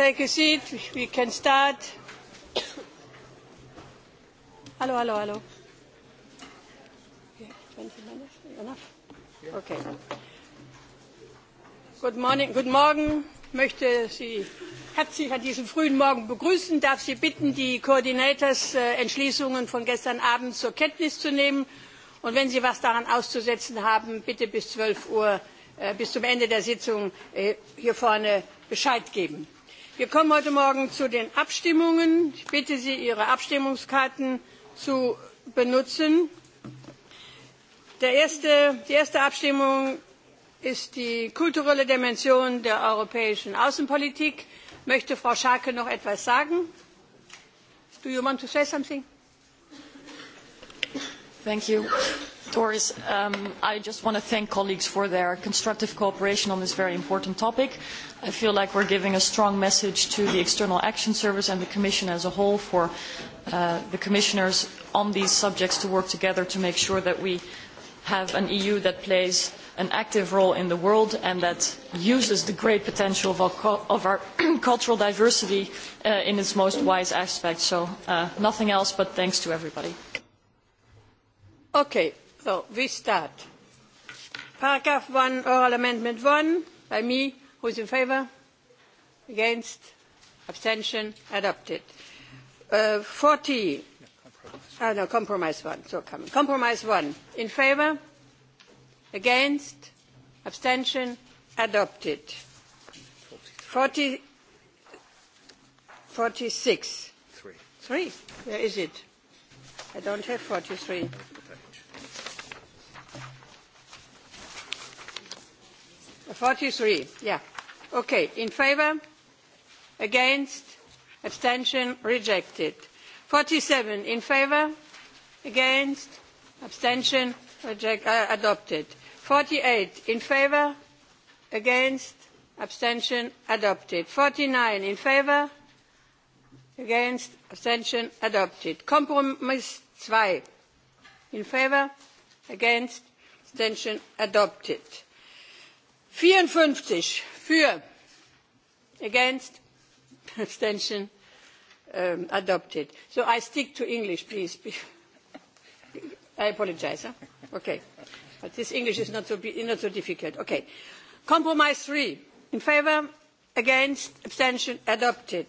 take a seat. We can start. Hello, hello, hello. Yeah, 20 minutes, enough? Okay. Good morning, guten Morgen. Ich möchte Sie herzlich an diesem frühen Morgen begrüßen. Ich darf Sie bitten, die Koordinators-Entschließungen äh, von gestern Abend zur Kenntnis zu nehmen. Und wenn Sie was daran auszusetzen haben, bitte bis 12 Uhr äh, bis zum Ende der Sitzung äh, hier vorne Bescheid geben wir kommen heute morgen zu den abstimmungen. ich bitte sie ihre abstimmungskarten zu benutzen. Erste, die erste abstimmung ist die kulturelle dimension der europäischen außenpolitik. möchte frau schaake noch etwas sagen? do you want to say something? Thank you. Doris, um, I just want to thank colleagues for their constructive cooperation on this very important topic. I feel like we're giving a strong message to the External Action Service and the Commission as a whole for uh, the commissioners on these subjects to work together to make sure that we have an EU that plays an active role in the world and that uses the great potential of our, of our cultural diversity uh, in its most wise aspect. So uh, nothing else but thanks to everybody. Okay, So, we start. Paragraph 1, oral amendment 1, by me. Who's in favour? Against? Abstention? Adopted. Uh, 40. Oh, ah, no, compromise 1. So come. Compromise 1. In favour? Against? Abstention? Adopted. 40, 46. Three. Three? Where is it? I don't have 43. 43, yeah. Okay, in favor? Against? Abstention? Rejected. 47, in favor? Against? Abstention? Reject, uh, adopted. 48, in favor? Against? Abstention? Adopted. 49, in favor? Against? Abstention? Adopted. Compromise 2, in favor? Against? Abstention? Adopted vierundfünfzig für against abstention ähm, adopted so i stick to english please i apologise okay but this english is not so difficult okay compromise three in favour against abstention adopted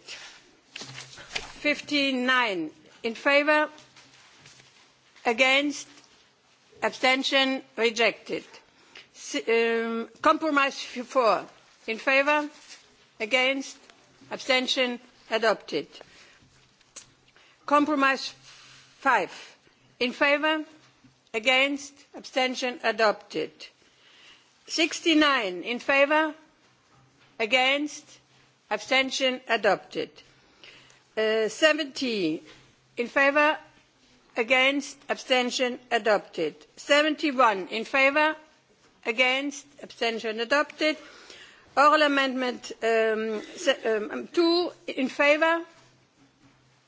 fifty nine in favour against abstention rejected Um, compromise four in favour against abstention adopted compromise five in favour against abstention adopted sixty nine in favour against abstention adopted uh, seventy in favour against abstention adopted seventy one in favour against abstention adopted oral amendment um, um, 2 in favor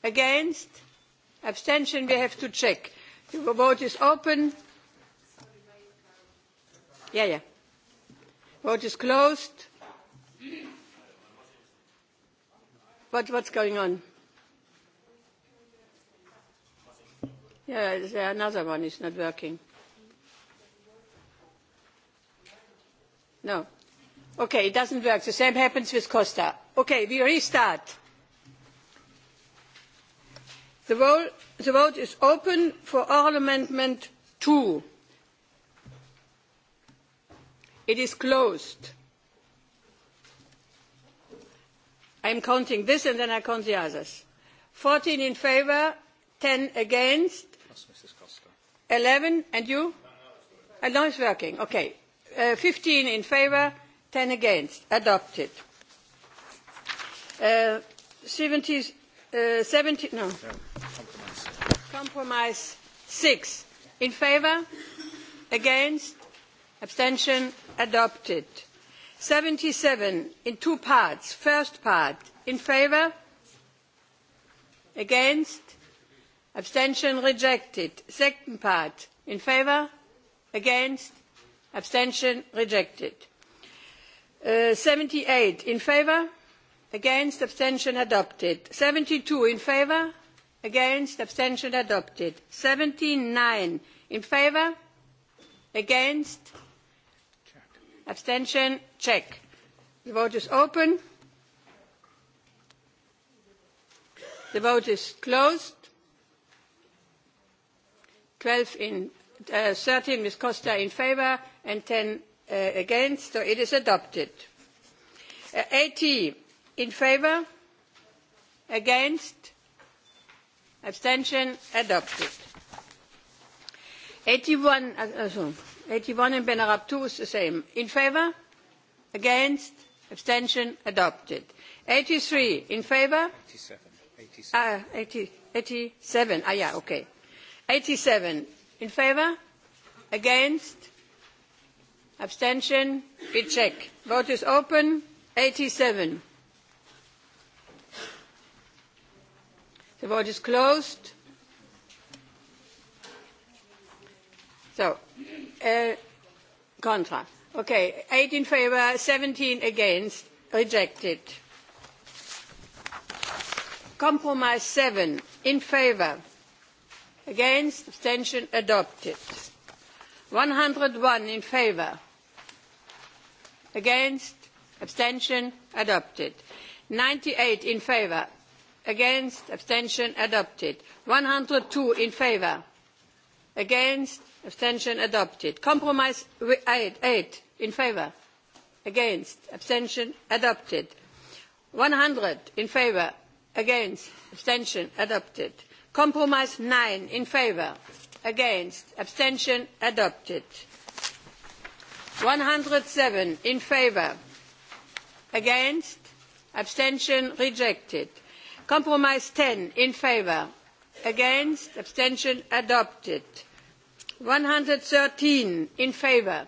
against abstention we have to check the vote is open yeah yeah vote is closed what what's going on yeah another one is not working No. Okay, it doesn't work. The same happens with Costa. Okay, we restart. The, roll, the vote is open for oral amendment 2. It is closed. I am counting this and then I count the others. 14 in favour, 10 against, Plus Mrs. 11, and you? No, no, it's and working, Uh, fifteen 15 in favour, 10 against. Adopted. 70, uh, 70, uh, no. compromise. six 6. In favour? Against? Abstention? Adopted. 77 in two parts. First part, in favour? Against? Abstention rejected. Second part, in favour? Against? abstention rejected uh, seventy eight in favour against abstention adopted seventy two in favour against abstention adopted seventy nine in favour against abstention check the vote is open the vote is closed twelve in Uh, 13 Ms. Costa in favour and 10 uh, against, so it is adopted. Uh, 80 in favour, against, abstention, adopted. 81, uh, 81 and Benarab is the same. In favour, against, abstention, adopted. 83 in favour? 87. 87. Uh, 80, 87, ah yeah, okay. 87 in favor, against abstention we check vote is open 87 the vote is closed so uh, contra okay 8 in favor, 17 against rejected compromise 7 in favor against abstention adopted 101 in favour against abstention adopted 98 in favour against abstention adopted 102 in favour against abstention adopted compromise 8, 8 in favour against abstention adopted 100 in favour against abstention adopted compromise nine in favour against abstention adopted one hundred and seven in favour against abstention rejected compromise ten in favour against abstention adopted one hundred and thirteen in favour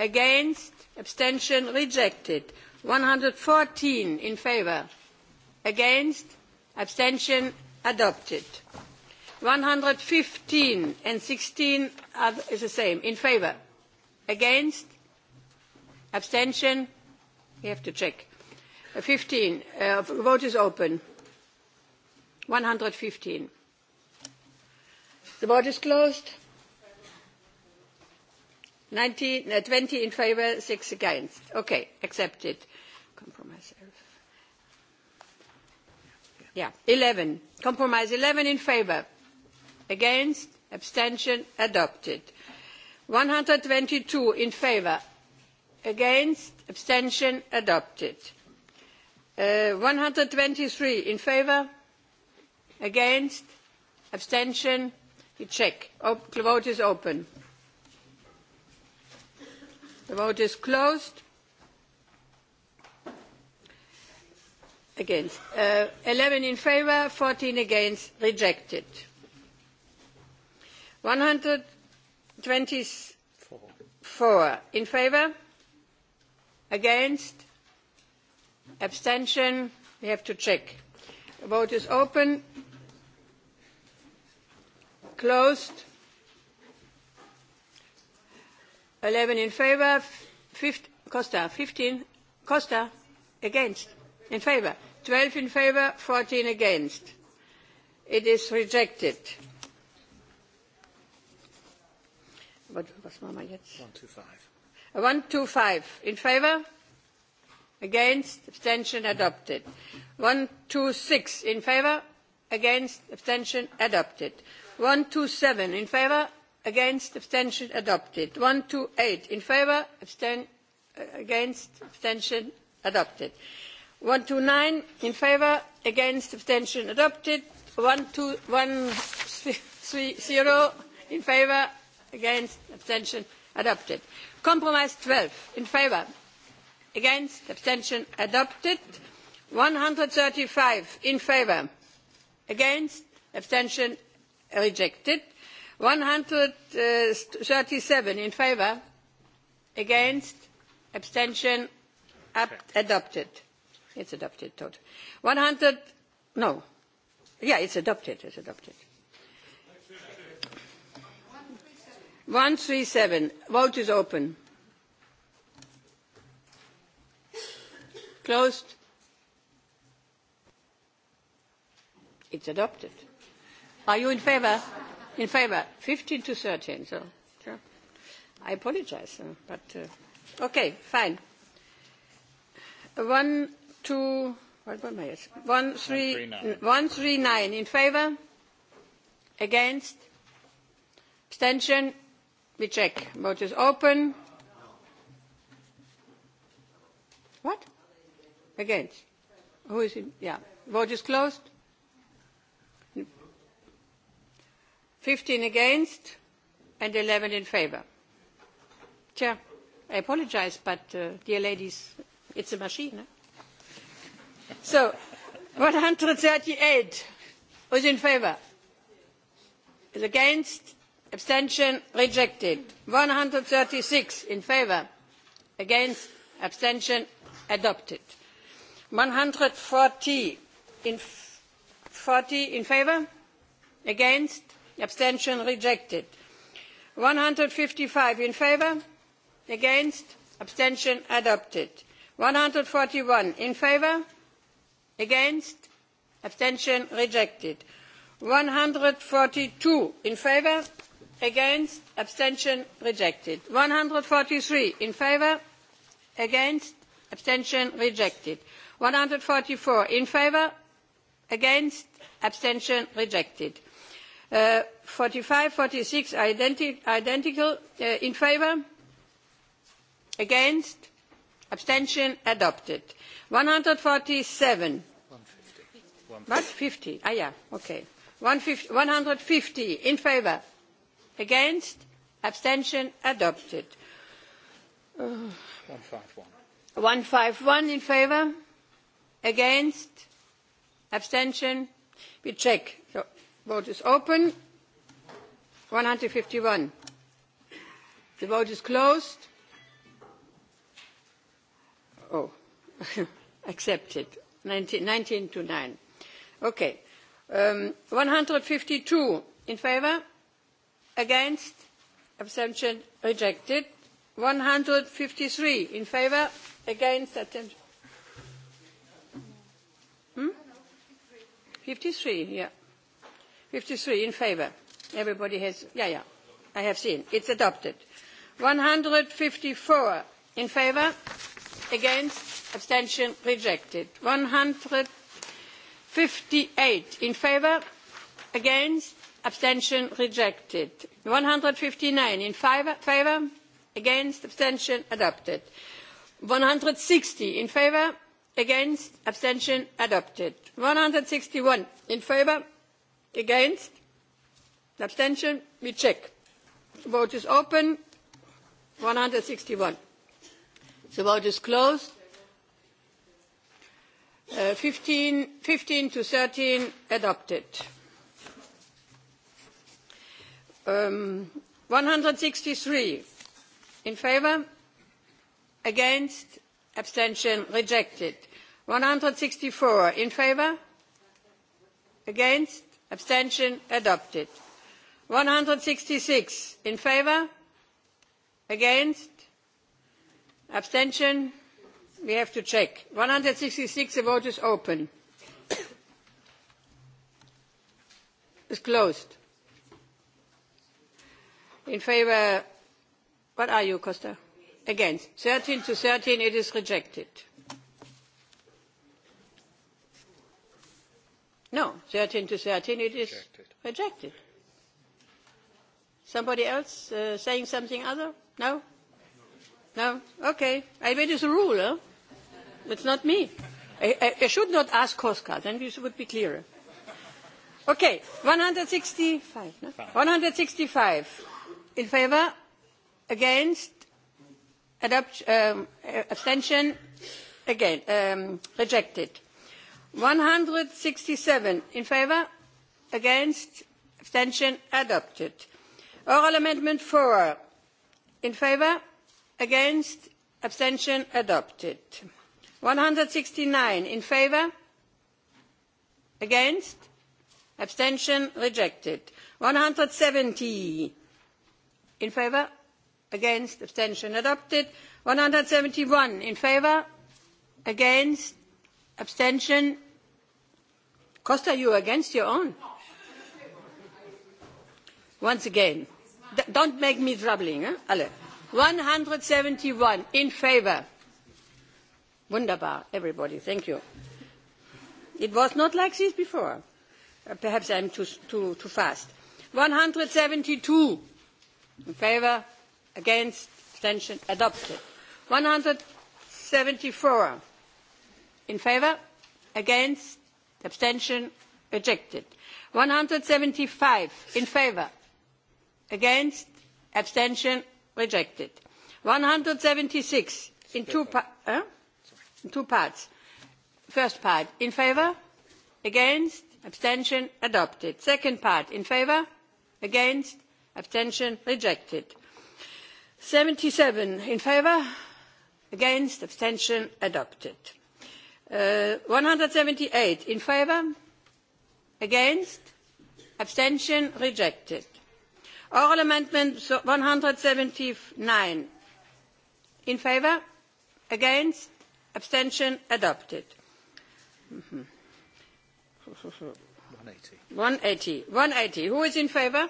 against abstention rejected one hundred and fourteen in favour against abstention adopted one hundred and fifteen and sixteen are the same in favour against abstention we have to check uh, fifteen uh, vote is open one hundred and fifteen the vote is closed 19, uh, 20 in favour, 6 against. Okay, accepted. Compromise. 11. Compromise 11 in favour. Against? Abstention? Adopted. 122 in favour. Against? Abstention? Adopted. Uh, 123 in favour. Against? Abstention? You check. Op- the vote is open. The vote is closed against uh, 11 in favor 14 against rejected 124 in favor against abstention we have to check vote is open closed 11 in favor costa 15 costa against in favor 12 in favour, 14 against. It is rejected. What, was machen wir jetzt? 125. 125 in favour, against, abstention adopted. 126 in favour, against, abstention adopted. 127 in favour, against, abstention adopted. 128 in favour, abstain, uh, against, abstention adopted. 129 in favour against abstention adopted 130 in favour against abstention adopted compromise 12 in favour against abstention adopted 135 in favour against abstention rejected 137 in favour against abstention adopted okay It's adopted, Todd. 100, no. Yeah, it's adopted, it's adopted. 137, vote is open. Closed. It's adopted. Are you in favour? In favour. 15 to 13, so. Sure. I apologise, uh, but uh, okay, fine. One two, what were my one three, mm, one three nine in favour, against, abstention. We check. Vote is open. What? Against. Who is in? Yeah. Vote is closed. 15 against and 11 in favour. Chair, I apologise, but uh, dear ladies, it's a machine. Eh? So, 138 was in favour, against? Abstention rejected. 136 in favour, Against? Abstention adopted. 140 in, 40 in favour, Against? Abstention rejected. 155 in favour, Against? Abstention adopted. 141 in favour against abstention rejected one hundred and forty two in favour against abstention rejected one hundred and forty three in favour against abstention rejected one hundred and forty four in favour against abstention rejected uh, forty five forty six identical uh, in favour against abstention adopted one hundred and forty seven What? 50. Ah, yeah. 150, 150 in favor. Against? Abstention? Adopted. one 151. 151 in favor? Against? Abstention? We check. So, vote is open. 151. The vote is closed. Oh, accepted. 19, to 9. Okay. Um, 152 in favour against abstention rejected 153 in favour against abstention hmm? 53 yeah 53 in favour everybody has yeah yeah i have seen it's adopted 154 in favour against abstention rejected 100 58 in favour against abstention rejected 159 in favour against abstention adopted 160 in favour against abstention adopted 161 in favour against abstention we check vote is open 161 the vote is closed Uh, 15, 15 to 13 adopted. Um, 163 in favour against abstention rejected 164 in favour against abstention adopted 166 in favour against abstention we have to check. 166, the vote is open. It's closed. In favor, what are you, Costa? Against. 13 to 13, it is rejected. No, 13 to 13, it is rejected. Somebody else uh, saying something other? No? No? Okay. I made it a rule, huh? It's not me. I, I, I should not ask Koska, then this would be clearer. Okay, 165. No? 165. In favor? Against? Adopt, um, abstention? Again, um, rejected. 167. In favor? Against? Abstention? Adopted. Oral Amendment 4. In favor? Against? Abstention? Adopted one hundred and sixty nine in favour against abstention rejected one hundred and seventy in favour against abstention adopted one hundred and seventy one against abstention costa you against your own once again D don't make me troubling eh? one hundred and seventy one in favour Wunderbar, everybody, thank you. It was not like this before. Uh, perhaps I'm too, too, too fast. 172 in favor, against, abstention, adopted. 174 in favor, against, abstention, rejected. 175 in favor, against, abstention, rejected. 176 in two parts two parts first part in favour against abstention adopted second part in favour against abstention rejected seventy seven in favour against abstention adopted uh, one hundred and seventy eight in favour against abstention rejected oral amendment one hundred and seventy nine in favour against abstention adopted 180 180 180 who is in favor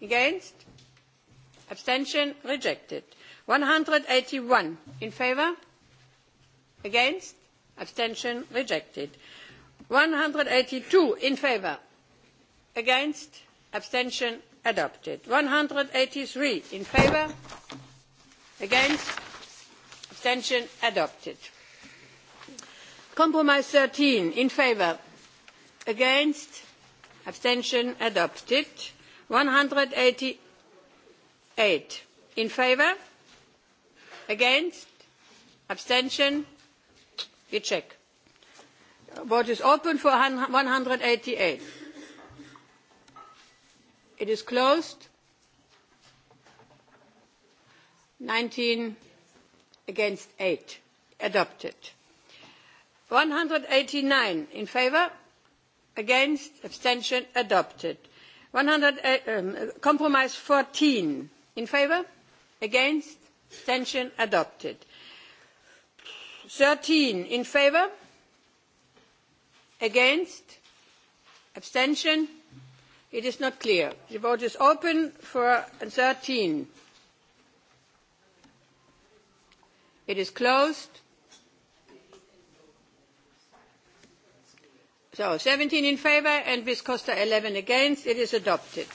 against abstention rejected 181 in favor against abstention rejected 182 in favor against abstention adopted 183 in favor against abstention adopted compromise thirteen in favour against abstention adopted one hundred and eighty eight in favour against abstention we check vote is open for one hundred and eighty eight it is closed nineteen against eight adopted one hundred and eighty nine in favour against abstention adopted eh, um, compromise fourteen in favour against abstention adopted thirteen in favour against abstention it is not clear the vote is open for thirteen it is closed. so 17 in favour and ms costa 11 against. it is adopted.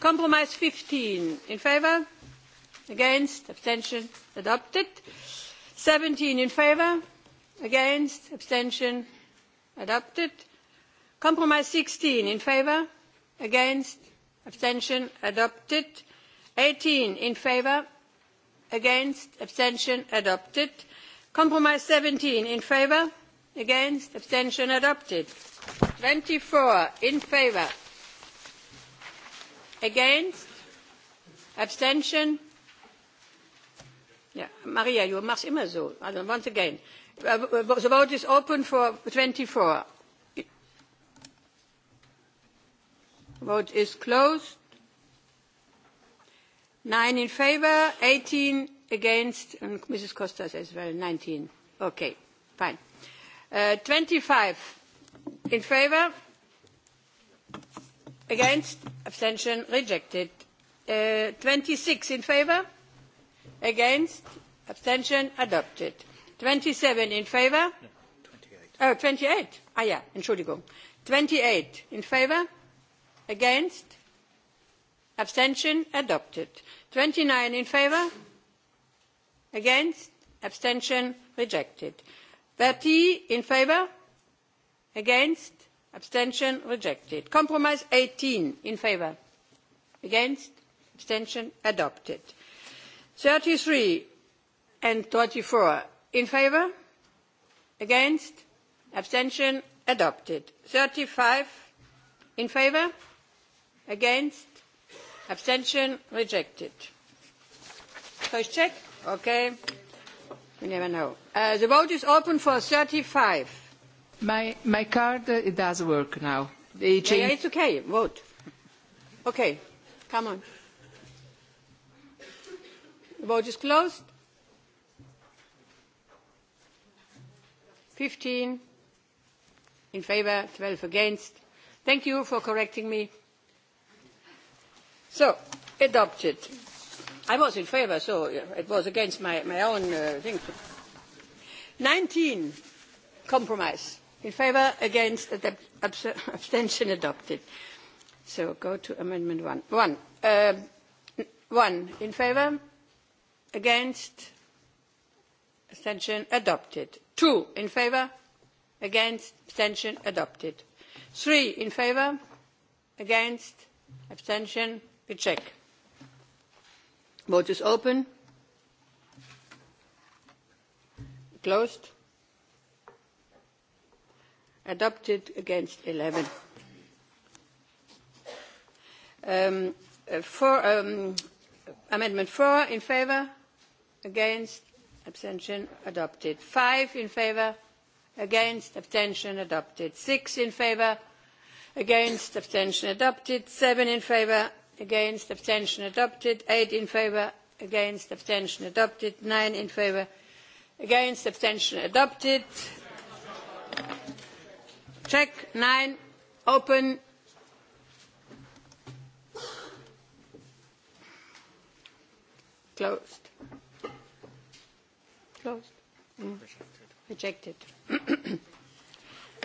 compromise 15 in favour. against. abstention. adopted. 17 in favour. against. abstention. adopted. compromise 16 in favour. against. abstention. adopted. 18 in favour against abstention adopted compromise seventeen in favour against abstention adopted twenty four in favour against abstention yeah, maria you must immer so also once again uh, the vote is open for twenty four vote is closed nine in favour eighteen against and mrs costas as well nineteen okay fine twenty uh, five in favour against abstention rejected twenty uh, six in favour against abstention adopted twenty seven in favour no, twenty eight oh, ah yeah entschuldigung twenty eight in favour against abstention adopted twenty nine in favour against abstention rejected thirty in favour against abstention rejected compromise eighteen in favour against abstention adopted thirty three and thirty four in favour against abstention adopted thirty five in favour against abstention rejected first check okay we never know uh, the vote is open for 35 my my card uh, it does work now yeah, yeah, it's okay vote okay come on the vote is closed 15 in favor 12 against thank you for correcting me So, adopted. I was in favour, so it was against my, my own uh, thing. 19, compromise. In favour, against, abstention adopted. So go to amendment 1. 1. Uh, 1. In favour, against, abstention adopted. 2. In favour, against, abstention adopted. 3. In favour, against, abstention adopted vote is open closed adopted against eleven um, uh, um, amendment four in favour against abstention adopted five in favour against abstention adopted six in favour against abstention adopted seven in favour against abstention adopted eight in favour against abstention adopted nine in favour against abstention adopted check nine open closed closed mm. rejected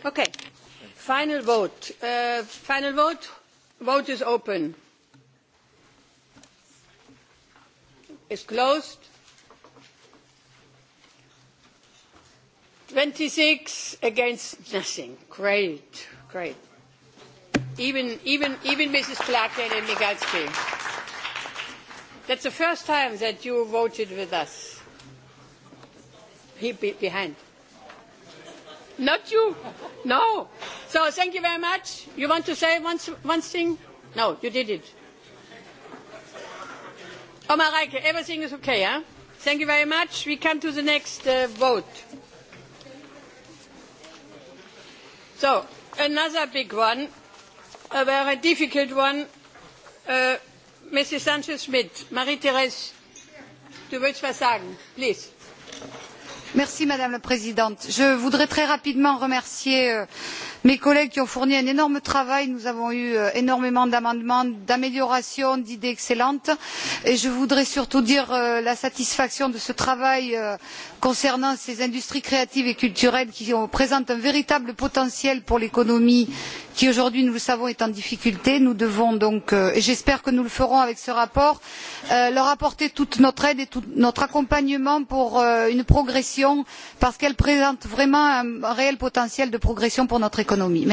okay final vote uh, final vote vote is open is closed. twenty six against nothing. great, great. even, even, even mrs. clarkin and migalski. that's the first time that you voted with us. he be behind. not you. no. so thank you very much. you want to say one, one thing? no, you did it. Oh, Mareike, everything is okay, huh? Thank you very much. We come to the next uh, vote. So, another big one, a very difficult one. Uh, Mrs. Sanchez-Schmidt, Marie-Therese, du willst was sagen? Please madame la présidente je voudrais très rapidement remercier euh, mes collègues qui ont fourni un énorme travail nous avons eu euh, énormément d'amendements d'améliorations d'idées excellentes et je voudrais surtout dire euh, la satisfaction de ce travail concernant ces industries créatives et culturelles qui présentent un véritable potentiel pour l'économie qui aujourd'hui nous le savons est en difficulté. nous devons donc et j'espère que nous le ferons avec ce rapport leur apporter toute notre aide et tout notre accompagnement pour une progression commission parce qu'elle présente vraiment un réel potentiel de progression pour notre économie.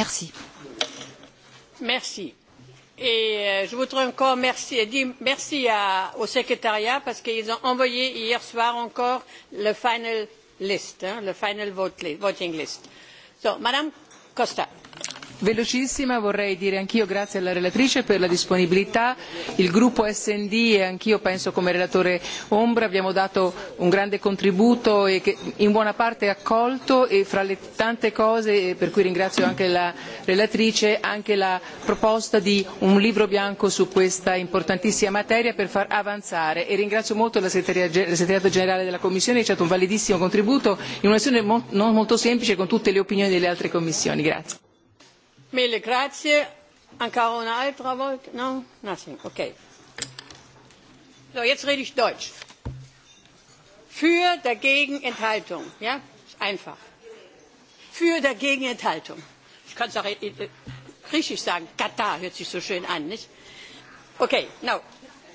Euh, je voudrais encore merci, dire merci au secrétariat parce qu'ils ont envoyé hier soir encore la final list, la le final vote, voting list. Madame Costa velocissima vorrei dire anch'io grazie alla relatrice per la disponibilità il gruppo sd e anch'io penso come relatore ombra abbiamo dato un grande contributo e che in buona parte accolto e fra le tante cose e per cui ringrazio anche la relatrice anche la proposta di un libro bianco su questa importantissima materia per far avanzare e ringrazio molto la segreteria generale della commissione che ci ha dato un validissimo contributo in una sessione non molto semplice con tutte le opinioni delle altre commissioni. Mille grazie. Ancora un'altra volta? No? Nothing. Okay. So, jetzt rede ich Deutsch. Für, dagegen, Enthaltung. Ja? Ist einfach. Für, dagegen, Enthaltung. Ich kann es auch griechisch äh, äh, sagen. Katar hört sich so schön an, nicht? Okay, now.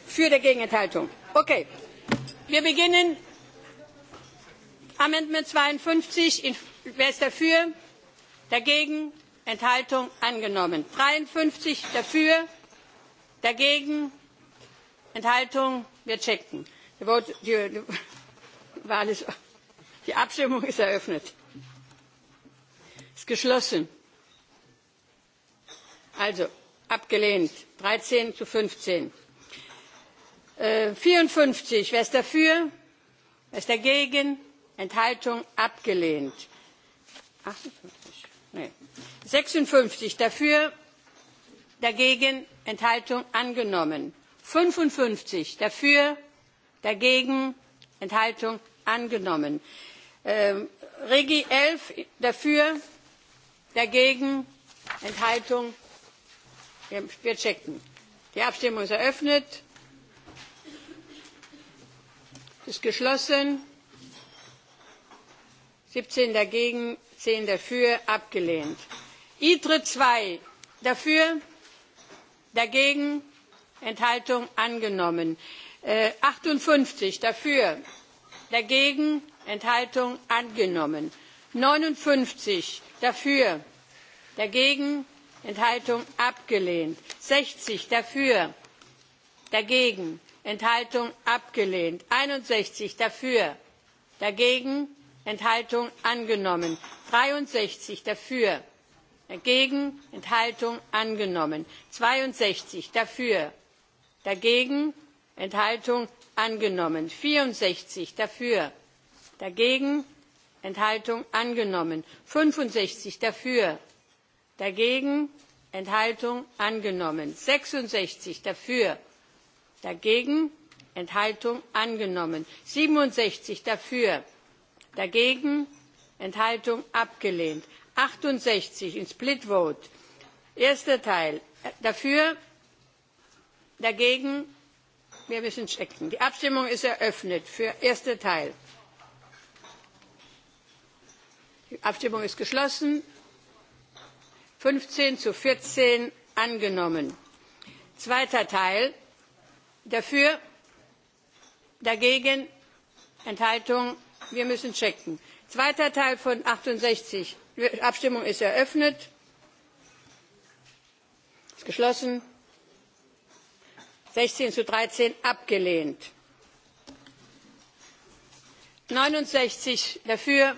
Für, dagegen, Enthaltung. Okay. Wir beginnen. Amendment 52. In, wer ist dafür? Dagegen? enthaltung angenommen; dreiundfünfzig dafür dagegen enthaltung wir checken. Die, abstimmung ist eröffnet. ist geschlossen. also abgelehnt dreizehn zu fünfzehn. Äh, vierundfünfzig wer ist dafür? wer ist dagegen? enthaltung abgelehnt sechsundfünfzig dafür dagegen enthaltung angenommen fünfundfünfzig dafür dagegen enthaltung angenommen ähm, regi elf dafür dagegen enthaltung wir checken die abstimmung ist eröffnet sie ist geschlossen siebzehn dagegen zehn dafür abgelehnt; itre zwei dafür dagegen enthaltung angenommen; äh, achtundfünfzig dafür dagegen enthaltung angenommen; neunundfünfzig dafür dagegen enthaltung abgelehnt; sechzig dafür dagegen enthaltung abgelehnt; einundsechzig dafür dagegen enthaltung angenommen; dreiundsechzig dafür dagegen enthaltung angenommen; zweiundsechzig dafür dagegen enthaltung angenommen; vierundsechzig dafür dagegen enthaltung angenommen; fünfundsechzig dafür dagegen enthaltung angenommen; sechsundsechzig dafür dagegen enthaltung angenommen; siebenundsechzig dafür dagegen enthaltung abgelehnt; achtundsechzig in split vote erster teil äh, dafür dagegen wir müssen checken die abstimmung ist eröffnet für erster teil. die abstimmung ist geschlossen fünfzehn zu vierzehn angenommen. zweiter teil dafür dagegen enthaltung wir müssen checken. zweiter teil von achtundsechzig abstimmung ist eröffnet ist geschlossen sechzehn zu dreizehn abgelehnt neunundsechzig dafür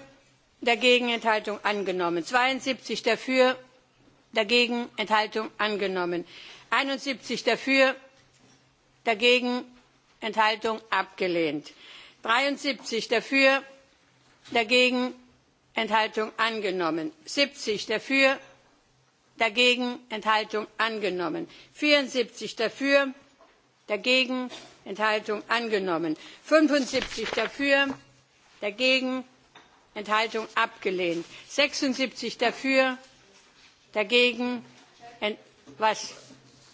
dagegen enthaltung angenommen zweiundsiebzig dafür dagegen enthaltung angenommen einundsiebzig dafür dagegen enthaltung abgelehnt; dreiundsiebzig dafür dagegen enthaltung angenommen siebzig dafür dagegen enthaltung angenommen vierundsiebzig dafür dagegen enthaltung angenommen fünfundsiebzig dafür dagegen enthaltung abgelehnt sechsundsiebzig dafür dagegen was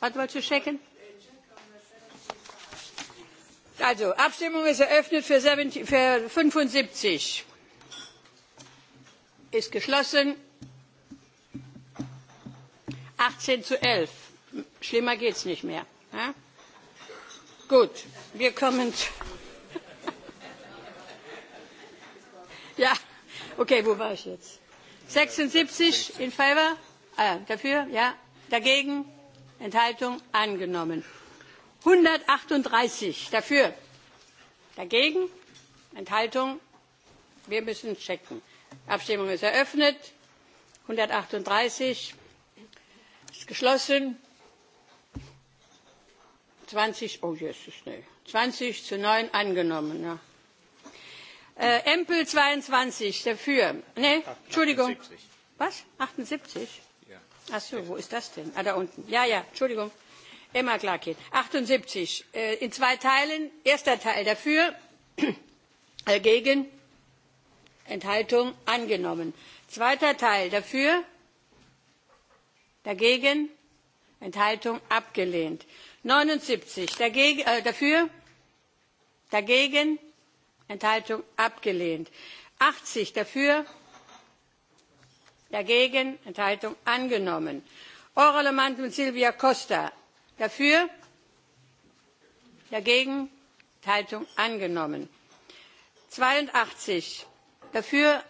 wollen sie? Also, Abstimmung ist eröffnet für, 70, 75. Ist geschlossen. 18 zu 11. Schlimmer geht's nicht mehr. Ja? Gut, wir kommen. ja, okay, wo war ich jetzt? 76 in favor? Ah, dafür? Ja. Dagegen? Enthaltung? Angenommen einhundertachtunddreißig dafür dagegen enthaltung wir müssen checken abstimmung ist eröffnet einhundertachtunddreißig ist geschlossen zwanzig oh ist schnell zwanzig zu neun angenommen äh, empl zweiundzwanzig dafür ne entschuldigung was achtundsiebzig ach so wo ist das denn ah da unten ja ja entschuldigung immer klar geht. achtundsiebzig äh, in zwei teilen erster teil dafür dagegen äh, enthaltung angenommen zweiter teil dafür dagegen enthaltung abgelehnt neunundsiebzig äh, dafür dagegen enthaltung abgelehnt achtzig dafür dagegen enthaltung angenommen. oral amendment silvia costa dafür dagegen enthaltung angenommen zweiundachtzig dafür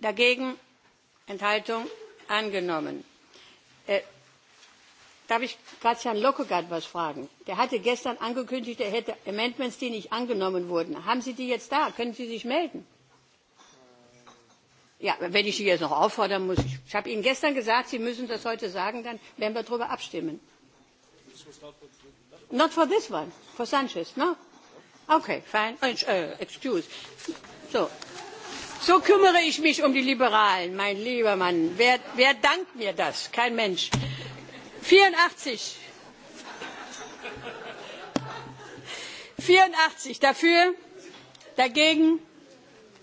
dagegen enthaltung angenommen. Äh, darf ich gerade herrn lkkegaard etwas fragen? der hatte gestern angekündigt er hätte änderungsanträge die nicht angenommen wurden. haben sie die jetzt da? können sie sich melden? wenn ich Sie jetzt noch auffordern muss, ich habe Ihnen gestern gesagt, Sie müssen das heute sagen, dann werden wir darüber abstimmen. Not for this one, for Sanchez, no? Okay, fine. Uh, excuse. So. so kümmere ich mich um die Liberalen, mein lieber Mann. Wer, wer dankt mir das? Kein Mensch. 84. 84 dafür, dagegen,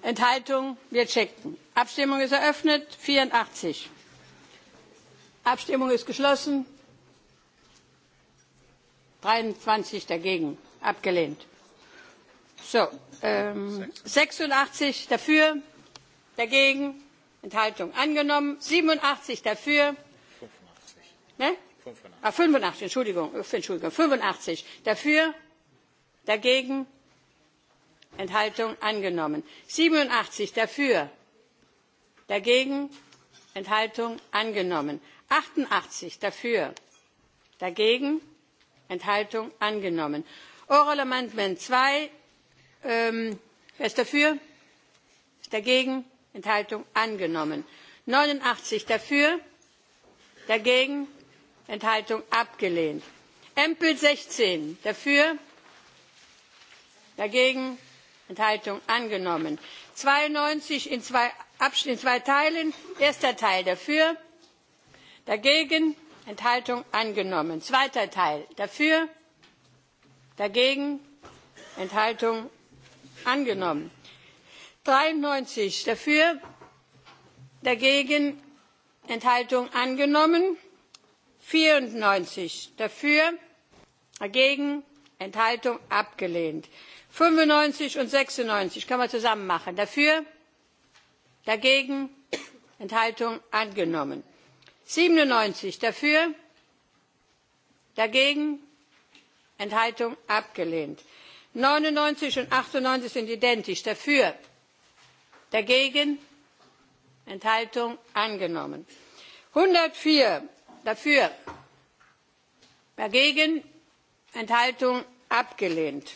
Enthaltung, wir checken. Abstimmung ist eröffnet, 84. Abstimmung ist geschlossen dreiundzwanzig dagegen abgelehnt; so, ähm, 86 dafür dagegen enthaltung angenommen; siebenundachtzig dafür ne? 85, ah, Entschuldigung, äh, Entschuldigung, 85 dafür, dagegen, Enthaltung angenommen. 87 dafür, dagegen, Enthaltung angenommen. 88 dafür, dagegen, enthaltung angenommen. oral amendment zwei ähm, wer ist dafür? ist dagegen? enthaltung angenommen. neunundachtzig dafür dagegen enthaltung abgelehnt. empl sechzehn dafür dagegen enthaltung angenommen. zweiundneunzig in zwei teilen erster teil dafür dagegen enthaltung angenommen. zweiter teil dafür dagegen enthaltung angenommen. dreiundneunzig dafür dagegen enthaltung angenommen. vierundneunzig dafür dagegen enthaltung abgelehnt. fünfundneunzig und sechsundneunzig können wir zusammen machen. dafür dagegen enthaltung angenommen siebenundneunzig dafür dagegen enthaltung abgelehnt; neunundneunzig und achtundneunzig sind identisch dafür dagegen enthaltung angenommen; einhundertvier dafür dagegen enthaltung abgelehnt;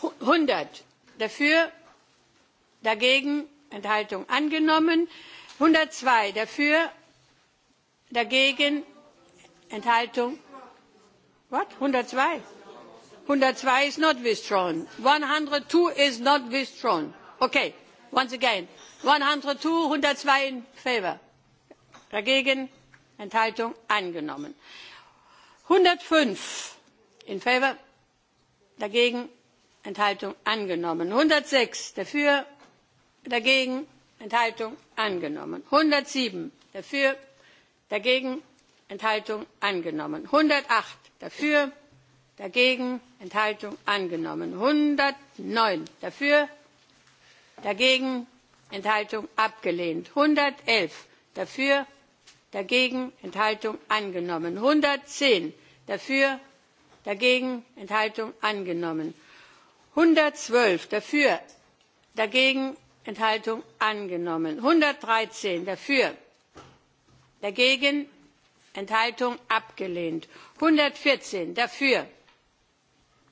einhundert ähm, dafür dagegen enthaltung angenommen; einhundertzwei dafür dagegen enthaltung einhundertzwei einhundertzwei ist not withdrawn einhundertzwei hundred and two is not withdrawn okay once again einhundertzwei einhundertzwei in favour dagegen enthaltung angenommen einhundertfünf in favour dagegen enthaltung angenommen einhundertsechs dafür dagegen enthaltung angenommen; einhundertsieben dafür dagegen enthaltung angenommen; einhundertacht dafür dagegen enthaltung angenommen; einhundertneun dafür dagegen enthaltung abgelehnt; einhundertelf dafür dagegen enthaltung angenommen; einhundertzehn dafür dagegen enthaltung angenommen; einhundertzwölf dafür dagegen enthaltung angenommen; einhundertdreizehn dafür dagegen enthaltung abgelehnt; einhundertvierzehn dafür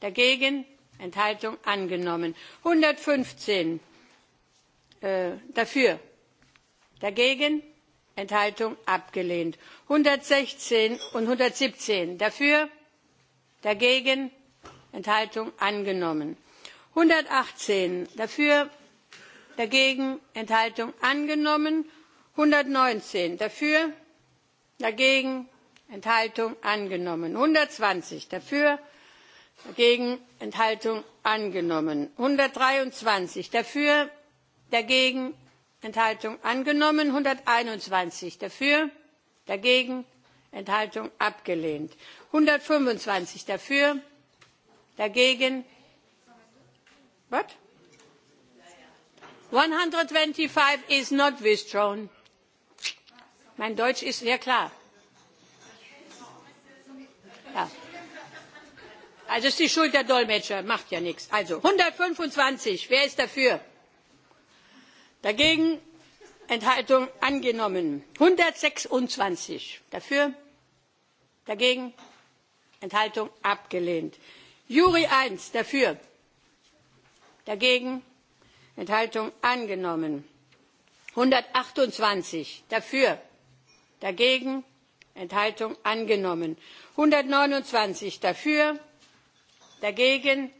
dagegen enthaltung angenommen; einhundertfünfzehn äh, dafür dagegen enthaltung abgelehnt; einhundertsechzehn und einhundertsiebzehn dafür dagegen enthaltung angenommen; einhundertachtzehn dafür dagegen enthaltung angenommen einhundertneunzehn dafür dagegen enthaltung angenommen einhundertzwanzig dafür dagegen enthaltung angenommen einhundertdreiundzwanzig dafür dagegen enthaltung angenommen einhunderteinundzwanzig dafür dagegen enthaltung abgelehnt einhundertfünfundzwanzig dafür dagegen 125 is not withdrawn. Mein Deutsch ist sehr klar. Ja. Also ist die Schuld der Dolmetscher, macht ja nichts. Also 125, wer ist dafür? Dagegen Enthaltung angenommen. 126 dafür, dagegen Enthaltung abgelehnt. Juri eins, dafür, dagegen enthaltung angenommen; einhundertachtundzwanzig dafür dagegen enthaltung angenommen; einhundertneunundzwanzig dafür dagegen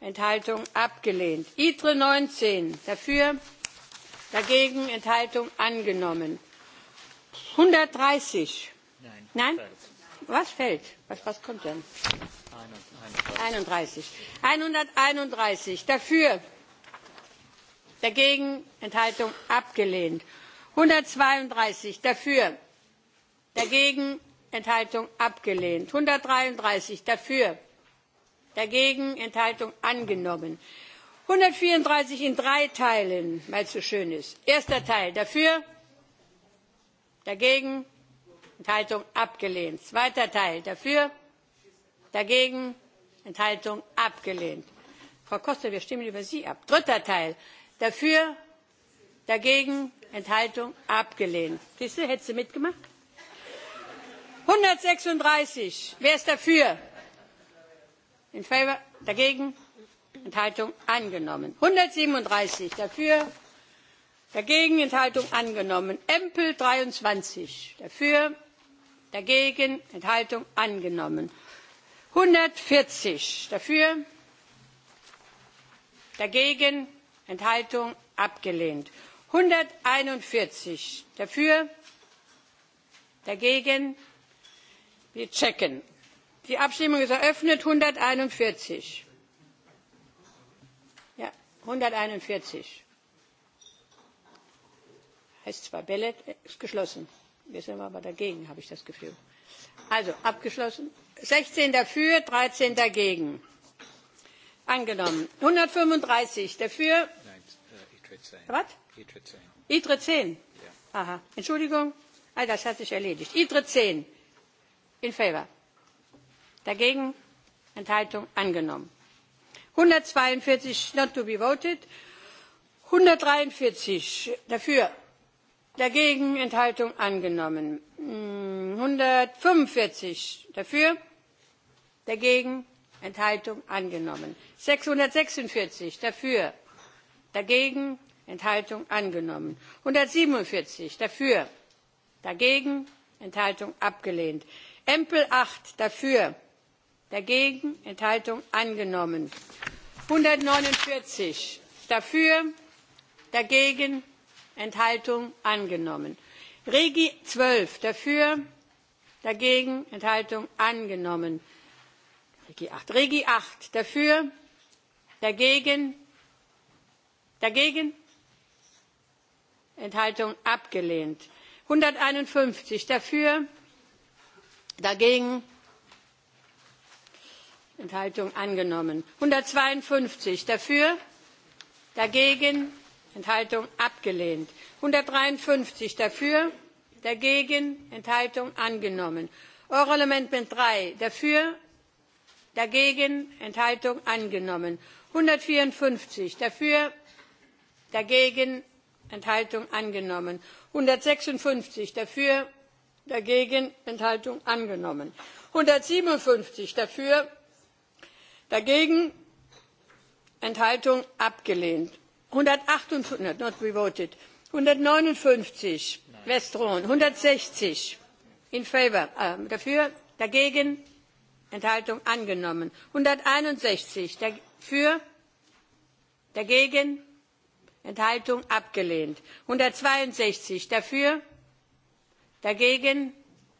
enthaltung abgelehnt; itre neunzehn dafür dagegen enthaltung angenommen; einhundertdreißig nein, nein? was fällt was, kommt denn? einunddreißig einhunderteinunddreißig dafür dagegen enthaltung abgelehnt einhundertzweiunddreißig dafür dagegen enthaltung abgelehnt einhundertdreiunddreißig dafür dagegen enthaltung angenommen einhundertvierunddreißig in drei teilen weil es so schön ist erster teil dafür dagegen enthaltung abgelehnt zweiter teil dafür dagegen enthaltung abgelehnt. frau costa wir stimmen über sie ab. dritter teil dafür dagegen enthaltung abgelehnt. siehst du hättest du mitgemacht? einhundertsechsunddreißig wer ist dafür? in favor dagegen enthaltung angenommen. einhundertsiebenunddreißig dafür dagegen enthaltung angenommen. empl dreiundzwanzig dafür dagegen enthaltung angenommen. einhundertvierzig dafür dagegen enthaltung abgelehnt; einhunderteinundvierzig dafür dagegen wir checken. die abstimmung ist eröffnet. einhunderteinundvierzig ja einhunderteinundvierzig heißt zwar belet ist geschlossen. wir sind aber dagegen habe ich das gefühl. also abgeschlossen sechzehn dafür dreizehn dagegen angenommen; einhundertfünfunddreißig dafür Was? ITRE 10. ITRE 10? Ja. Aha. Entschuldigung. Ah, das hat sich erledigt. ITRE 10. In favor. Dagegen? Enthaltung angenommen. 142 not to be voted. 143 dafür. Dagegen Enthaltung angenommen. 145 hm, dafür. Dagegen Enthaltung angenommen. 646 dafür dagegen enthaltung angenommen; einhundertsiebenundvierzig dafür dagegen enthaltung abgelehnt; empl. acht dafür dagegen enthaltung angenommen; einhundertneunundvierzig dafür dagegen enthaltung angenommen; regi zwölf dafür dagegen enthaltung angenommen; regi acht dafür dagegen dagegen enthaltung abgelehnt; einhunderteinundfünfzig dafür dagegen enthaltung angenommen; einhundertzweiundfünfzig dafür dagegen enthaltung abgelehnt; einhundertdreiundfünfzig dafür dagegen enthaltung angenommen; oral amendment drei dafür dagegen enthaltung angenommen; einhundertvierundfünfzig dafür dagegen enthaltung angenommen einhundertsechsundfünfzig dafür dagegen enthaltung angenommen einhundertsiebenundfünfzig dafür dagegen enthaltung abgelehnt einhundertachtundfünfzig not be voted einhundertneunundfünfzig westron einhundertsechzig in favor äh, dafür dagegen enthaltung angenommen einhunderteinundsechzig dafür dagegen enthaltung abgelehnt; einhundertzweiundsechzig dafür dagegen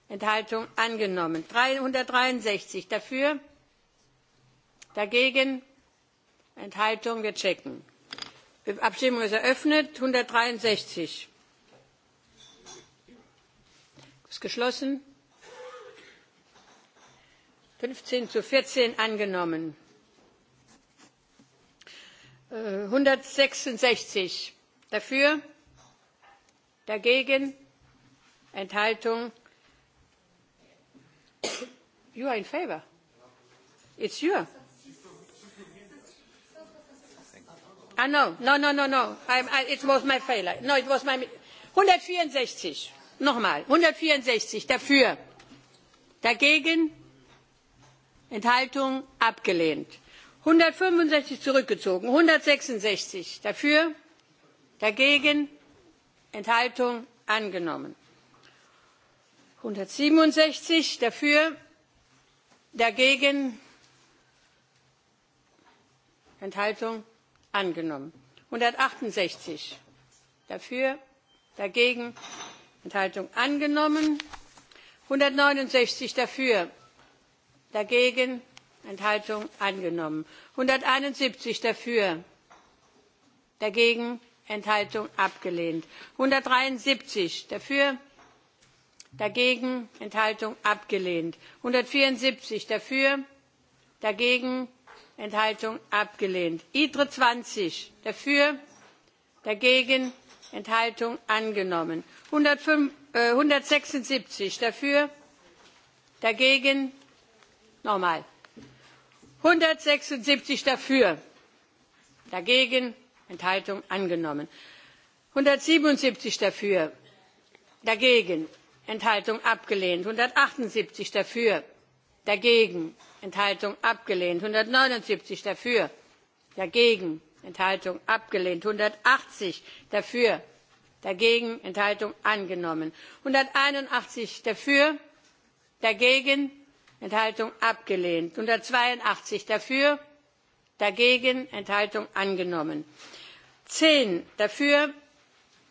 enthaltung angenommen; dreihundertdreiundsechzig dafür dagegen enthaltung wir checken. abstimmung ist eröffnet einhundertdreiundsechzig ist geschlossen fünfzehn zu vierzehn angenommen einhundertsechsundsechzig äh, dafür dagegen enthaltung you are in favor it's you ah no no no no no I, I, it was my failure no it was my 164 nochmal 164 dafür dagegen enthaltung abgelehnt einhundertfünfundsechzig zurückgezogen einhundertsechsundsechzig dafür dagegen enthaltung angenommen einhundertsiebenundsechzig dafür dagegen enthaltung angenommen einhundertachtundsechzig dafür dagegen enthaltung angenommen einhundertneunundsechzig dafür dagegen Enthaltung angenommen. 171 dafür, dagegen Enthaltung abgelehnt. 173 dafür, dagegen Enthaltung abgelehnt. 174 dafür, dagegen Enthaltung abgelehnt. ITRE 20 dafür, dagegen Enthaltung angenommen. einhundertsechsundsiebzig äh, 176 dafür, dagegen nochmal einhundertsechsundsiebzig dafür dagegen enthaltung angenommen; einhundertsiebenundsiebzig dafür dagegen enthaltung abgelehnt; einhundertachtundsiebzig dafür dagegen enthaltung abgelehnt; einhundertneunundsiebzig dafür dagegen enthaltung abgelehnt; einhundertachtzig dafür dagegen enthaltung angenommen; einhunderteinundachtzig dafür dagegen enthaltung abgelehnt; einhundertzweiundachtzig dafür dagegen enthaltung angenommen; zehn dafür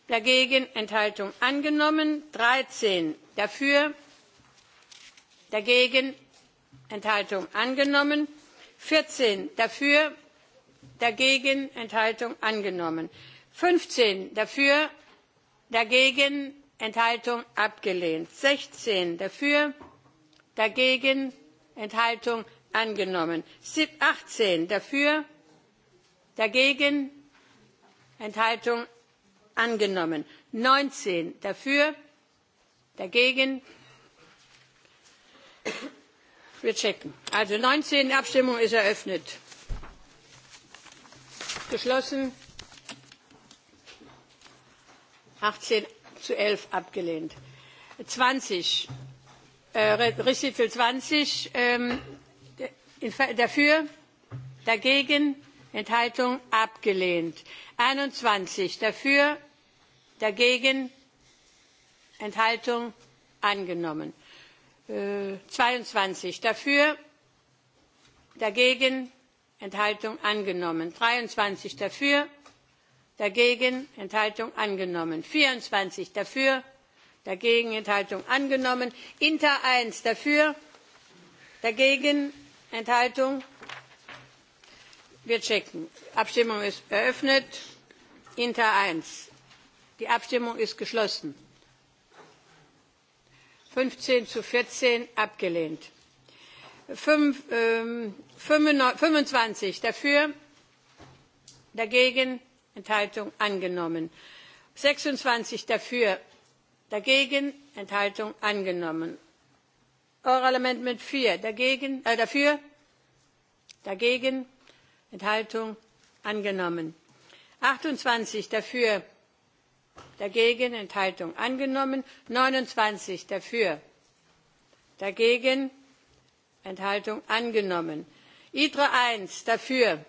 dagegen enthaltung angenommen; dreizehn dafür dagegen enthaltung angenommen; vierzehn dafür dagegen enthaltung angenommen; fünfzehn dafür dagegen enthaltung abgelehnt; sechzehn dafür dagegen enthaltung angenommen; achtzehn dafür dagegen enthaltung angenommen; neunzehn dafür dagegen wir checken also neunzehn abstimmung ist eröffnet geschlossen achtzehn zu elf abgelehnt; zwanzig Äh, Richtlinie 20 ähm, dafür, dagegen, Enthaltung abgelehnt. 21 dafür, dagegen, Enthaltung angenommen. 22 äh, dafür, dagegen, Enthaltung angenommen. 23 dafür, dagegen, Enthaltung angenommen. 24 dafür, dagegen Enthaltung angenommen. Inter eins dafür, dagegen Enthaltung. Wir checken. Abstimmung ist eröffnet. Inter eins Die Abstimmung ist geschlossen. fünfzehn zu vierzehn abgelehnt. Ähm, fünfundzwanzig dafür, dagegen Enthaltung angenommen. sechsundzwanzig dafür, dagegen enthaltung angenommen oral amendment vier dagegen äh, dafür dagegen enthaltung angenommen 28 dafür dagegen enthaltung angenommen 29 dafür dagegen enthaltung angenommen itra 1 dafür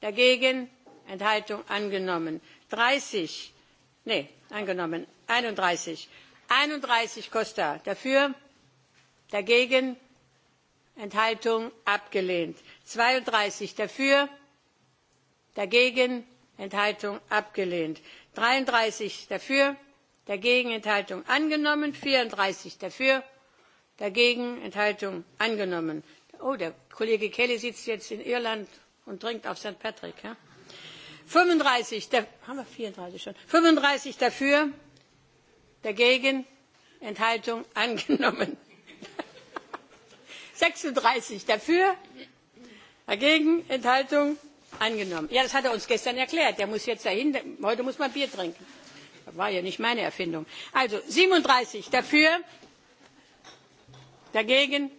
dagegen enthaltung angenommen 30 nee angenommen einunddreißig einunddreißig costa dafür dagegen enthaltung abgelehnt; zweiunddreißig dafür dagegen enthaltung abgelehnt; dreiunddreißig dafür dagegen enthaltung angenommen; vierunddreißig dafür dagegen enthaltung angenommen. oh der kollege kelly sitzt jetzt in irland und trinkt auf st. patrick. fünfunddreißig dafür dagegen enthaltung angenommen sechsunddreißig dafür dagegen enthaltung angenommen. ja das hat er uns gestern erklärt er muss jetzt dahin heute muss man bier trinken. das war ja nicht meine erfindung. also siebenunddreißig dafür dagegen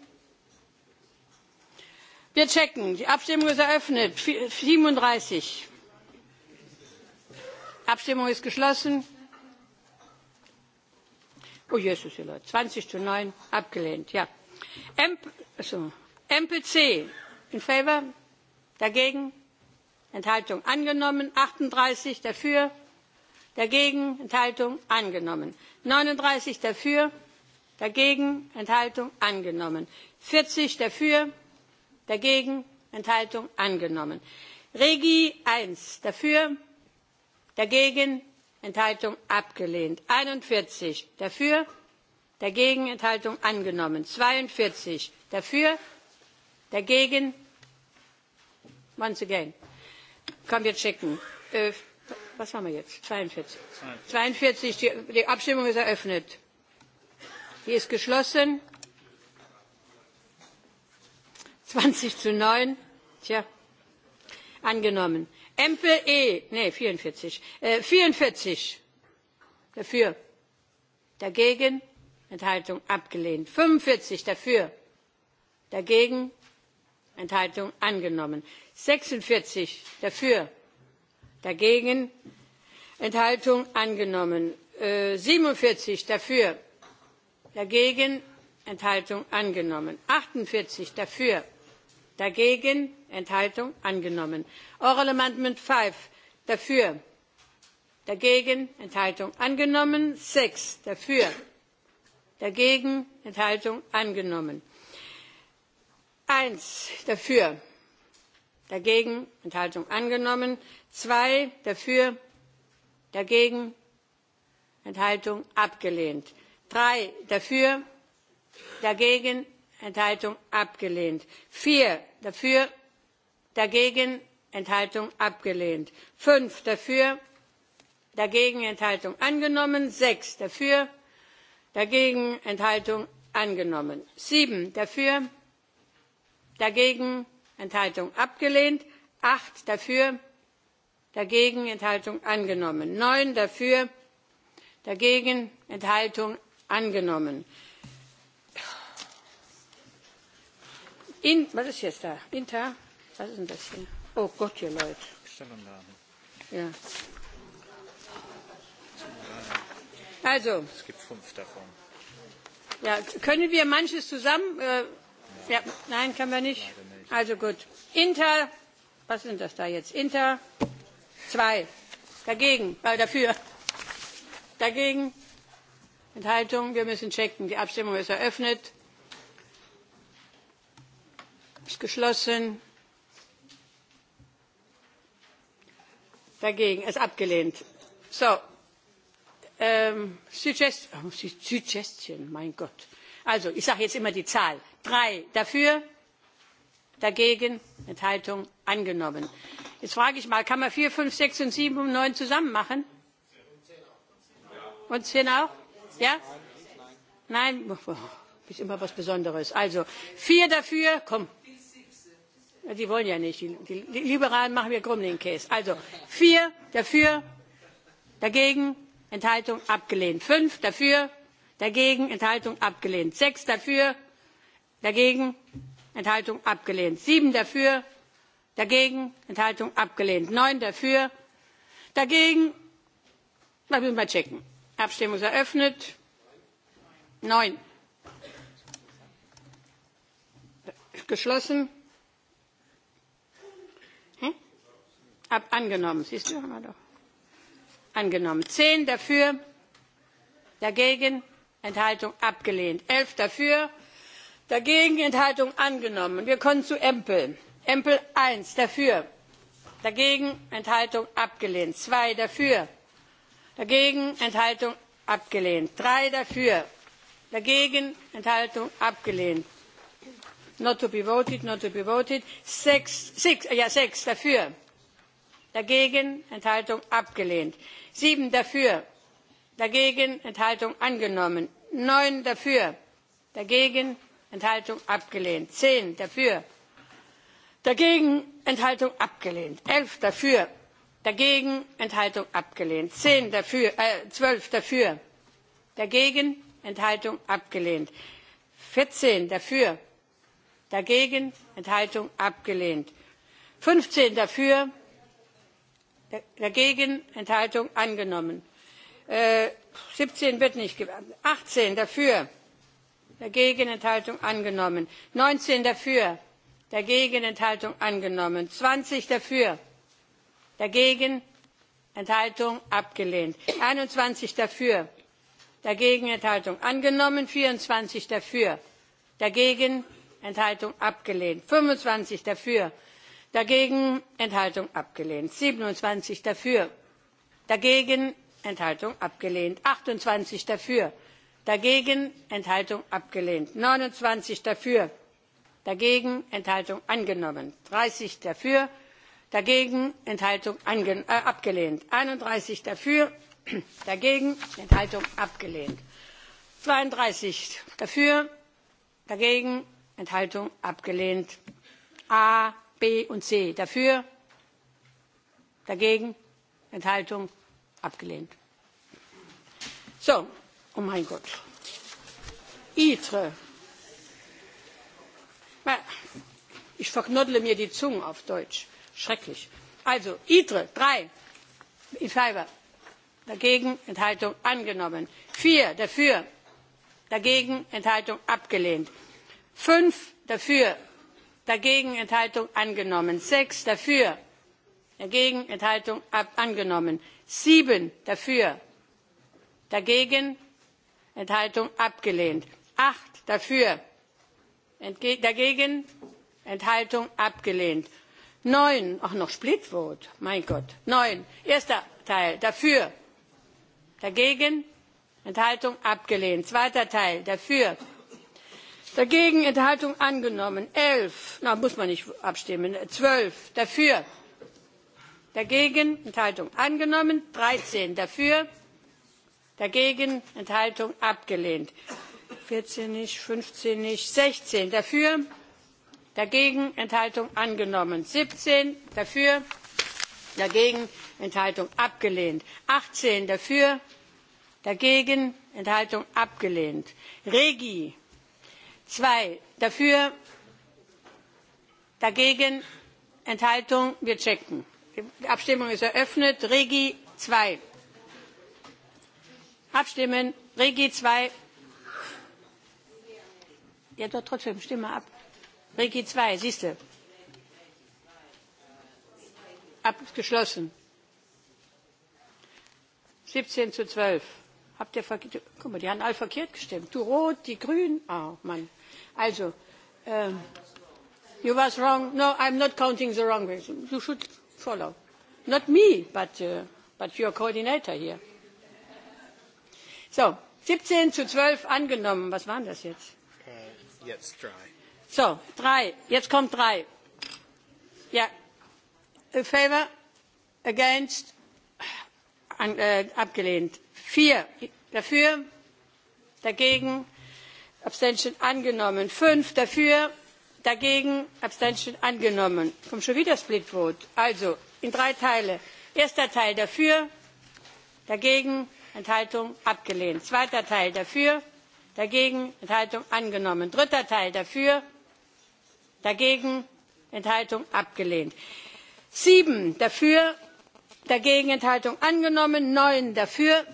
wir checken. die abstimmung ist eröffnet. siebenunddreißig abstimmung ist geschlossen oh Jesus, Leute, 20 zu ja. MPC in favor, dagegen, Enthaltung angenommen, 38 dafür, dagegen, Enthaltung angenommen, 39 dafür, dagegen, Enthaltung angenommen, 40 dafür, dagegen, Enthaltung angenommen. Regi 1 dafür, dagegen, Enthaltung abgelehnt. 41 dafür, dagegen Enthaltung angenommen. 42 dafür, dagegen. Once again. Komm, wir checken. Äh, was haben wir jetzt? 42. 42. Die, die Abstimmung ist eröffnet. Die ist geschlossen. 20 zu 9. Tja, angenommen empl e nee vierundvierzig äh, vierundvierzig dafür dagegen enthaltung abgelehnt fünfundvierzig dafür dagegen enthaltung angenommen sechsundvierzig dafür dagegen enthaltung angenommen äh, siebenundvierzig dafür dagegen enthaltung angenommen achtundvierzig dafür dagegen enthaltung angenommen oral amendment five dafür dagegen enthaltung angenommen sechs dafür dagegen enthaltung angenommen eins dafür dagegen enthaltung angenommen zwei dafür dagegen enthaltung abgelehnt drei dafür dagegen enthaltung abgelehnt; vier dafür dagegen enthaltung abgelehnt; fünf dafür dagegen enthaltung angenommen; sechs dafür dagegen enthaltung angenommen; sieben dafür dagegen enthaltung abgelehnt; acht dafür dagegen enthaltung angenommen; neun dafür dagegen enthaltung angenommen; In, was ist jetzt da? Inter? Was ist denn das hier? Oh Gott, ihr Leute. Stellungnahme. Ja. Also. Es gibt fünf davon. Ja, können wir manches zusammen? Äh, ja. nein, können wir nicht. nicht. Also gut. Inter, was sind das da jetzt? Inter, zwei. Dagegen, äh, dafür. Dagegen, Enthaltung, wir müssen checken. Die Abstimmung ist eröffnet ist geschlossen. dagegen ist abgelehnt. so ähm, Suggest oh, suggestion mein gott also ich sage jetzt immer die zahl drei dafür dagegen enthaltung angenommen. jetzt frage ich mal kann man vier fünf sechs und sieben und neun zusammen machen? und zehn auch? ja? nein? das ist immer was besonderes. also vier dafür komm die wollen ja nicht. Die Liberalen machen wir krumm den Käse. Also vier dafür, dagegen, Enthaltung abgelehnt. Fünf dafür, dagegen, Enthaltung abgelehnt. Sechs dafür, dagegen, Enthaltung abgelehnt. Sieben dafür, dagegen, Enthaltung abgelehnt. Neun dafür, dagegen, das müssen wir checken. Abstimmung ist eröffnet. Neun. Geschlossen Ab, angenommen, siehst du, haben wir doch. Angenommen. 10 dafür, dagegen, Enthaltung abgelehnt. 11 dafür, dagegen, Enthaltung angenommen. Wir kommen zu Empel. Empel 1 dafür, dagegen, Enthaltung abgelehnt. 2 dafür, dagegen, Enthaltung abgelehnt. 3 dafür, dagegen, Enthaltung abgelehnt not to be voted not to be voted sechs, six, ja, sechs dafür dagegen enthaltung abgelehnt sieben dafür dagegen enthaltung angenommen neun dafür dagegen enthaltung abgelehnt zehn dafür dagegen enthaltung abgelehnt elf dafür dagegen enthaltung abgelehnt äh, zwölf dafür dagegen enthaltung abgelehnt vierzehn dafür dagegen enthaltung abgelehnt fünfzehn dafür dagegen enthaltung angenommen äh, siebzehn wird nicht achtzehn dafür dagegen enthaltung angenommen neunzehn dafür dagegen enthaltung angenommen zwanzig dafür dagegen enthaltung abgelehnt einundzwanzig dafür dagegen enthaltung angenommen vierundzwanzig dafür dagegen enthaltung abgelehnt fünfundzwanzig dafür dagegen enthaltung abgelehnt siebenundzwanzig dafür dagegen enthaltung abgelehnt achtundzwanzig dafür dagegen enthaltung abgelehnt neunundzwanzig dafür dagegen enthaltung angenommen dreißig dafür dagegen enthaltung äh, abgelehnt einunddreißig dafür dagegen enthaltung abgelehnt zweiunddreißig dafür dagegen enthaltung abgelehnt a b und c dafür dagegen enthaltung abgelehnt. so oh mein gott itre ich verknoddle mir die zunge auf deutsch schrecklich also itre drei in favor dagegen enthaltung angenommen vier dafür dagegen enthaltung abgelehnt fünf dafür dagegen enthaltung angenommen sechs dafür dagegen enthaltung angenommen sieben dafür dagegen enthaltung abgelehnt acht dafür dagegen enthaltung abgelehnt neun auch noch split vote mein gott neun erster teil dafür dagegen enthaltung abgelehnt zweiter teil dafür dagegen enthaltung angenommen elf da muss man nicht abstimmen zwölf dafür dagegen enthaltung angenommen dreizehn dafür dagegen enthaltung abgelehnt vierzehn nicht fünfzehn nicht sechzehn dafür dagegen enthaltung angenommen siebzehn dafür dagegen enthaltung abgelehnt achtzehn dafür dagegen enthaltung abgelehnt regi zwei dafür dagegen enthaltung wir checken die abstimmung ist eröffnet regi zwei abstimmen regi zwei ja doch trotzdem stimme ab regi zwei siehst du abgeschlossen siebzehn zu zwölf habt ihr guck mal die haben alle verkehrt gestimmt du rot die grün oh mann also um, you was wrong no i'm not counting the wrong way you should follow not me but uh, your coordinator here so 17 zu 12 angenommen was waren das jetzt uh, jetzt drei so drei jetzt kommt drei ja in favor against äh, abgelehnt vier dafür dagegen abstention angenommen fünf dafür dagegen abstention angenommen kommt schon wieder split vote also in drei teile erster teil dafür dagegen enthaltung abgelehnt zweiter teil dafür dagegen enthaltung angenommen dritter teil dafür dagegen enthaltung abgelehnt sieben dafür dagegen enthaltung angenommen neun dafür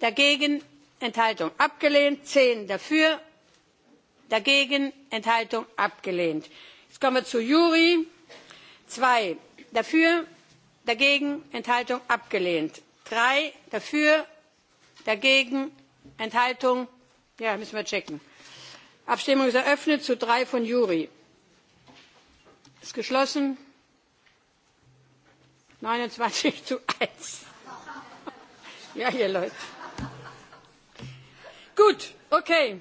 dagegen enthaltung abgelehnt zehn dafür dagegen enthaltung abgelehnt. jetzt kommen wir zu juri zwei dafür dagegen enthaltung abgelehnt drei dafür dagegen enthaltung ja müssen wir checken. abstimmung ist eröffnet zu drei von juri. ist geschlossen neunundzwanzig zu eins ja ihr leute. gut okay.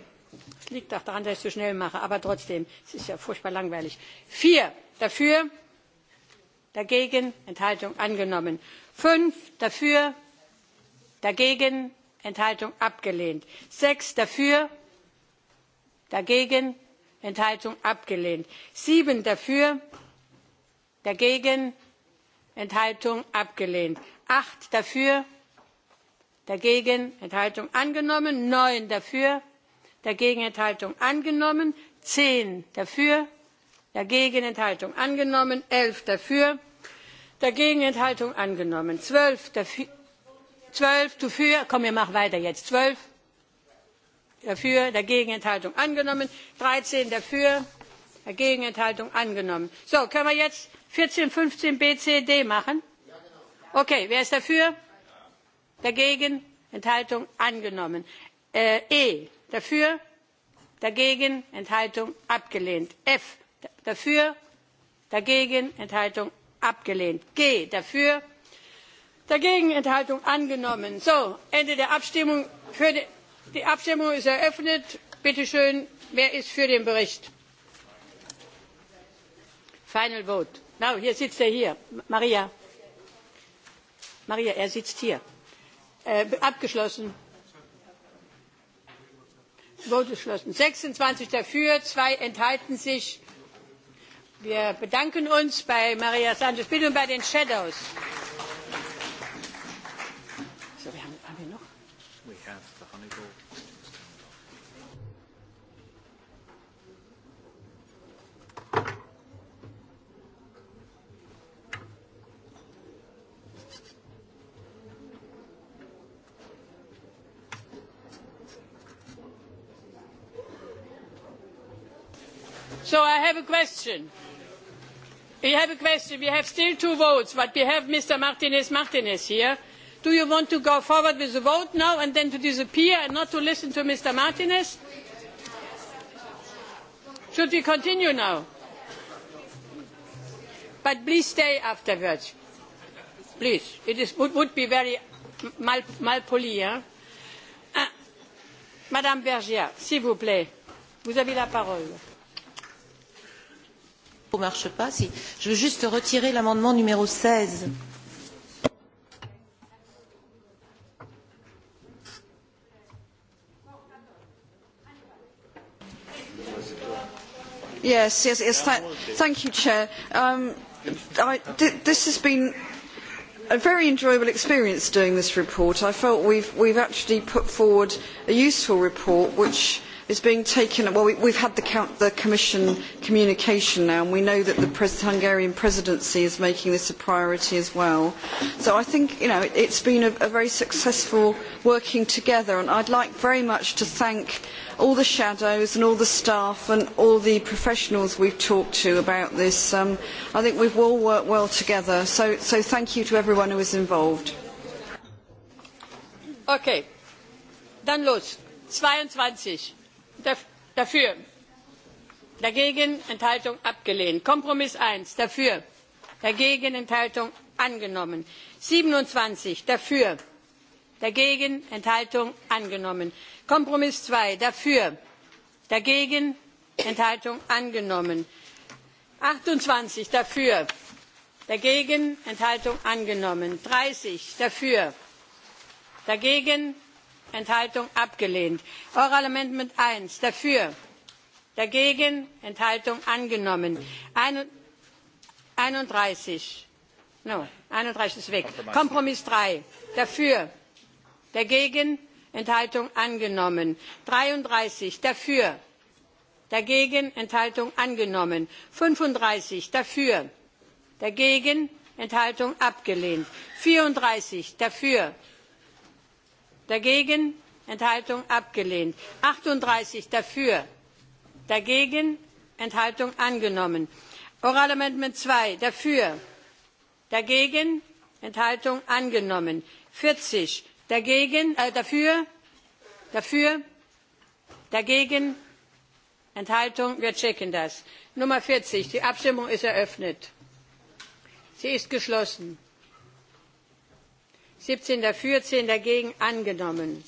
Es liegt auch daran, dass ich so schnell mache, aber trotzdem, es ist ja furchtbar langweilig. Vier dafür, dagegen, Enthaltung angenommen. Fünf dafür, dagegen, Enthaltung abgelehnt. Sechs dafür, dagegen, Enthaltung abgelehnt. Sieben dafür, dagegen, Enthaltung abgelehnt. Acht dafür, dagegen, Enthaltung angenommen. Neun dafür, dagegen enthaltung angenommen zehn dafür dagegen enthaltung angenommen elf dafür dagegen enthaltung angenommen zwölf dafür zwölf dafür komm wir machen weiter jetzt zwölf dafür dagegen enthaltung angenommen dreizehn dafür dagegen enthaltung angenommen. so können wir jetzt vierzehn fünfzehn b c d machen? okay wer ist dafür? dagegen enthaltung angenommen. Äh, e dafür dagegen enthaltung abgelehnt f dafür dagegen enthaltung abgelehnt g dafür dagegen enthaltung angenommen. so ende der abstimmung. Die, abstimmung ist eröffnet. bitte schön wer ist für den bericht? final vote. now hier sitzt er hier maria. maria er sitzt hier. Äh, abgeschlossen sechsundzwanzig 26 dafür, zwei enthalten sich. Wir bedanken uns bei Maria Sanchez-Bild und bei den schattenberichterstattern. I have a question. We have a question. We have still two votes, but we have Mr. Martinez Martinez here. Do you want to go forward with the vote now and then to disappear and not to listen to Mr. Martinez? Should we continue now? But please stay afterwards. Please. It is, would, would be very mal, malpoli. Hein? Uh, Madame Bergia, s'il vous plaît, vous avez la parole ne marche pas. Si. Je veux juste retirer l'amendement numéro 16. Yes, yes, yes. Th thank you, Chair. Um, I, this has been a very enjoyable experience doing this report. I felt we've, we've actually put forward a useful report which is being taken well we, we've had the, count, the commission communication now and we know that the pres Hungarian presidency is making this a priority as well so I think you know it, it's been a, a very successful working together and I'd like very much to thank all the shadows and all the staff and all the professionals we've talked to about this um, I think we've all worked well together so, so thank you to everyone who was involved okay dann los zweiundzwanzig dafür dagegen enthaltung abgelehnt; kompromiss eins dafür dagegen enthaltung angenommen; siebenundzwanzig dafür dagegen enthaltung angenommen; kompromiss zwei dafür dagegen enthaltung angenommen; achtundzwanzig dafür dagegen enthaltung angenommen; dreißig dafür dagegen enthaltung abgelehnt. oral amendment eins dafür dagegen enthaltung angenommen. einunddreißig no, kompromiss drei dafür dagegen enthaltung angenommen. dreiunddreißig dafür dagegen enthaltung angenommen. fünfunddreißig dafür dagegen enthaltung abgelehnt. vierunddreißig dafür dagegen enthaltung abgelehnt; achtunddreißig dafür dagegen enthaltung angenommen; oral amendment zwei dafür dagegen enthaltung angenommen; vierzig äh, dafür dafür dagegen enthaltung wir checken das. nummer vierzig die abstimmung ist eröffnet. sie ist geschlossen siebzehn dafür zehn dagegen angenommen;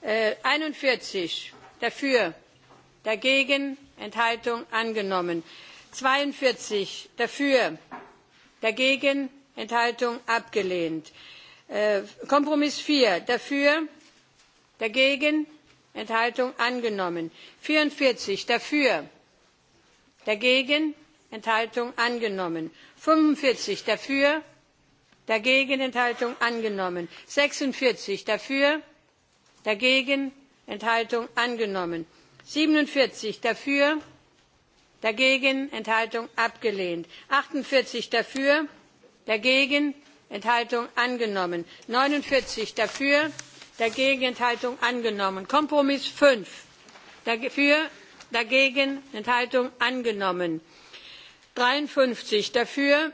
äh, einundvierzig dafür dagegen enthaltung angenommen; zweiundvierzig dafür dagegen enthaltung abgelehnt; äh, kompromiss vier dafür dagegen enthaltung angenommen; vierundvierzig dafür dagegen enthaltung angenommen; fünfundvierzig dafür dagegen enthaltung angenommen sechsundvierzig dafür dagegen enthaltung angenommen siebenundvierzig dafür dagegen enthaltung abgelehnt achtundvierzig dafür dagegen enthaltung angenommen neunundvierzig dafür dagegen enthaltung angenommen kompromiss fünf dafür dagegen enthaltung angenommen dreiundfünfzig dafür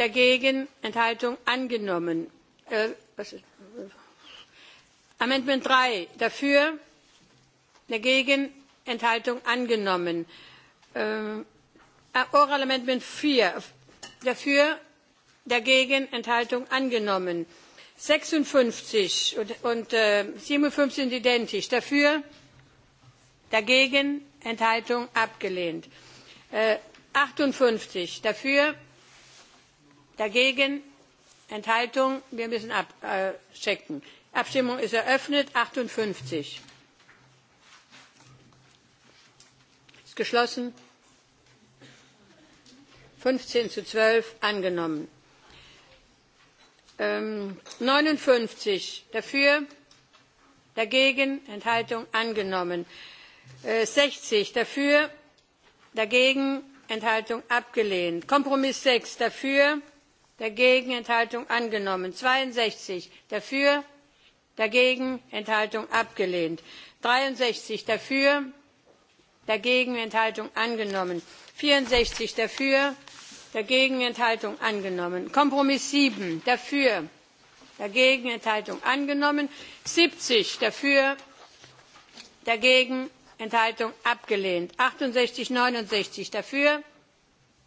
dagegen enthaltung angenommen änderungsantrag äh, drei dafür dagegen enthaltung angenommen änderungsantrag äh, vier dafür dagegen enthaltung angenommen sechsundfünfzig und äh, siebenundfünfzig sind identisch dafür dagegen enthaltung abgelehnt achtundfünfzig dafür dagegen enthaltung wir müssen abchecken äh, die abstimmung ist eröffnet achtundfünfzig ist geschlossen fünfzehn zu zwölf angenommen ähm, neunundfünfzig dafür dagegen enthaltung angenommen äh, sechzig dafür dagegen enthaltung abgelehnt kompromiss sechs dafür dagegen enthaltung angenommen zweiundsechzig dafür dagegen enthaltung abgelehnt dreiundsechzig dafür dagegen enthaltung angenommen vierundsechzig dafür dagegen enthaltung angenommen kompromiss sieben dafür dagegen enthaltung angenommen siebzig dafür dagegen enthaltung abgelehnt achtundsechzig neunundsechzig dafür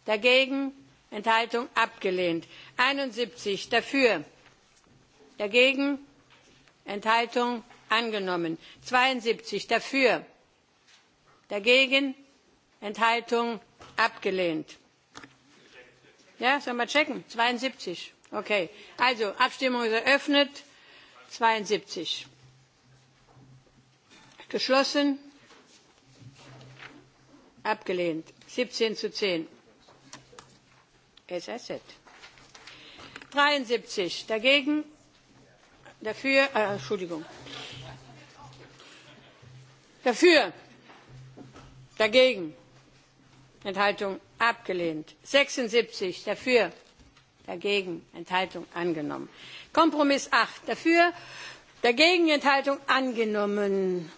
dagegen enthaltung abgelehnt einundsiebzig dafür dagegen enthaltung angenommen zweiundsiebzig dafür dagegen enthaltung abgelehnt. ja sollen wir checken? zweiundsiebzig okay also abstimmung ist eröffnet zweiundsiebzig geschlossen abgelehnt siebzehn zu zehn as i said dreiundsiebzig dagegen dafür äh, entschuldigung dafür dagegen enthaltung abgelehnt sechsundsiebzig dafür dagegen enthaltung angenommen kompromiss acht dafür dagegen enthaltung angenommen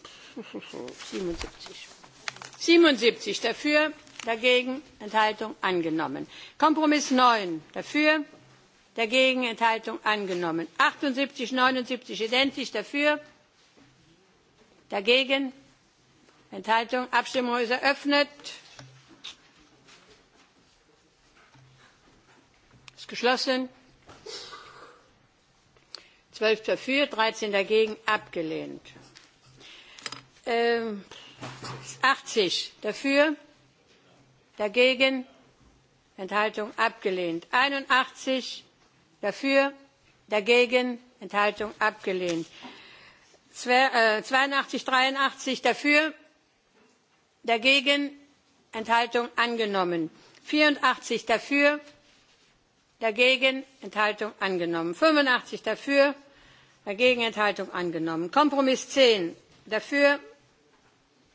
siebenundsiebzig siebenundsiebzig dafür dagegen enthaltung angenommen kompromiss neun dafür dagegen Enthaltung angenommen. achtundsiebzig neunundsiebzig identisch dafür, dagegen Enthaltung. Abstimmung ist eröffnet. Ist geschlossen. zwölf dafür, dreizehn dagegen, abgelehnt. Ähm, achtzig dafür, dagegen, Enthaltung abgelehnt. einundachtzig dafür dagegen enthaltung abgelehnt; äh, zweiundachtzig dreiundachtzig dafür dagegen enthaltung angenommen; vierundachtzig dafür dagegen enthaltung angenommen; fünfundachtzig dafür dagegen enthaltung angenommen; kompromiss zehn dafür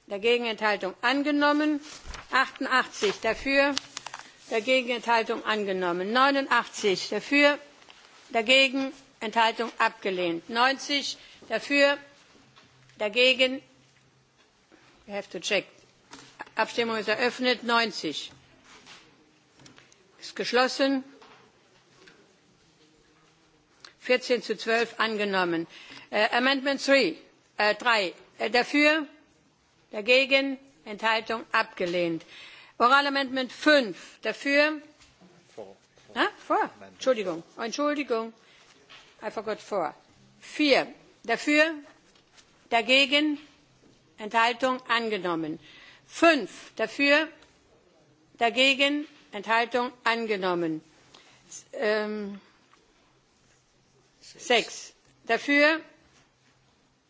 dagegen enthaltung angenommen; achtundachtzig dafür dagegen enthaltung angenommen; neunundachtzig dafür dagegen enthaltung abgelehnt neunzig dafür dagegen we have to check abstimmung ist eröffnet neunzig ist geschlossen vierzehn zu zwölf angenommen äh, amendment three, äh, drei äh, dafür dagegen enthaltung abgelehnt oral amendment fünf dafür Ah, vor. Entschuldigung, Entschuldigung. I forgot vor. Vier. Dafür, dagegen, Enthaltung angenommen. Fünf. Dafür, dagegen, Enthaltung angenommen. Ähm, sechs. Dafür,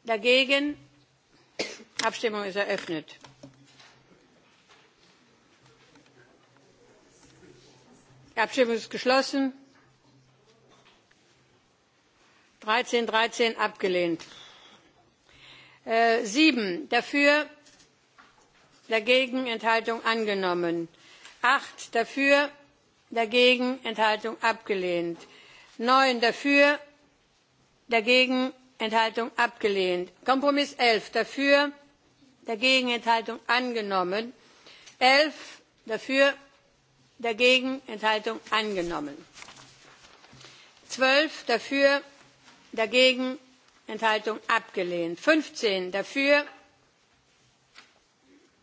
dagegen, Abstimmung ist eröffnet. die abstimmung ist geschlossen. dreizehn dreizehn abgelehnt; äh, sieben dafür dagegen enthaltung angenommen; acht dafür dagegen enthaltung abgelehnt; neun dafür dagegen enthaltung abgelehnt; kompromiss elf dafür dagegen enthaltung angenommen; elf dafür dagegen enthaltung angenommen zwölf dafür dagegen enthaltung abgelehnt fünfzehn dafür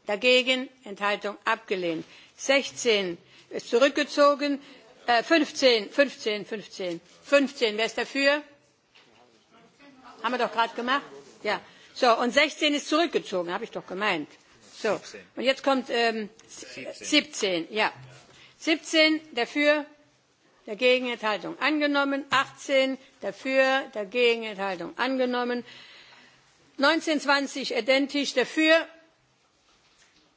dagegen enthaltung abgelehnt sechzehn ist zurückgezogen äh, fünfzehn fünfzehn fünfzehn fünfzehn wer ist dafür haben wir doch gerade gemacht ja so und sechzehn ist zurückgezogen habe ich doch gemeint so und jetzt kommt ähm, siebzehn ja siebzehn dafür dagegen enthaltung angenommen achtzehn dafür dagegen enthaltung angenommen neunzehn zwanzig identisch dafür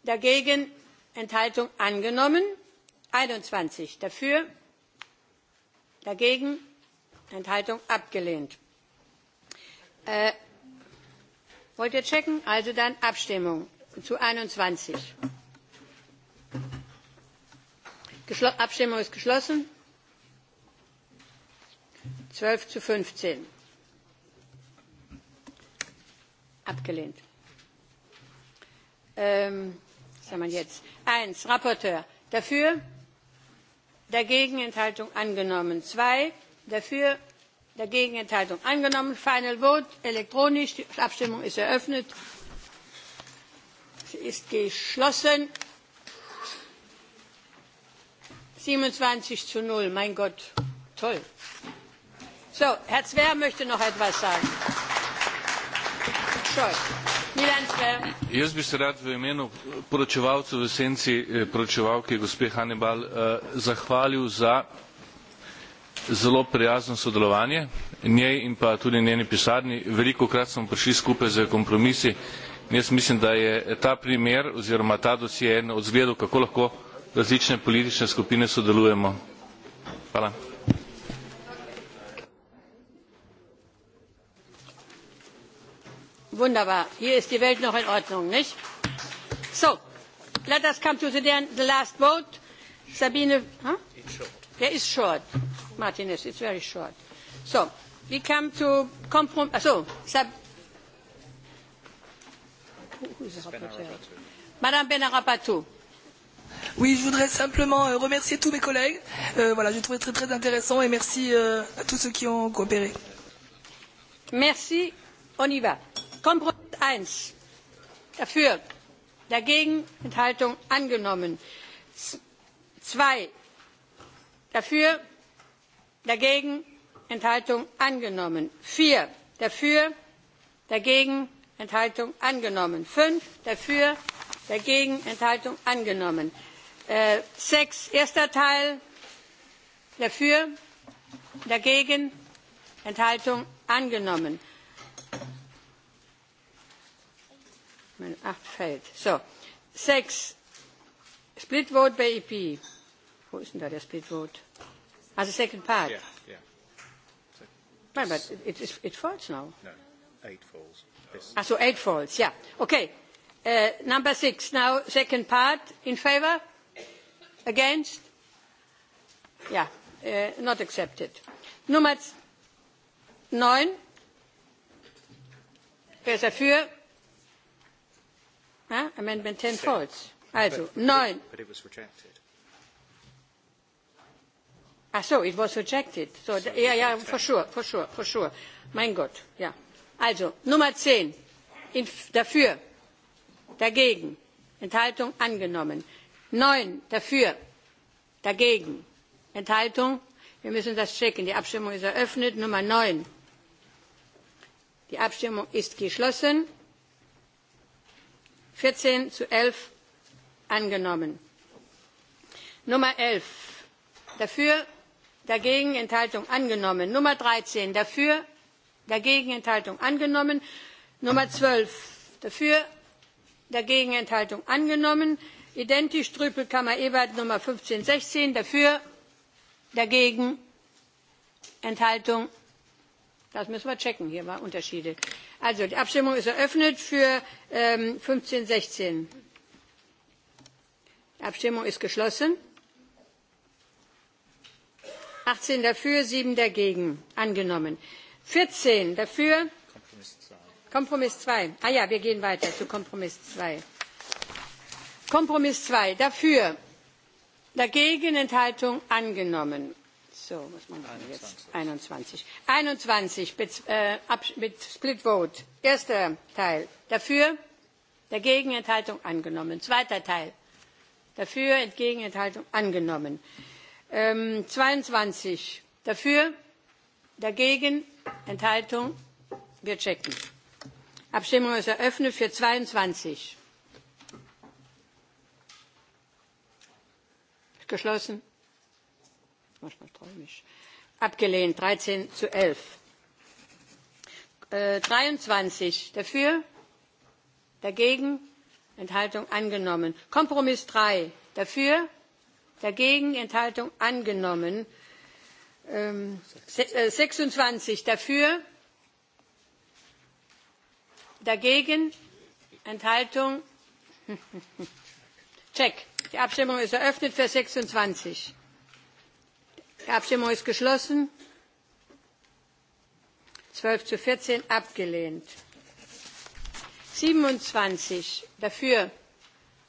dagegen enthaltung angenommen einundzwanzig dafür dagegen enthaltung abgelehnt. Äh, wollt ihr checken? also dann abstimmung zu einundzwanzig abstimmung ist geschlossen zwölf zu fünfzehn abgelehnt. Ähm, was haben wir jetzt? eins rapporteur dafür dagegen enthaltung angenommen zwei dafür dagegen enthaltung angenommen final vote elektronisch die abstimmung ist eröffnet sie ist geschlossen siebenundzwanzig zu null mein gott toll! herr zver möchte noch etwas sagen. Jaz bi se rad v imenu poročevalcev v senci eh, poročevalke gospe Hannibal eh, zahvalil za zelo prijazno sodelovanje njej in pa tudi njeni pisarni. Velikokrat smo prišli skupaj s kompromisi. in Jaz mislim, da je ta primer oziroma ta dosje eden od zgledov, kako lahko različne politične skupine sodelujemo. Hvala. Wunderbar. Hier ist die Welt noch in Ordnung, nicht? So, let us come to the, the last vote. Sabine, huh? short. Yeah, it's short. Martinez, it's very short. So, we come to compromise. So, Sab Who is Madame Benarapatou Oui, je voudrais simplement euh, remercier tous mes collègues. Euh, voilà, j'ai trouvé très très intéressant et merci euh, à tous ceux qui ont coopéré. Merci. On y va. Kompromiss 1. Dafür. Dagegen. Enthaltung angenommen. 2. Dafür. Dagegen. Enthaltung angenommen. 4. Dafür. Dagegen. Enthaltung angenommen. 5. Dafür. Dagegen. Enthaltung angenommen Äh, sechs erster teil dafür dagegen enthaltung angenommen acht fällt so sechs split vote bei ep wo ist denn da der split vote also ah, second part yeah, yeah. Second. No, but it, it, it falls now no eight falls yes. ah so eight falls yeah okay uh, number six now second part in favor against yeah uh, not accepted nummer wer ist dafür amendment ten falls also neun Ach, so it was rejected so, so yeah yeah for sure for sure for sure mein gott ja yeah. also nummer dafür dagegen enthaltung angenommen neun dafür dagegen enthaltung wir müssen das checken die abstimmung ist eröffnet nummer neun die abstimmung ist geschlossen vierzehn zu elf angenommen nummer elf dafür dagegen enthaltung angenommen nummer dreizehn dafür dagegen enthaltung angenommen nummer zwölf dafür dagegen enthaltung angenommen identisch trüpel kammer ewald nummer fünfzehn dafür dagegen enthaltung das müssen wir checken hier waren unterschiede. also die abstimmung ist eröffnet für ähm, fünfzehn die abstimmung ist geschlossen achtzehn dafür sieben dagegen angenommen vierzehn dafür kompromiss zwei ah ja wir gehen weiter zu kompromiss zwei kompromiss zwei dafür dagegen enthaltung angenommen einundzwanzig 21 21 äh, mit, split vote erster teil dafür dagegen enthaltung angenommen zweiter teil dafür entgegen enthaltung angenommen ähm, zweiundzwanzig 22 dafür dagegen enthaltung wir checken abstimmung ist eröffnet für 22 geschlossen manchmal träume ich abgelehnt dreizehn zu elf äh, dreiundzwanzig dafür dagegen enthaltung angenommen kompromiss drei dafür dagegen enthaltung angenommen ähm, äh, sechsundzwanzig dafür dagegen enthaltung check Die Abstimmung ist eröffnet für 26. Die Abstimmung ist geschlossen. 12 zu 14 abgelehnt. 27 dafür,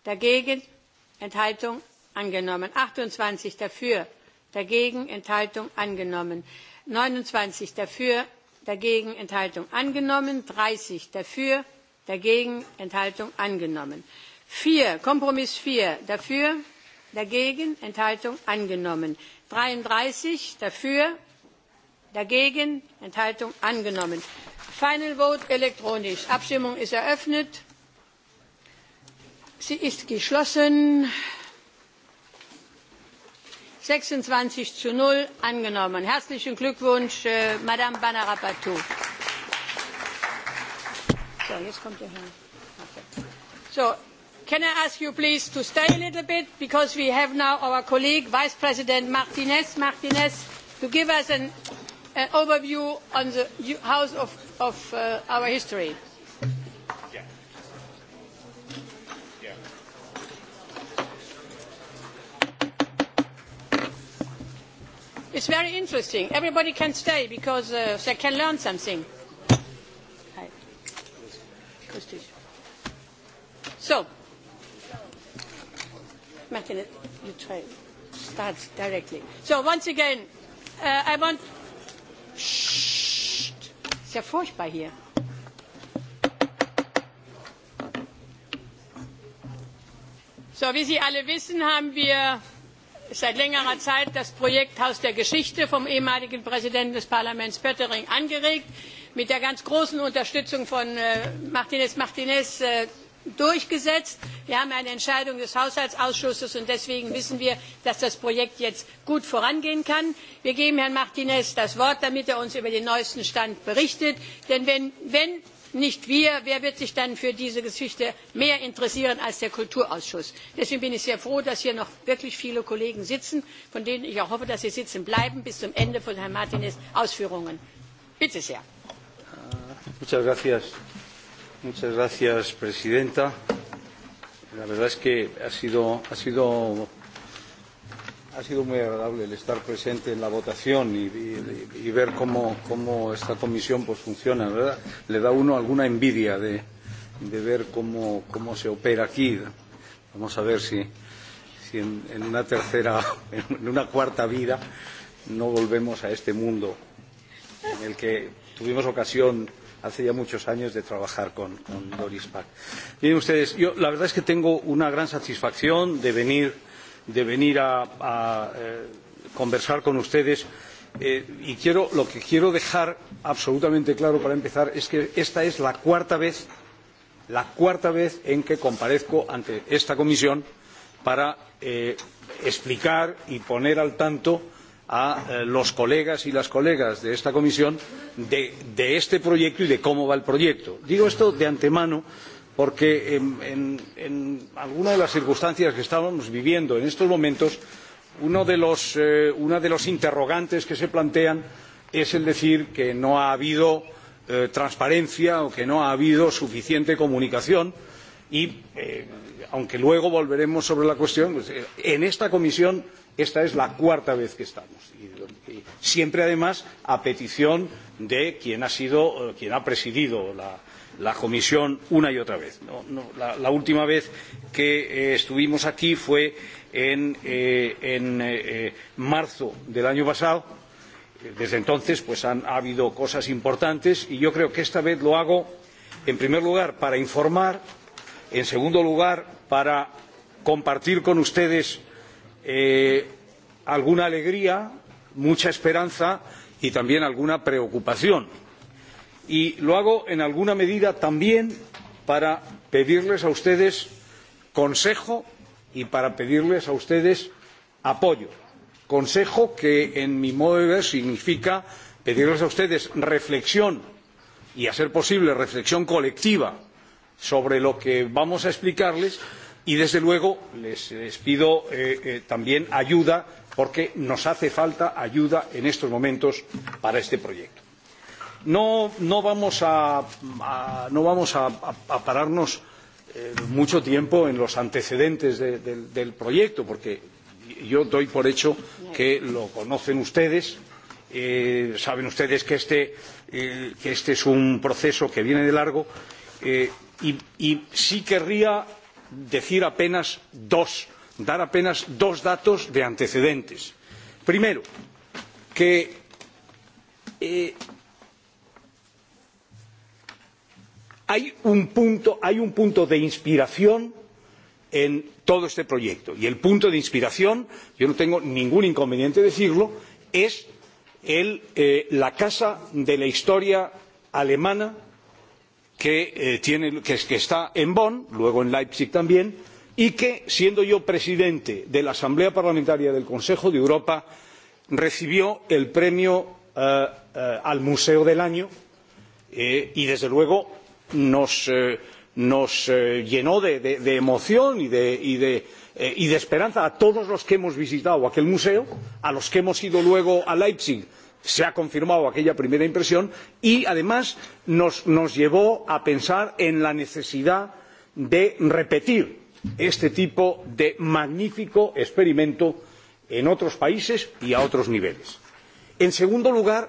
dagegen, Enthaltung angenommen. 28 dafür, dagegen, Enthaltung angenommen. 29 dafür, dagegen, Enthaltung angenommen. 30 dafür, dagegen, Enthaltung angenommen vier kompromiss vier dafür dagegen enthaltung angenommen dreiunddreißig dafür dagegen enthaltung angenommen final vote elektronisch abstimmung ist eröffnet sie ist geschlossen sechsundzwanzig zu null angenommen herzlichen glückwunsch äh, madame banarapatou! So, can i ask you please to stay a little bit because we have now our colleague vice president martinez martinez to give us an, overview on the house of, uh, our history yeah. Yeah. It's very interesting. Everybody can stay because uh, they can learn something. So, Martin, you try start directly. So once again, uh, I want. Shh. Ist ja furchtbar hier. So, wie Sie alle wissen, haben wir seit längerer Zeit das Projekt Haus der Geschichte vom ehemaligen Präsidenten des Parlaments Pöttering angeregt, mit der ganz großen Unterstützung von äh, Martinez Martinez, äh, durchgesetzt. Wir haben eine Entscheidung des Haushaltsausschusses und deswegen wissen wir, dass das Projekt jetzt gut vorangehen kann. Wir geben Herrn Martinez das Wort, damit er uns über den neuesten Stand berichtet. Denn wenn, wenn nicht wir, wer wird sich dann für diese Geschichte mehr interessieren als der Kulturausschuss? Deswegen bin ich sehr froh, dass hier noch wirklich viele Kollegen sitzen, von denen ich auch hoffe, dass sie sitzen bleiben bis zum Ende von Herrn Martinez Ausführungen. Bitte sehr. Muchas gracias, Muchas gracias, presidenta. La verdad es que ha sido, ha sido, ha sido muy agradable el estar presente en la votación y, y, y ver cómo, cómo esta comisión pues, funciona. ¿verdad? Le da uno alguna envidia de, de ver cómo, cómo se opera aquí. Vamos a ver si, si en, en una tercera, en una cuarta vida, no volvemos a este mundo en el que tuvimos ocasión hace ya muchos años de trabajar con, con Doris Pack. Miren ustedes, yo la verdad es que tengo una gran satisfacción de venir, de venir a, a eh, conversar con ustedes eh, y quiero, lo que quiero dejar absolutamente claro para empezar es que esta es la cuarta vez, la cuarta vez en que comparezco ante esta comisión para eh, explicar y poner al tanto eh, a eh, los colegas y las colegas de esta comisión de, de este proyecto y de cómo va el proyecto. digo esto de antemano porque en, en, en alguna de las circunstancias que estamos viviendo en estos momentos uno de los, eh, una de los interrogantes que se plantean es el decir que no ha habido eh, transparencia o que no ha habido suficiente comunicación y eh, aunque luego volveremos sobre la cuestión pues, eh, en esta comisión Esta es la cuarta vez que estamos. Y, y siempre, además, a petición de quien ha, sido, eh, quien ha presidido la, la comisión una y otra vez. No, no, la, la última vez que eh, estuvimos aquí fue en, eh, en eh, eh, marzo del año pasado. Desde entonces pues, han, ha habido cosas importantes y yo creo que esta vez lo hago, en primer lugar, para informar, en segundo lugar, para compartir con ustedes eh, alguna alegría, mucha esperanza y también alguna preocupación. Y lo hago en alguna medida también para pedirles a ustedes consejo y para pedirles a ustedes apoyo. Consejo que, en mi modo de ver, significa pedirles a ustedes reflexión y, a ser posible, reflexión colectiva sobre lo que vamos a explicarles y desde luego les, pido eh, eh, también ayuda porque nos hace falta ayuda en estos momentos para este proyecto. No, no vamos a, a, no vamos a, a pararnos eh, mucho tiempo en los antecedentes de, de, del proyecto porque yo doy por hecho que lo conocen ustedes. Eh, saben ustedes que este, eh, que este es un proceso que viene de largo eh, y, y sí querría decir apenas dos, dar apenas dos datos de antecedentes. Primero, que eh, hay, un punto, hay un punto de inspiración en todo este proyecto. Y el punto de inspiración, yo no tengo ningún inconveniente en decirlo, es el, eh, la Casa de la Historia Alemana que, eh, tiene, que, que está en bonn luego en leipzig también y que siendo yo presidente de la asamblea parlamentaria del consejo de europa recibió el premio eh, eh, al museo del año eh, y desde luego nos, eh, nos eh, llenó de, de, de emoción y de, y de y de esperanza a todos los que hemos visitado aquel museo a los que hemos ido luego a leipzig se ha confirmado aquella primera impresión y además nos, nos llevó a pensar en la necesidad de repetir este tipo de magnífico experimento en otros países y a otros niveles. En segundo lugar,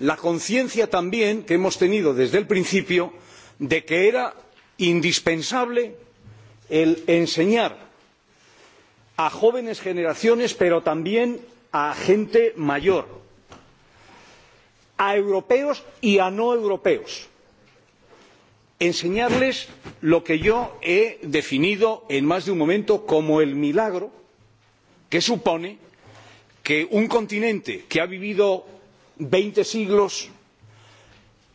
la conciencia también que hemos tenido desde el principio de que era indispensable el enseñar a jóvenes generaciones, pero también a gente mayor, a europeos y a no europeos enseñarles lo que yo he definido en más de un momento como el milagro que supone que un continente que ha vivido veinte siglos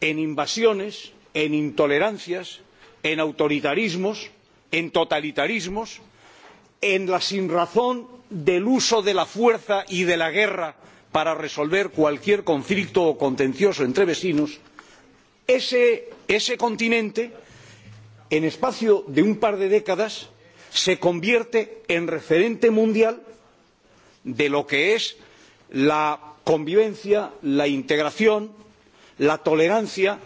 en invasiones en intolerancias en autoritarismos en totalitarismos en la sinrazón del uso de la fuerza y de la guerra para resolver cualquier conflicto o contencioso entre vecinos ese, ese continente en espacio de un par de décadas se convierte en referente mundial de lo que es la convivencia la integración la tolerancia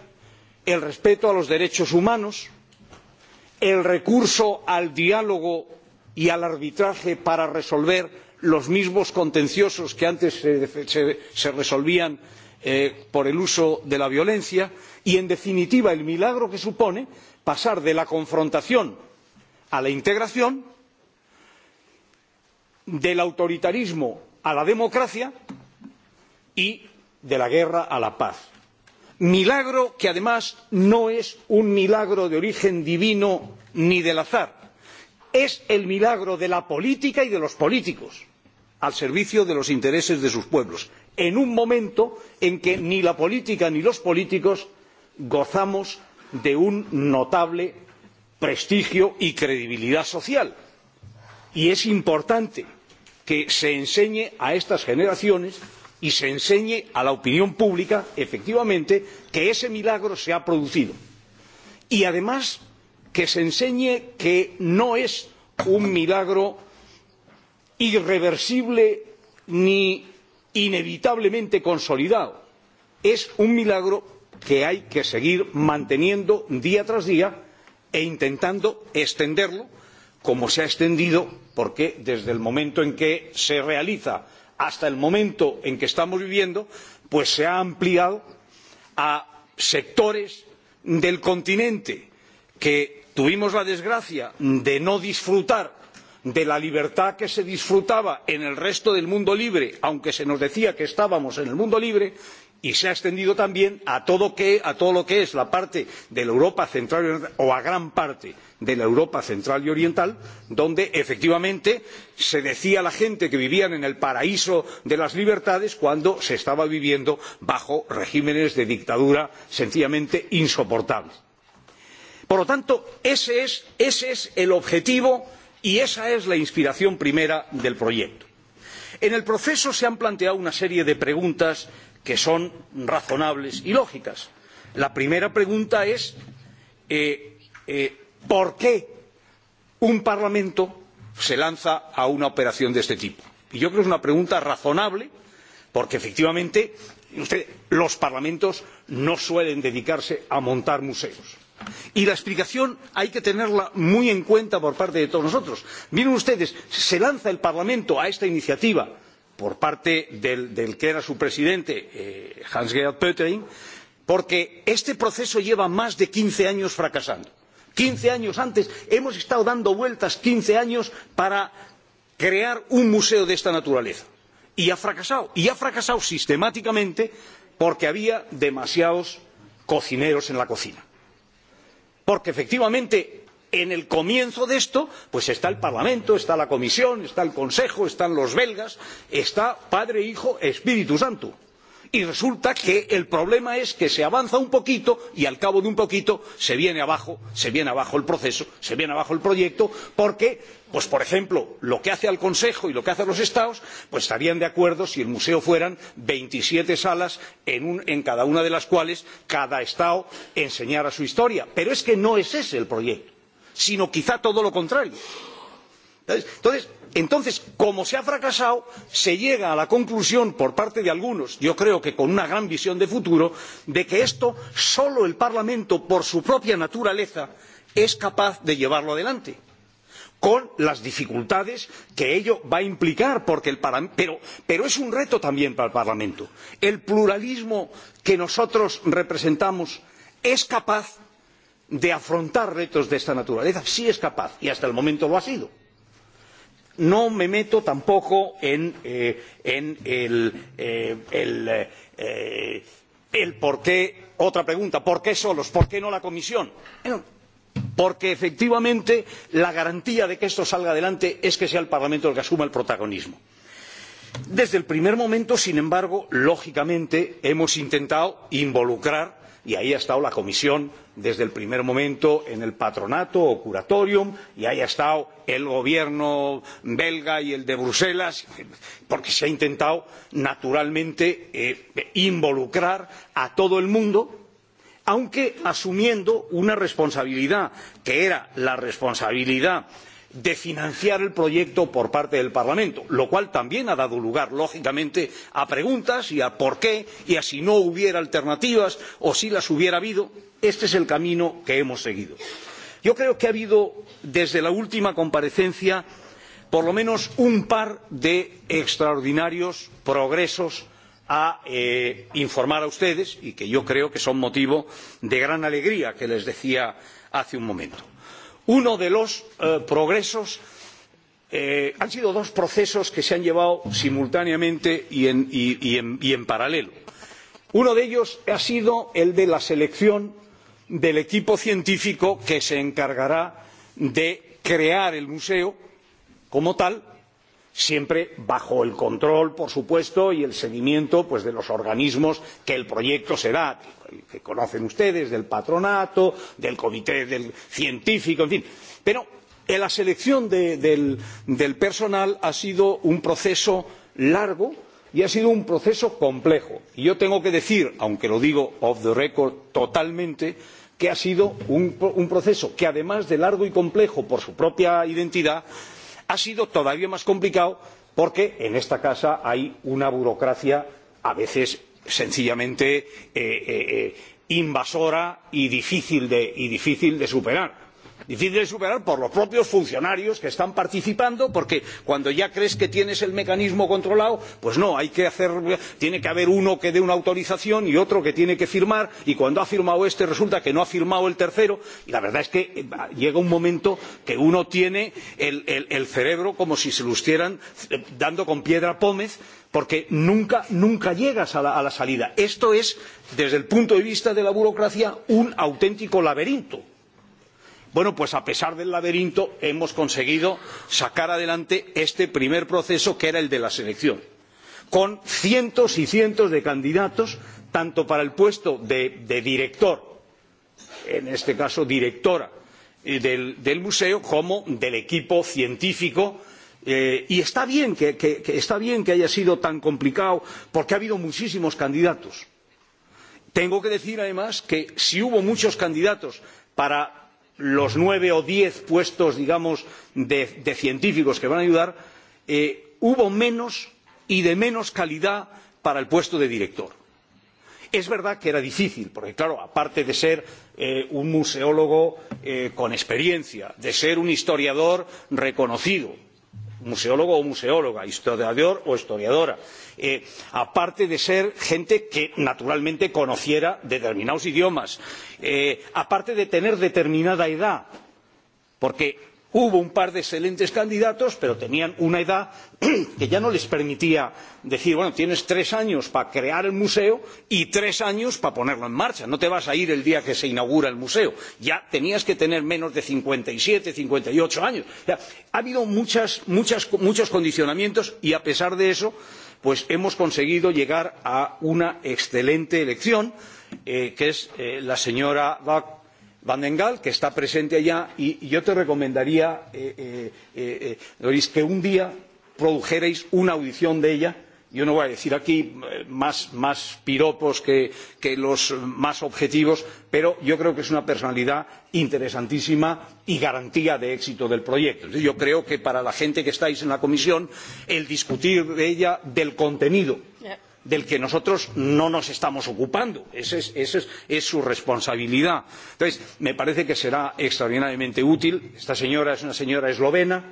el respeto a los derechos humanos el recurso al diálogo y al arbitraje para resolver los mismos contenciosos que antes se, resolvían eh, por el uso de la violencia y en definitiva el milagro que supone pasar de la confrontación a la integración del autoritarismo a la democracia y de la guerra a la paz milagro que además no es un milagro de origen divino ni del azar es el milagro de la política y de los políticos al servicio de los intereses de sus pueblos, en un momento en que ni la política ni los políticos gozamos de un notable prestigio y credibilidad social. Y es importante que se enseñe a estas generaciones y se enseñe a la opinión pública, efectivamente, que ese milagro se ha producido. Y además que se enseñe que no es un milagro irreversible ni inevitablemente consolidado es un milagro que hay que seguir manteniendo día tras día e intentando extenderlo como se ha extendido porque desde el momento en que se realiza hasta el momento en que estamos viviendo pues se ha ampliado a sectores del continente que tuvimos la desgracia de no disfrutar de la libertad que se disfrutaba en el resto del mundo libre aunque se nos decía que estábamos en el mundo libre y se ha extendido también a todo, lo que es la parte de la Europa central y oriental o a gran parte de la Europa central y oriental, donde efectivamente se decía a la gente que vivían en el paraíso de las libertades cuando se estaba viviendo bajo regímenes de dictadura sencillamente insoportables. Por lo tanto, ese es, ese es el objetivo y esa es la inspiración primera del proyecto. en el proceso se han planteado una serie de preguntas que son razonables y lógicas. la primera pregunta es eh, eh, por qué un parlamento se lanza a una operación de este tipo? y yo creo que es una pregunta razonable porque efectivamente usted, los parlamentos no suelen dedicarse a montar museos Y la explicación hay que tenerla muy en cuenta por parte de todos nosotros. Miren ustedes, se lanza el Parlamento a esta iniciativa por parte del, del que era su presidente, eh, Hans-Gerd Pöttering, porque este proceso lleva más de 15 años fracasando. 15 años antes hemos estado dando vueltas 15 años para crear un museo de esta naturaleza. Y ha fracasado. Y ha fracasado sistemáticamente porque había demasiados cocineros en la cocina porque efectivamente en el comienzo de esto pues está el parlamento está la comisión está el consejo están los belgas está padre hijo espíritu santo y resulta que el problema es que se avanza un poquito y al cabo de un poquito se viene abajo se viene abajo el proceso se viene abajo el proyecto porque pues, por ejemplo lo que hace al consejo y lo que hacen los estados pues estarían de acuerdo si el museo fueran veintisiete salas en, un, en cada una de las cuales cada estado enseñara su historia pero es que no es ese el proyecto sino quizá todo lo contrario Entonces, entonces, como se ha fracasado, se llega a la conclusión por parte de algunos, yo creo que con una gran visión de futuro, de que esto solo el Parlamento, por su propia naturaleza, es capaz de llevarlo adelante con las dificultades que ello va a implicar, porque el pero, pero es un reto también para el Parlamento. El pluralismo que nosotros representamos es capaz de afrontar retos de esta naturaleza, sí es capaz, y hasta el momento lo ha sido no me meto tampoco en, eh, en el, eh, el, eh, el por qué otra pregunta por qué solos por qué no la comisión? Bueno, porque efectivamente la garantía de que esto salga adelante es que sea el parlamento el que asuma el protagonismo. desde el primer momento sin embargo lógicamente hemos intentado involucrar y ahí ha estado la comisión desde el primer momento en el patronato o curatorium y haya estado el gobierno belga y el de Bruselas, porque se ha intentado naturalmente eh, involucrar a todo el mundo aunque asumiendo una responsabilidad que era la responsabilidad de financiar el proyecto por parte del parlamento lo cual también ha dado lugar lógicamente a preguntas y a por qué y a si no hubiera alternativas o si las hubiera habido. este es el camino que hemos seguido. yo creo que ha habido desde la última comparecencia por lo menos un par de extraordinarios progresos a eh, informar a ustedes y que yo creo que son motivo de gran alegría que les decía hace un momento uno de los eh, progresos eh, han sido dos procesos que se han llevado simultáneamente y en, y, y, en, y en paralelo. Uno de ellos ha sido el de la selección del equipo científico que se encargará de crear el museo como tal siempre bajo el control por supuesto y el seguimiento pues, de los organismos que el proyecto se da que conocen ustedes del patronato del comité del científico en fin pero en la selección del, personal ha sido un proceso largo y ha sido un proceso complejo y yo tengo que decir aunque lo digo off the record totalmente que ha sido un proceso que además de largo y complejo por su propia identidad ha sido todavía más complicado porque en esta casa hay una burocracia a veces sencillamente eh, eh, eh, invasora y difícil de superar difícil de superar por los propios funcionarios que están participando porque cuando ya crees que tienes el mecanismo controlado pues no hay que hacer tiene que haber uno que dé una autorización y otro que tiene que firmar y cuando ha firmado este resulta que no ha firmado el tercero y la verdad es que eh, llega un momento que uno tiene el, el, el cerebro como si se lo estuvieran eh, dando con piedra pómez porque nunca, nunca llegas a la, a la salida. Esto es, desde el punto de vista de la burocracia, un auténtico laberinto bueno pues a pesar del laberinto hemos conseguido sacar adelante este primer proceso que era el de la selección con cientos y cientos de candidatos tanto para el puesto de, de director en este caso directora eh, del, del museo como del equipo científico eh, y está bien que, que, que está bien que haya sido tan complicado porque ha habido muchísimos candidatos. Tengo que decir además que si hubo muchos candidatos para los nueve o diez puestos digamos de, científicos que van a ayudar eh, hubo menos y de menos calidad para el puesto de director. Es verdad que era difícil, porque claro, aparte de ser eh, un museólogo eh, con experiencia, de ser un historiador reconocido, museólogo o museóloga historiador o historiadora eh, aparte de ser gente que naturalmente conociera determinados idiomas eh, aparte de tener determinada edad porque hubo un par de excelentes candidatos pero tenían una edad que ya no les permitía decir bueno tienes tres años para crear el museo y tres años para ponerlo en marcha no te vas a ir el día que se inaugura el museo ya tenías que tener menos de cincuenta y siete cincuenta y ocho años o sea, ha habido muchas, muchas, muchos condicionamientos y a pesar de eso pues hemos conseguido llegar a una excelente elección eh, que es eh, la señora Bach van den Gaal, que está presente allá, y yo te recomendaría, eh, eh, eh, Doris, que un día produjerais una audición de ella yo no voy a decir aquí más, piropos que, los más objetivos pero yo creo que es una personalidad interesantísima y garantía de éxito del proyecto. yo creo que para la gente que estáis en la comisión el discutir de ella del contenido del que nosotros no nos estamos ocupando. Esa es, es, es su responsabilidad. Entonces, me parece que será extraordinariamente útil. Esta señora es una señora eslovena,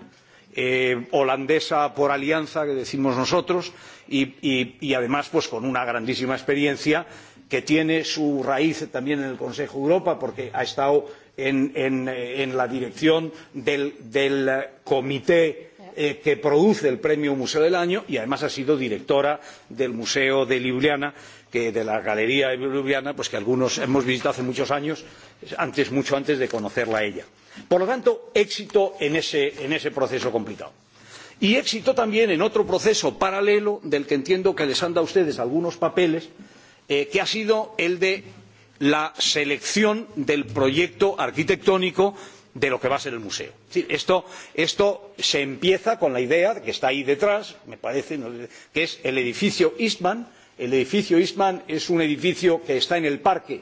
eh, holandesa por alianza, que decimos nosotros, y, y, y además pues, con una grandísima experiencia que tiene su raíz también en el Consejo de Europa, porque ha estado en, en, eh, en la dirección del, del eh, comité eh, que produce el premio Museo del Año y además ha sido directora del Museo de Ljubljana, que de la Galería de Ljubljana, pues que algunos hemos visitado hace muchos años, antes, mucho antes de conocerla a ella. Por lo tanto, éxito en ese, en ese proceso complicado. Y éxito también en otro proceso paralelo del que entiendo que les han dado a ustedes algunos papeles, eh, que ha sido el de la selección del proyecto arquitectónico de lo que va a ser el museo. esto, esto se empieza con la idea que está ahí detrás, me parece, ¿no? que es el edificio Eastman. El edificio Eastman es un edificio que está en el parque,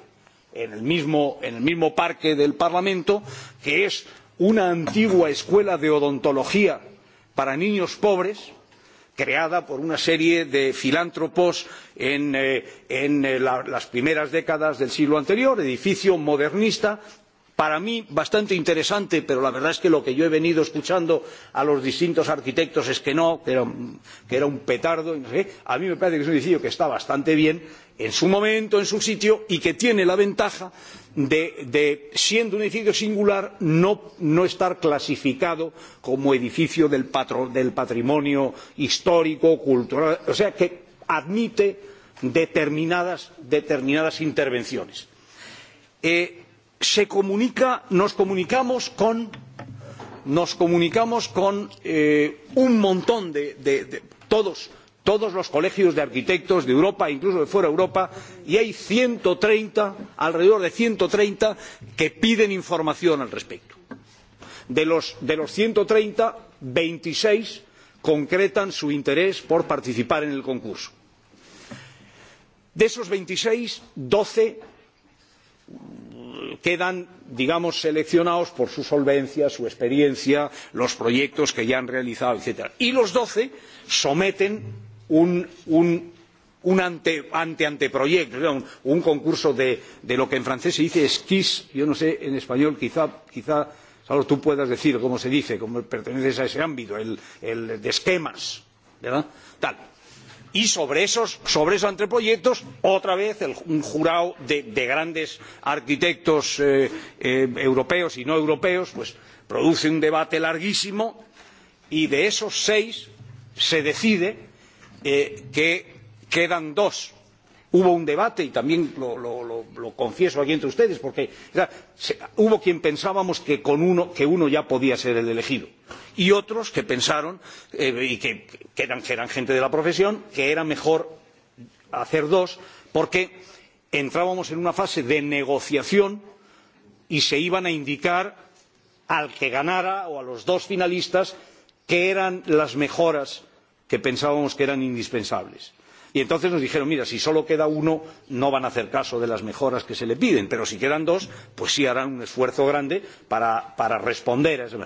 en el mismo, en el mismo parque del Parlamento, que es una antigua escuela de odontología para niños pobres, creada por una serie de filántropos en, eh, en eh, la, las primeras décadas del siglo anterior, edificio modernista para mí bastante interesante pero la verdad es que lo que yo he venido escuchando a los distintos arquitectos es que no que era un, petardo y no sé qué. a mí me parece que es un edificio que está bastante bien en su momento en su sitio y que tiene la ventaja de, de siendo un edificio singular no, no estar clasificado como edificio del, patro, del patrimonio histórico cultural o sea que admite determinadas, determinadas intervenciones. Eh, se comunica, nos comunicamos con, nos comunicamos con eh, un montón de, de, de todos, todos los colegios de arquitectos de europa incluso de fuera de europa y hay 130, alrededor de ciento treinta que piden información al respecto. de los ciento treinta veintiséis concretan su interés por participar en el concurso. de esos veintiséis doce quedan digamos seleccionados por su solvencia su experiencia los proyectos que ya han realizado etc. y los doce someten un, un, un ante, ante anteproyecto un, un concurso de, de lo que en francés se dice esquís yo no sé en español quizá, quizá solo tú puedas decir cómo se dice, como perteneces a ese ámbito, el, el de esquemas, ¿verdad? Tal y sobre esos, anteproyectos otra vez un jurado de, grandes arquitectos eh, eh, europeos y no europeos produce un debate larguísimo y de esos seis se decide eh, que quedan dos hubo un debate y también lo, lo, lo, lo confieso aquí entre ustedes porque o se, hubo quien pensábamos que con uno que uno ya podía ser el elegido y otros que pensaron eh, y que, eran, gente de la profesión que era mejor hacer dos porque entrábamos en una fase de negociación y se iban a indicar al que ganara o a los dos finalistas qué eran las mejoras que pensábamos que eran indispensables. Y entonces nos dijeron, mira, si solo queda uno, no van a hacer caso de las mejoras que se le piden, pero si quedan dos, pues sí harán un esfuerzo grande para, para responder a ese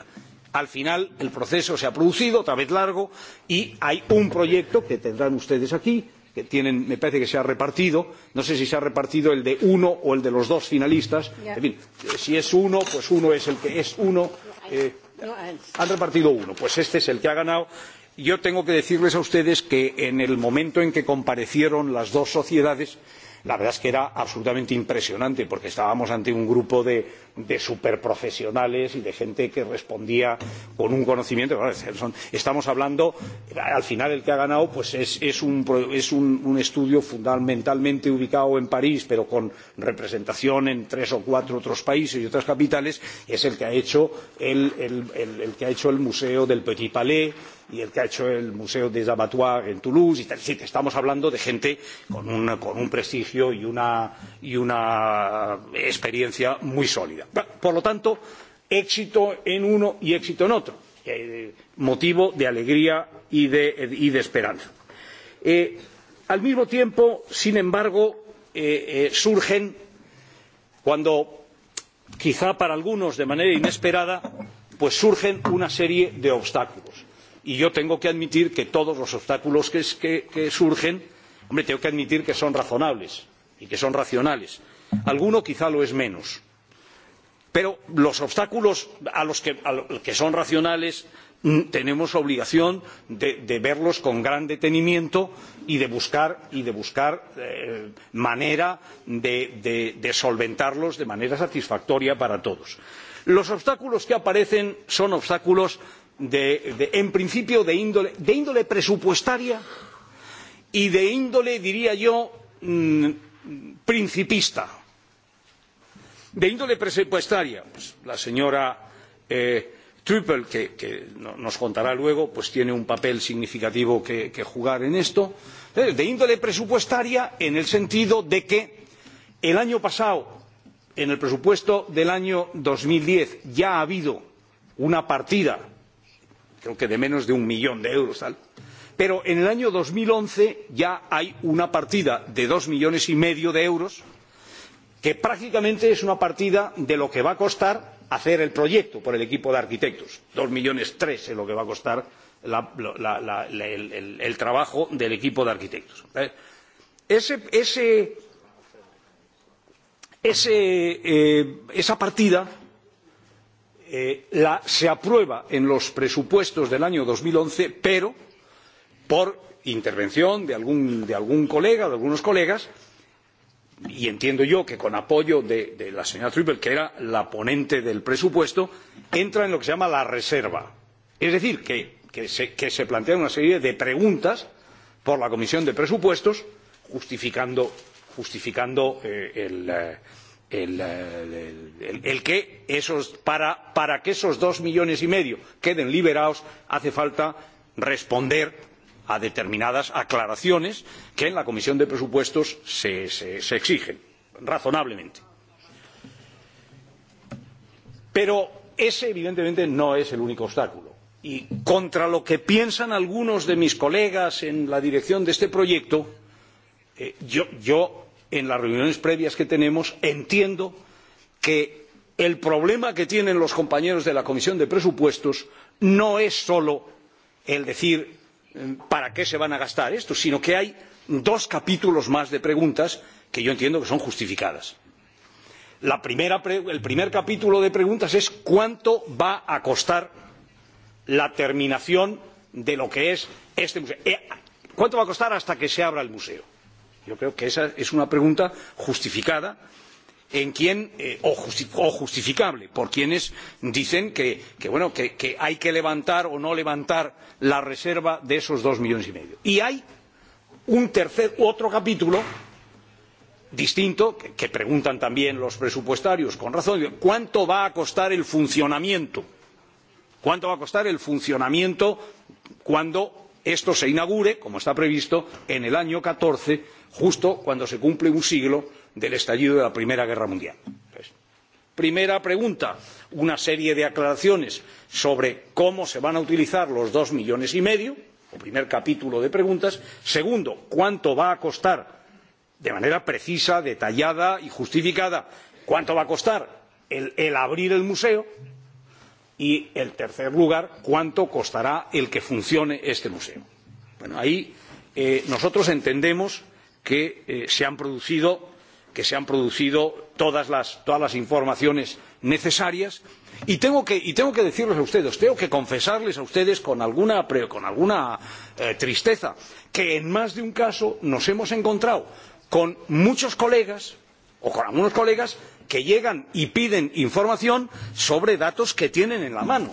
al final el proceso se ha producido otra vez largo y hay un proyecto que tendrán ustedes aquí que tienen, me parece que se ha repartido, no sé si se ha repartido el de uno o el de los dos finalistas, yeah. en fin, eh, si es uno, pues uno es el que es uno, no, eh, no, no han repartido uno, pues este es el que ha ganado. Yo tengo que decirles a ustedes que en el momento en que comparecieron las dos sociedades, la verdad es que era absolutamente impresionante porque estábamos ante un grupo de, de superprofesionales y de gente que respondía con un conocimiento. Bueno, estamos hablando, al final el que ha ganado pues es, es, un, es un, un estudio fundamentalmente ubicado en París, pero con representación en tres o cuatro otros países y otras capitales, es el que ha hecho el, el, el, el que ha hecho el Museo del Petit Palais y el que ha hecho el Museo des Abattoirs en Toulouse. Y tal. Es decir, estamos hablando de gente con un, con un prestigio y una, y una experiencia muy sólida. Por lo tanto, éxito en uno y éxito en otro. Eh, motivo de alegría y de, y de esperanza. Eh, al mismo tiempo, sin embargo, eh, eh, surgen cuando quizá para algunos de manera inesperada pues surgen una serie de obstáculos y yo tengo que admitir que todos los obstáculos que, surgen hombre, tengo que admitir que son razonables y que son racionales. Alguno quizá lo es menos. Pero los obstáculos que, a los que son racionales mm, tenemos obligación de, de verlos con gran detenimiento y de buscar, y de buscar eh, manera de, de, de solventarlos de manera satisfactoria para todos. Los obstáculos que aparecen son obstáculos de, de, en principio de índole, de índole presupuestaria y de índole, diría yo, mm, principista. De índole presupuestaria, pues, la señora eh, que, que no, nos contará luego, pues tiene un papel significativo que, que jugar en esto. Eh, de índole presupuestaria en el sentido de que el año pasado, en el presupuesto del año 2010, ya ha habido una partida creo que de menos de un millón de euros. Tal. Pero en el año once ya hay una partida de dos millones y medio de euros que prácticamente es una partida de lo que va a costar hacer el proyecto por el equipo de arquitectos. Dos millones tres es lo que va a costar la, la, la, el, el, el trabajo del equipo de arquitectos. Ese, ese, ese, eh, esa partida eh, se aprueba en los presupuestos del año dos mil once pero por intervención de algún, de algún colega de algunos colegas y entiendo yo que con apoyo de, de la señora Trüppel, que era la ponente del presupuesto, entra en lo que se llama la reserva. Es decir, que, que, se, que se plantean una serie de preguntas por la Comisión de Presupuestos justificando, justificando eh, el, eh, el, el, el, el que esos, para, para que esos dos millones y medio queden liberados hace falta responder a determinadas aclaraciones que en la Comisión de Presupuestos se, se, se exigen, razonablemente. Pero ese, evidentemente, no es el único obstáculo. Y contra lo que piensan algunos de mis colegas en la dirección de este proyecto, eh, yo, yo en las reuniones previas que tenemos, entiendo que el problema que tienen los compañeros de la Comisión de Presupuestos no es solo el decir eh, para qué se van a gastar esto, sino que hay dos capítulos más de preguntas que yo entiendo que son justificadas. La primera, el primer capítulo de preguntas es cuánto va a costar la terminación de lo que es este museo. Eh, ¿Cuánto va a costar hasta que se abra el museo? Yo creo que esa es una pregunta justificada en quien, eh, o, justi o justificable por quienes dicen que, que, bueno, que, que hay que levantar o no levantar la reserva de esos dos millones y medio. Y hay un tercer, otro capítulo distinto que, que preguntan también los presupuestarios con razón cuánto va a costar el funcionamiento cuánto va a costar el funcionamiento cuando esto se inaugure como está previsto en el año catorce justo cuando se cumple un siglo del estallido de la Primera Guerra Mundial. Entonces, primera pregunta, una serie de aclaraciones sobre cómo se van a utilizar los dos millones y medio, o primer capítulo de preguntas. Segundo, cuánto va a costar, de manera precisa, detallada y justificada, cuánto va a costar el, el abrir el museo. Y, en tercer lugar, cuánto costará el que funcione este museo. Bueno, ahí eh, nosotros entendemos que eh, se han producido que se han producido todas las, todas las informaciones necesarias y tengo, que, y tengo que decirles a ustedes, tengo que confesarles a ustedes con alguna, con alguna eh, tristeza que en más de un caso nos hemos encontrado con muchos colegas o con algunos colegas que llegan y piden información sobre datos que tienen en la mano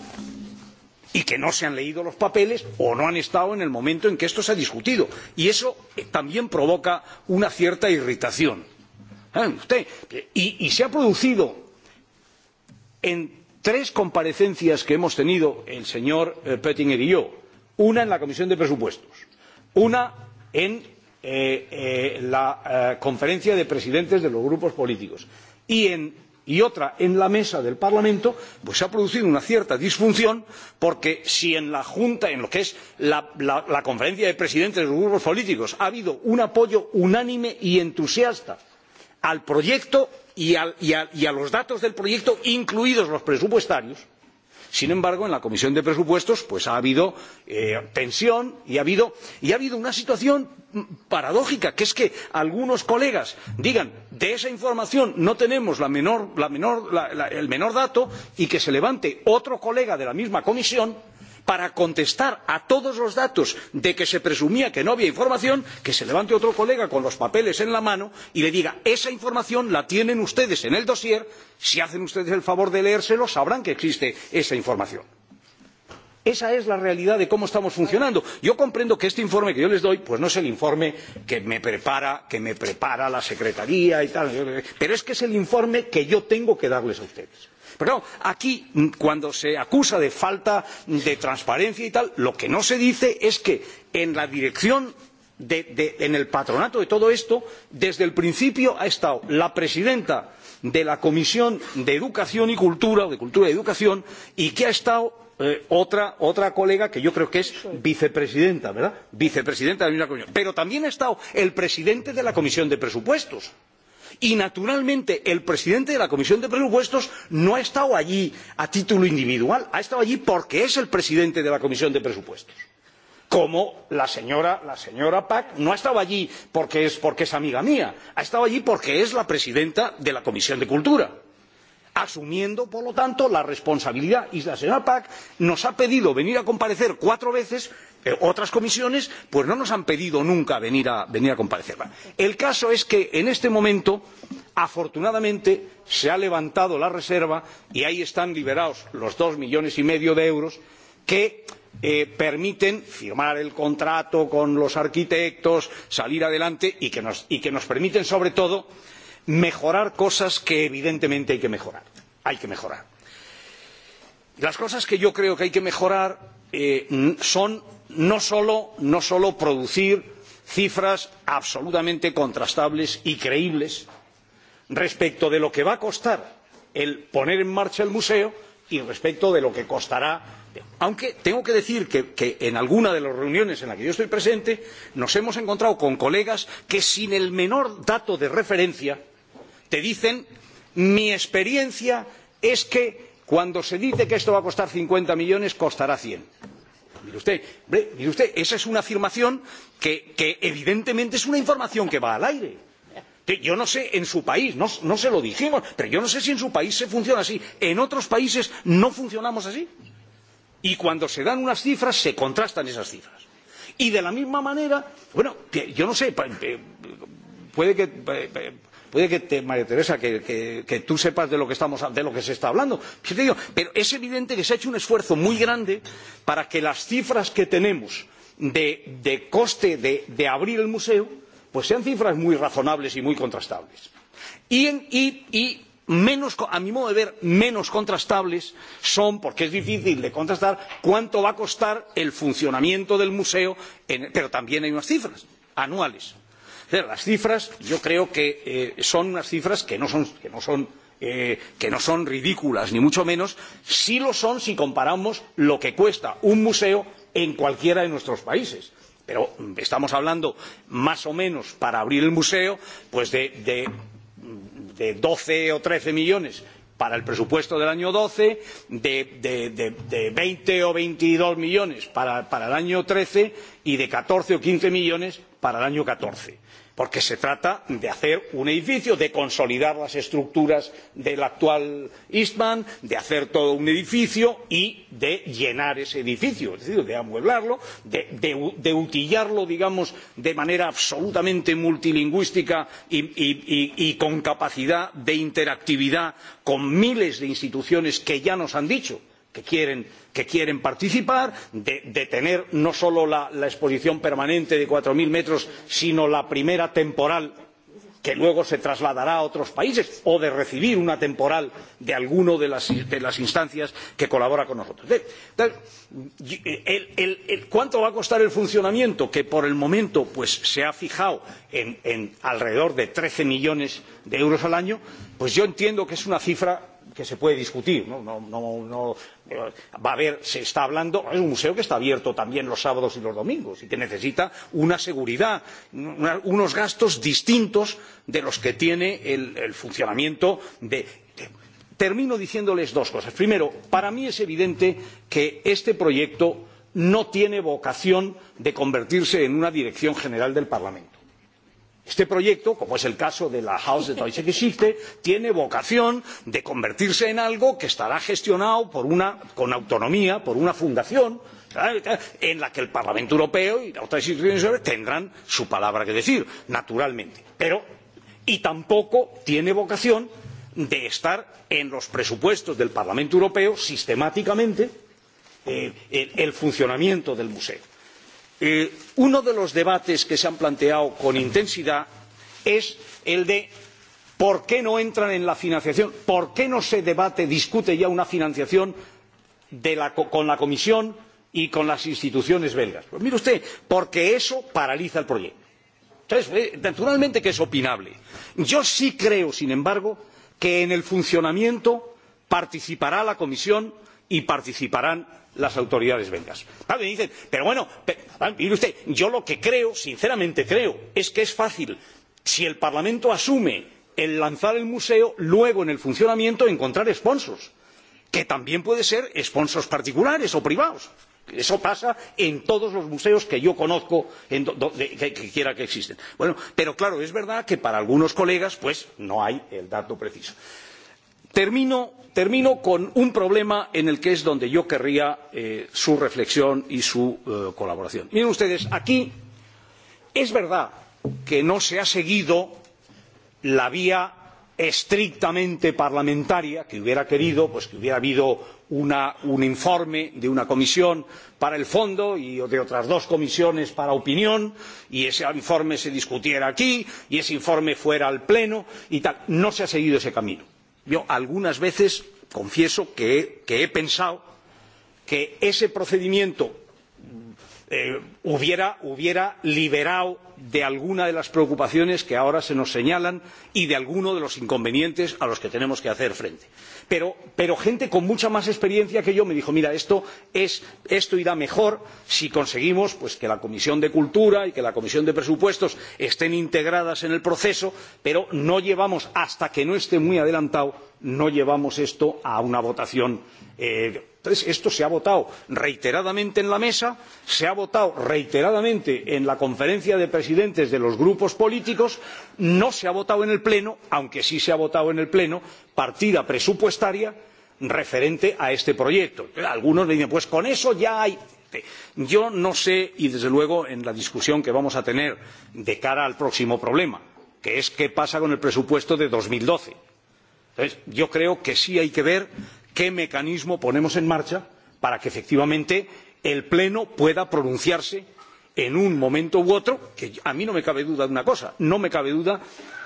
y que no se han leído los papeles o no han estado en el momento en que esto se ha discutido. Y eso eh, también provoca una cierta irritación. ¿Eh? usted? Y, y se ha producido en tres comparecencias que hemos tenido el señor eh, y yo, una en la Comisión de Presupuestos, una en eh, eh, la eh, conferencia de presidentes de los grupos políticos y en y otra en la mesa del parlamento pues se ha producido una cierta disfunción porque si en la junta en lo que es la, conferencia de presidentes de los grupos políticos ha habido un apoyo unánime y entusiasta al proyecto y a los datos del proyecto incluidos los presupuestarios sin embargo en la comisión de presupuestos pues ha habido eh, tensión y ha habido, y ha habido una situación paradójica que es que algunos colegas digan de esa información no tenemos la menor, la menor, la, el menor dato y que se levante otro colega de la misma comisión para contestar a todos los datos de que se presumía que no había información que se levante otro colega con los papeles en la mano y le diga esa información la tienen ustedes en el dossier si hacen ustedes el favor de leérselo sabrán que existe esa información. Esa es la realidad de cómo estamos funcionando. Yo comprendo que este informe que yo les doy, pues no es el informe que me prepara, que me prepara la Secretaría y tal, pero es que es el informe que yo tengo que darles a ustedes Pero claro, aquí, mm, cuando se acusa de falta de transparencia y tal, lo que no se dice es que en la dirección de, de, en el patronato de todo esto, desde el principio ha estado la presidenta de la Comisión de Educación y Cultura, o de Cultura y Educación, y que ha estado eh, otra, otra colega que yo creo que es vicepresidenta, ¿verdad? Vicepresidenta de la misma comisión. Pero también ha estado el presidente de la Comisión de Presupuestos y naturalmente el presidente de la comisión de presupuestos no ha estado allí a título individual ha estado allí porque es el presidente de la comisión de presupuestos como la señora, la señora pack no ha estado allí porque es, porque es amiga mía ha estado allí porque es la presidenta de la comisión de cultura asumiendo por lo tanto la responsabilidad y la señora pack nos ha pedido venir a comparecer cuatro veces Eh, otras comisiones pues no nos han pedido nunca venir a, venir a comparecer. el caso es que en este momento afortunadamente se ha levantado la reserva y ahí están liberados los dos millones y medio de euros que eh, permiten firmar el contrato con los arquitectos salir adelante y que, nos, y que nos permiten sobre todo mejorar cosas que evidentemente hay que mejorar. Hay que mejorar. las cosas que yo creo que hay que mejorar eh, son No, no solo, producir cifras absolutamente contrastables y creíbles respecto de lo que va a costar poner en marcha el museo y respecto de lo que costará aunque tengo que decir que en alguna de las reuniones en las que yo estoy presente nos hemos encontrado con colegas que sin el menor dato de referencia te dicen mi experiencia es que cuando se dice que esto va a costar cincuenta millones costará cien mire usted, hombre, mire usted, esa es una afirmación que, que evidentemente es una información que va al aire. Yo no sé en su país, no, no se lo dijimos, pero yo no sé si en su país se funciona así. En otros países no funcionamos así. Y cuando se dan unas cifras, se contrastan esas cifras. Y de la misma manera, bueno, yo no sé, eh, puede que eh, eh, puede que María Teresa, que, que, que tú sepas de lo, que estamos, de lo que se está hablando. pero es evidente que se ha hecho un esfuerzo muy grande para que las cifras que tenemos de, de coste de, de abrir el museo pues sean cifras muy razonables y muy contrastables. Y, en, y, y menos, a mi modo de ver, menos contrastables son, porque es difícil de contrastar, cuánto va a costar el funcionamiento del museo, en, pero también hay unas cifras anuales las cifras yo creo que eh, son unas cifras que no son, que no son eh, que no son ridículas, ni mucho menos, sí lo son si comparamos lo que cuesta un museo en cualquiera de nuestros países. Pero mm, estamos hablando, más o menos, para abrir el museo, pues de, de, mm, de 12 o 13 millones para el presupuesto del año 12, de, de, de, de 20 o 22 millones para, para el año 13 y de 14 o 15 millones para el año 14 porque se trata de hacer un edificio de consolidar las estructuras del actual eastman de hacer todo un edificio y de llenar ese edificio es decir de amueblarlo de, de, de utillarlo digamos de manera absolutamente multilingüística y, y, y, y con capacidad de interactividad con miles de instituciones que ya nos han dicho que quieren, que quieren participar, de, de tener no solo la, la exposición permanente de 4.000 metros, sino la primera temporal que luego se trasladará a otros países o de recibir una temporal de alguna de las, de las instancias que colabora con nosotros. Entonces, eh, el, el, el, ¿Cuánto va a costar el funcionamiento? Que por el momento pues, se ha fijado en, en alrededor de 13 millones de euros al año. Pues yo entiendo que es una cifra que se puede discutir. ¿no? No, no, no, va a haber, se está hablando, es un museo que está abierto también los sábados y los domingos y que necesita una seguridad, una, unos gastos distintos de los que tiene el, el funcionamiento de, de. Termino diciéndoles dos cosas. Primero, para mí es evidente que este proyecto no tiene vocación de convertirse en una dirección general del Parlamento Este proyecto, como es el caso de la House de Deutsche Geschichte, tiene vocación de convertirse en algo que estará gestionado por una, con autonomía por una fundación en la que el Parlamento Europeo y otras instituciones tendrán su palabra que decir, naturalmente. Pero, y tampoco tiene vocación de estar en los presupuestos del Parlamento Europeo sistemáticamente eh, el, el funcionamiento del museo Eh, uno de los debates que se han planteado con intensidad es el de por qué no entran en la financiación, por qué no se debate, discute ya una financiación de la, con la Comisión y con las instituciones belgas. Pues mire usted, porque eso paraliza el proyecto. Entonces, eh, naturalmente que es opinable. Yo sí creo, sin embargo, que en el funcionamiento participará la Comisión y participarán las autoridades belgas. me dicen, pero bueno, pero, ah, mire usted, yo lo que creo, sinceramente creo, es que es fácil, si el Parlamento asume el lanzar el museo, luego en el funcionamiento encontrar sponsors, que también puede ser sponsors particulares o privados. Eso pasa en todos los museos que yo conozco, en do, do, de, que, que quiera que existen. Bueno, pero claro, es verdad que para algunos colegas, pues no hay el dato preciso. Termino, termino con un problema en el que es donde yo querría eh, su reflexión y su eh, colaboración. Miren ustedes, aquí es verdad que no se ha seguido la vía estrictamente parlamentaria que hubiera querido pues que hubiera habido una, un informe de una comisión para el fondo y de otras dos comisiones para opinión y ese informe se discutiera aquí y ese informe fuera al pleno y tal. No se ha seguido ese camino yo algunas veces confieso que, que he pensado que ese procedimiento Eh, hubiera, liberado de alguna de las preocupaciones que ahora se nos señalan y de alguno de los inconvenientes a los que tenemos que hacer frente. Pero, pero gente con mucha más experiencia que yo me dijo mira esto, es, esto irá mejor si conseguimos pues, que la Comisión de Cultura y que la Comisión de Presupuestos estén integradas en el proceso, pero no llevamos hasta que no esté muy adelantado no llevamos esto a una votación eh, Entonces, esto se ha votado reiteradamente en la mesa, se ha votado reiteradamente en la conferencia de presidentes de los grupos políticos, no se ha votado en el Pleno, aunque sí se ha votado en el Pleno, partida presupuestaria referente a este proyecto. Algunos me dicen, pues con eso ya hay. Yo no sé, y desde luego en la discusión que vamos a tener de cara al próximo problema, que es qué pasa con el presupuesto de 2012. Entonces, yo creo que sí hay que ver qué mecanismo ponemos en marcha para que efectivamente el pleno pueda pronunciarse en un momento u otro que a mí no me cabe duda de una cosa no me cabe duda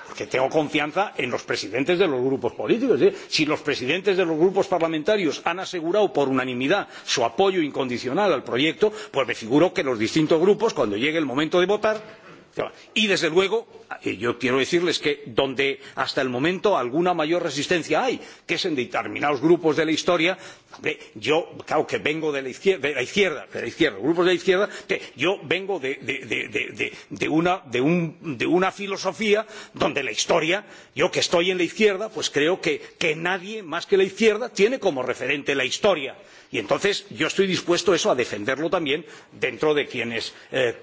porque tengo confianza en los presidentes de los grupos políticos. ¿eh? Si los presidentes de los grupos parlamentarios han asegurado por unanimidad su apoyo incondicional al proyecto, pues me figuro que los distintos grupos, cuando llegue el momento de votar, Y, desde luego, eh, yo quiero decirles que donde hasta el momento alguna mayor resistencia hay, que es en determinados grupos de la historia, hombre, yo, claro que vengo de la izquierda, de la izquierda, de la izquierda grupos de la izquierda, yo vengo de, de, de, de, de, una, de, un, de una filosofía donde la historia, yo que estoy en la izquierda, pues creo que, que nadie más que la izquierda tiene como referente la historia y entonces yo estoy dispuesto eso, a defenderlo también dentro de quienes eh,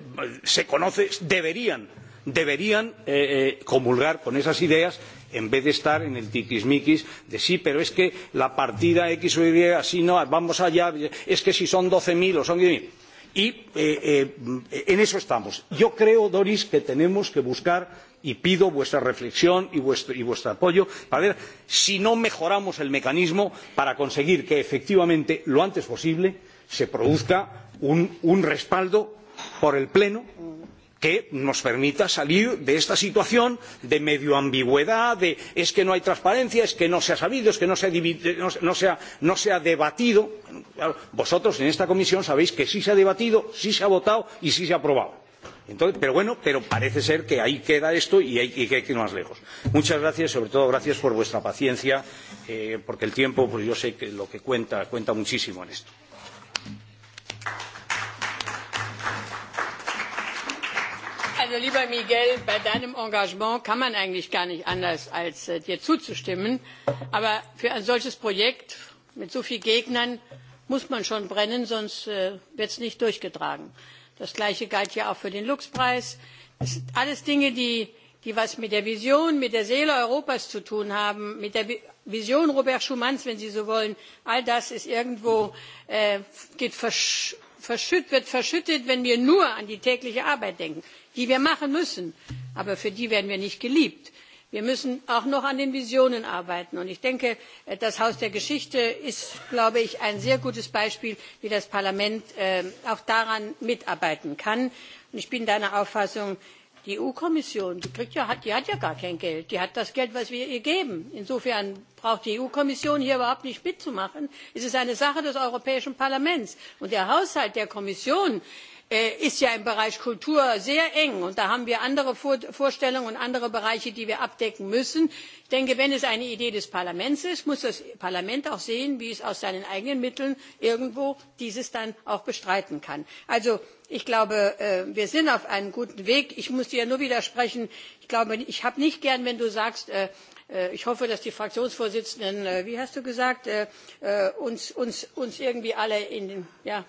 se conoce deberían deberían eh, eh, comulgar con esas ideas en vez de estar en el tiquismiquis de sí, pero es que la partida X o Y, así no, vamos allá, es que si son 12.000 o son 10.000. Y eh, eh, en eso estamos. Yo creo, Doris, que tenemos que buscar y pido vuestra reflexión y vuestro, apoyo para ver si no mejoramos el mecanismo para conseguir que efectivamente lo antes posible se produzca un, respaldo por el pleno que nos permita salir de esta situación de medio ambigüedad de es que no hay transparencia es que no se ha sabido es que no se ha, no, no se ha, no se ha debatido. Claro, vosotros en esta comisión sabéis que sí se ha debatido sí se ha votado y sí se ha aprobado Entonces, pero bueno, pero parece ser que ahí queda esto y hay, y que hay que ir más lejos. Muchas gracias, sobre todo gracias por vuestra paciencia, eh, porque el tiempo, pues yo sé que lo que cuenta, cuenta muchísimo en esto. Also lieber Miguel, bei deinem Engagement kann man eigentlich gar nicht anders, als äh, dir zuzustimmen. Aber für ein solches Projekt mit so vielen Gegnern muss man schon brennen, sonst äh, wird es nicht durchgetragen. Das Gleiche galt ja auch für den Lux-Preis. Das sind alles Dinge, die, etwas mit der Vision, mit der Seele Europas zu tun haben, mit der Vision Robert Schumanns, wenn Sie so wollen. All das äh, wird irgendwo, verschüttet, wenn wir nur an die tägliche Arbeit denken, die wir machen müssen, aber für die werden wir nicht geliebt wir müssen auch noch an den visionen arbeiten und ich denke das haus der geschichte ist ein sehr gutes beispiel wie das parlament äh, auch daran mitarbeiten kann. ich bin der auffassung die eu kommission hat ja gar kein geld die hat das geld das wir ihr geben. insofern braucht die eu kommission hier überhaupt nicht mitzumachen es ist eine sache des europäischen parlaments und der haushalt der kommission Äh, ist ja im bereich kultur sehr eng und da haben wir andere vorstellungen und andere bereiche die wir abdecken müssen. ich denke wenn es eine idee des parlaments ist muss das parlament auch sehen wie es aus seinen eigenen mitteln irgendwo dies dann auch bestreiten kann. also ich glaube äh, wir sind auf einem guten weg. ich muss dir nur widersprechen ich glaube ich habe nicht gern wenn du sagst äh, ich hoffe dass die fraktionsvorsitzenden wie hast du gesagt uns irgendwie alle in den ja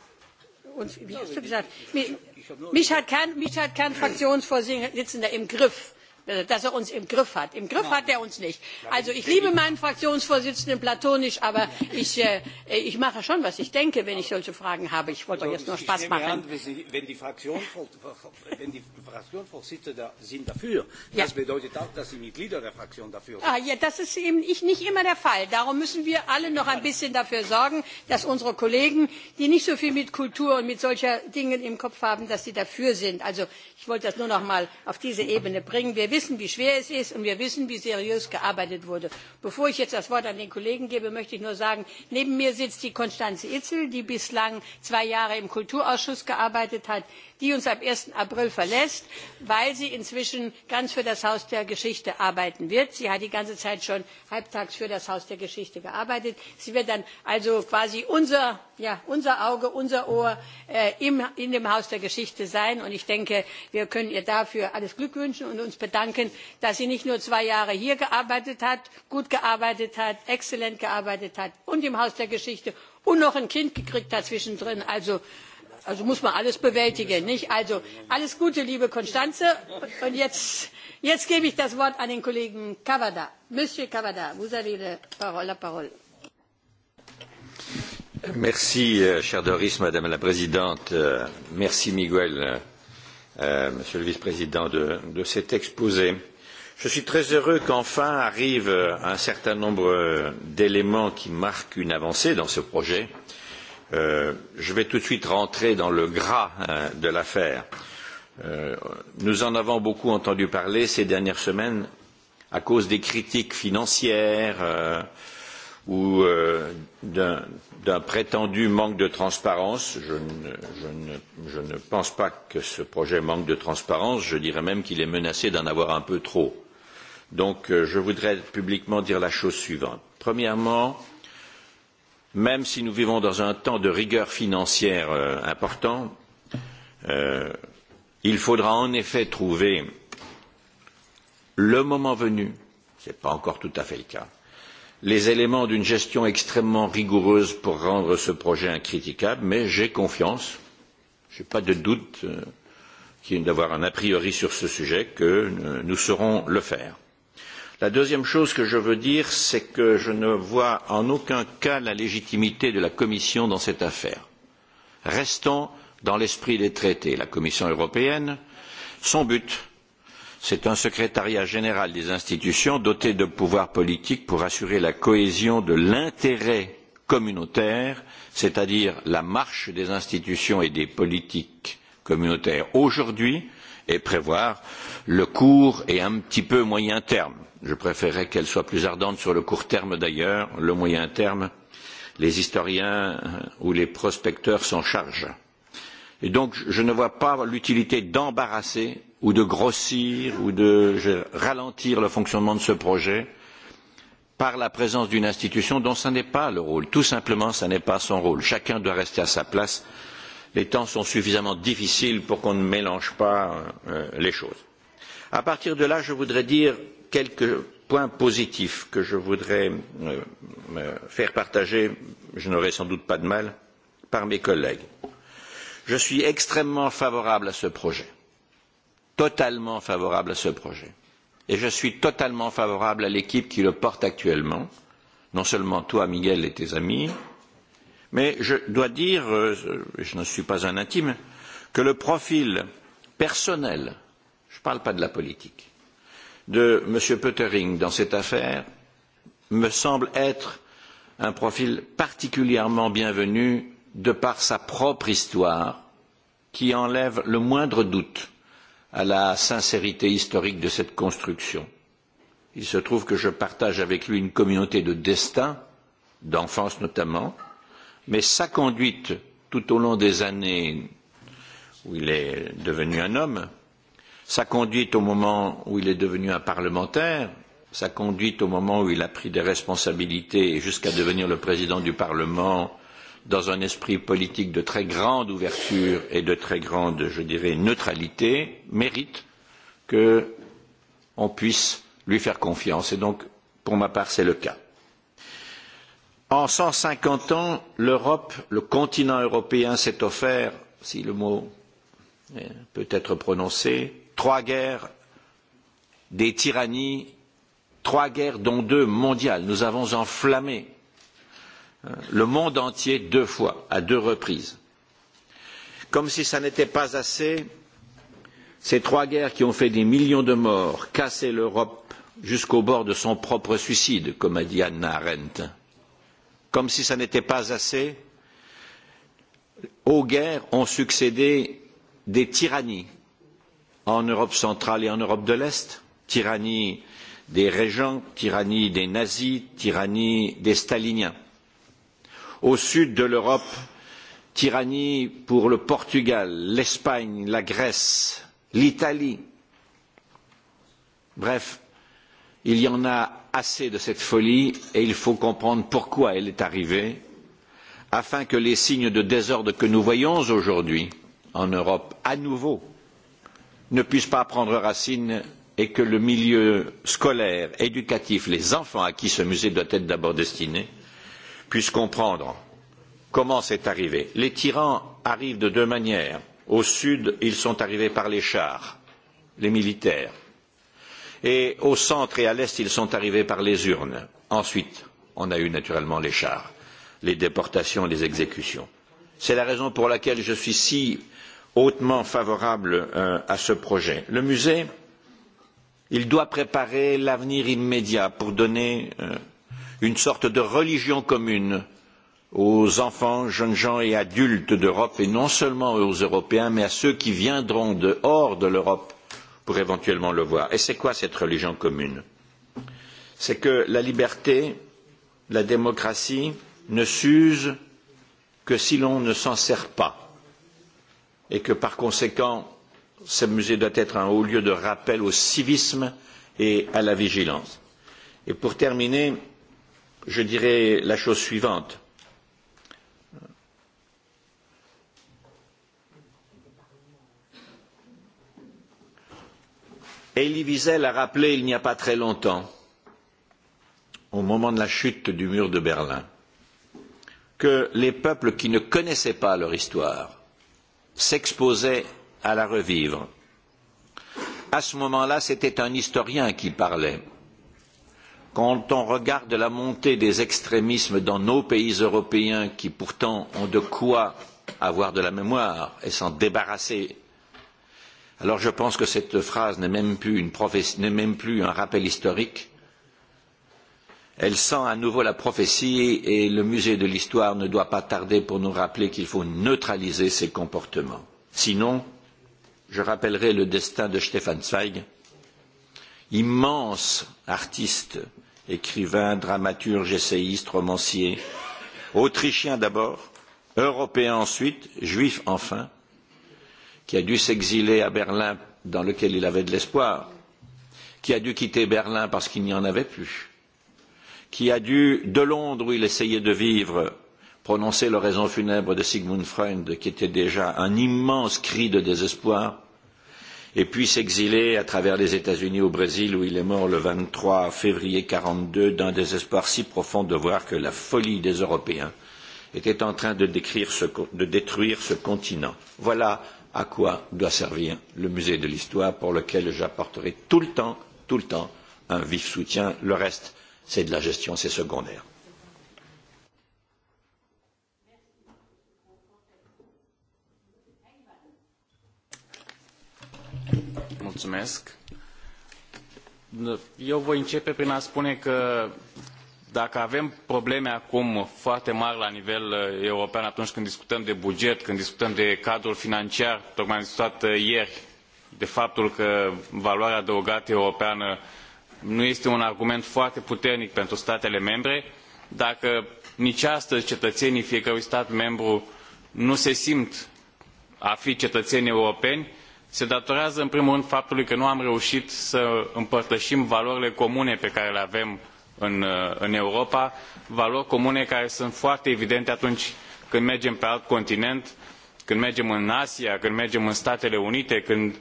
mich hat kein Fraktionsvorsitzender im Griff Äh, dass er uns im Griff hat. Im Griff hat er uns nicht. Also ich liebe meinen Fraktionsvorsitzenden platonisch, aber ich, äh, äh, ich mache schon, was ich denke, wenn ich solche Fragen habe. Ich wollte doch jetzt nur Spaß machen. An, wenn die Fraktionsvorsitzende sind dafür, ja. das bedeutet auch, dass die Mitglieder der Fraktion dafür sind. Ah, ja, das ist eben nicht immer der Fall. Darum müssen wir alle noch ein bisschen dafür sorgen, dass unsere Kollegen, die nicht so viel mit Kultur und mit solcher Dingen im Kopf haben, dass sie dafür sind. Also ich wollte das nur noch mal auf diese Ebene bringen. Wir wissen wie schwer es ist und wir wissen wie seriös gearbeitet wurde. bevor ich jetzt das wort an den kollegen gebe möchte ich nur sagen neben mir sitzt die constanze itzel die bislang zwei jahre im kulturausschuss gearbeitet hat die uns ab. eins april verlässt weil sie inzwischen ganz für das haus der geschichte arbeiten wird. sie hat die ganze zeit schon halbtags für das haus der geschichte gearbeitet. sie wird dann also quasi unser, unser auge unser ohr äh, in dem haus der geschichte sein und ich denke wir können ihr dafür alles glück wünschen und uns bedanken dass sie nicht nur zwei jahre hier gearbeitet hat gut gearbeitet hat exzellent gearbeitet hat und im haus der geschichte und noch ein kind gekriegt hat zwischendrin. also also muss man alles bewältigen nicht? also alles gute liebe constanze und jetzt, gebe ich das wort an den kollegen cavada. monsieur cavada vous avez la parole. merci euh, chère doris madame la présidente euh, merci miguel euh, monsieur le vice président de cet exposé. je suis très heureux qu'enfin arrivent un certain nombre d'éléments qui marquent une avancée dans ce projet Euh, je vais tout de suite rentrer dans le gras euh, de l'affaire. Euh, nous en avons beaucoup entendu parler ces dernières semaines à cause des critiques financières euh, ou euh, d'un prétendu manque de transparence. Je ne, je, ne, je ne pense pas que ce projet manque de transparence, je dirais même qu'il est menacé d'en avoir un peu trop. Donc euh, je voudrais publiquement dire la chose suivante. Premièrement, euh, même si nous vivons dans un temps de rigueur financière euh, important, euh, il faudra en effet trouver le moment venu, ce n'est pas encore tout à fait le cas, les éléments d'une gestion extrêmement rigoureuse pour rendre ce projet incritiquable, mais j'ai confiance, je n'ai pas de doute euh, qu'il y ait d'avoir un a priori sur ce sujet que euh, nous saurons le faire. La deuxième chose que je veux dire, c'est que je ne vois en aucun cas la légitimité de la Commission dans cette affaire. Restons dans l'esprit des traités. La Commission européenne, son but, c'est un secrétariat général des institutions doté de pouvoirs politiques pour assurer la cohésion de l'intérêt communautaire, c'est-à-dire la marche des institutions et des politiques communautaires aujourd'hui, et prévoir le court et un petit peu moyen terme je préférerais qu'elle soit plus ardente sur le court terme d'ailleurs, le moyen terme, les historiens euh, ou les prospecteurs s'en chargent. Et donc je ne vois pas l'utilité d'embarrasser ou de grossir ou de ralentir le fonctionnement de ce projet par la présence d'une institution dont ce n'est pas le rôle. Tout simplement, ce n'est pas son rôle. Chacun doit rester à sa place. Les temps sont suffisamment difficiles pour qu'on ne mélange pas euh, les choses. À partir de là, je voudrais dire quelques points positifs que je voudrais euh, faire partager, je n'aurai sans doute pas de mal, par mes collègues. Je suis extrêmement favorable à ce projet, totalement favorable à ce projet, et je suis totalement favorable à l'équipe qui le porte actuellement, non seulement toi, Miguel, et tes amis, mais je dois dire, euh, je ne suis pas un intime, que le profil personnel, je ne parle pas de la politique, de M. Pöttering dans cette affaire me semble être un profil particulièrement bienvenu de par sa propre histoire qui enlève le moindre doute à la sincérité historique de cette construction. Il se trouve que je partage avec lui une communauté de destin, d'enfance notamment, mais sa conduite tout au long des années où il est devenu un homme sa conduite au moment où il est devenu un parlementaire, sa conduite au moment où il a pris des responsabilités jusqu'à devenir le président du Parlement dans un esprit politique de très grande ouverture et de très grande, je dirais, neutralité, mérite que on puisse lui faire confiance. Et donc, pour ma part, c'est le cas. En 150 ans, l'Europe, le continent européen s'est offert, si le mot peut être prononcé, trois guerres, des tyrannies, trois guerres dont deux mondiales. Nous avons enflammé euh, le monde entier deux fois, à deux reprises. Comme si ça n'était pas assez, ces trois guerres qui ont fait des millions de morts, cassé l'Europe jusqu'au bord de son propre suicide, comme a dit Anna Arendt. Comme si ça n'était pas assez, aux guerres ont succédé des tyrannies en Europe centrale et en Europe de l'Est, tyrannie des régents, tyrannie des nazis, tyrannie des staliniens. Au sud de l'Europe, tyrannie pour le Portugal, l'Espagne, la Grèce, l'Italie. Bref, il y en a assez de cette folie et il faut comprendre pourquoi elle est arrivée afin que les signes de désordre que nous voyons aujourd'hui en Europe à nouveau ne puissent pas prendre racine et que le milieu scolaire, éducatif, les enfants à qui ce musée doit être d'abord destiné, puissent comprendre comment c'est arrivé. Les tyrans arrivent de deux manières. Au sud, ils sont arrivés par les chars, les militaires. Et au centre et à l'est, ils sont arrivés par les urnes. Ensuite, on a eu naturellement les chars, les déportations, les exécutions. C'est la raison pour laquelle je suis si hautement favorable euh, à ce projet. Le musée, doit préparer l'avenir immédiat pour donner euh, une sorte de religion commune aux enfants, jeunes gens et adultes d'Europe, et non seulement aux Européens, mais à ceux qui viendront de hors de l'Europe pour éventuellement le voir. Et c'est quoi cette religion commune C'est que la liberté, la démocratie ne s'usent que si l'on ne s'en sert pas et que par conséquent ce musée doit être un haut lieu de rappel au civisme et à la vigilance. Et pour terminer, je dirais la chose suivante. Elie Wiesel a rappelé il n'y a pas très longtemps, au moment de la chute du mur de Berlin, que les peuples qui ne connaissaient pas leur histoire s'exposait à la revivre. À ce moment-là, c'était un historien qui parlait. Quand on regarde la montée des extrémismes dans nos pays européens qui pourtant ont de quoi avoir de la mémoire et s'en débarrasser, alors je pense que cette phrase n'est même plus, n'est même plus un rappel historique, Elle sent à nouveau la prophétie et le musée de l'histoire ne doit pas tarder pour nous rappeler qu'il faut neutraliser ces comportements. Sinon, je rappellerai le destin de Stefan Zweig, immense artiste, écrivain, dramaturge, essayiste, romancier, autrichien d'abord, européen ensuite, juif enfin, qui a dû s'exiler à Berlin dans lequel il avait de l'espoir, qui a dû quitter Berlin parce qu'il n'y en avait plus, qui a dû, de Londres où il essayait de vivre, prononcer l'oraison funèbre de Sigmund Freud, qui était déjà un immense cri de désespoir, et puis s'exiler à travers les États-Unis au Brésil, où il est mort le 23 février 42, d'un désespoir si profond de voir que la folie des Européens était en train de, décrire ce, de détruire ce continent. Voilà à quoi doit servir le musée de l'histoire pour lequel j'apporterai tout le temps, tout le temps, un vif soutien. Le reste, c'est de la gestion, c'est secondaire. Mulțumesc. Eu voi începe prin a spune că dacă avem probleme acum foarte mari la nivel uh, european atunci când discutăm de buget, când discutăm de cadrul financiar, tocmai am discutat uh, ieri de faptul că valoarea adăugată europeană nu este un argument foarte puternic pentru statele membre dacă nici astăzi cetățenii fiecărui stat membru nu se simt a fi cetățeni europeni se datorează în primul rând faptului că nu am reușit să împărtășim valorile comune pe care le avem în, în Europa, valori comune care sunt foarte evidente atunci când mergem pe alt continent, când mergem în Asia, când mergem în Statele Unite, când,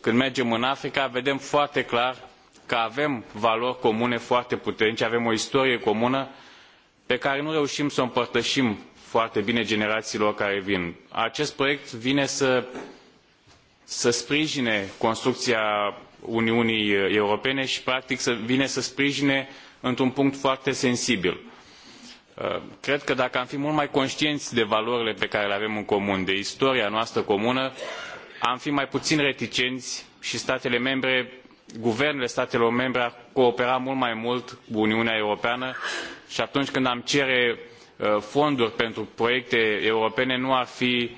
când mergem în Africa, vedem foarte clar că avem valori comune foarte puternice, avem o istorie comună pe care nu reușim să o împărtășim foarte bine generațiilor care vin. Acest proiect vine să, să sprijine construcția Uniunii Europene și practic să vine să sprijine într-un punct foarte sensibil. Uh, cred că dacă am fi mult mai conștienți de valorile pe care le avem în comun, de istoria noastră comună, am fi mai puțin reticenți și statele membre guvernele statelor membre ar coopera mult mai mult cu Uniunea Europeană și atunci când am cere uh, fonduri pentru proiecte europene nu ar fi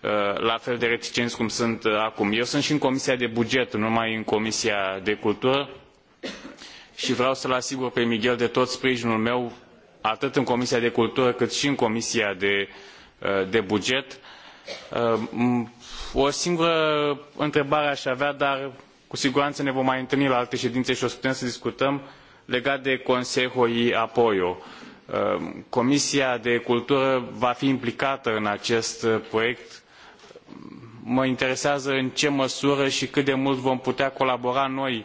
uh, la fel de reticenți cum sunt uh, acum. Eu sunt și în Comisia de Buget, nu numai în Comisia de Cultură și vreau să-l asigur pe Miguel de tot sprijinul meu, atât în Comisia de Cultură cât și în Comisia de, de Buget. O singură întrebare aș avea, dar Cu siguranță ne vom mai întâlni la alte ședințe și o să putem să discutăm legat de Consejo y Apoyo. Ehm, Comisia de Cultură va fi implicată în acest uh, proiect. Mă interesează în ce măsură și cât de mult vom putea colabora noi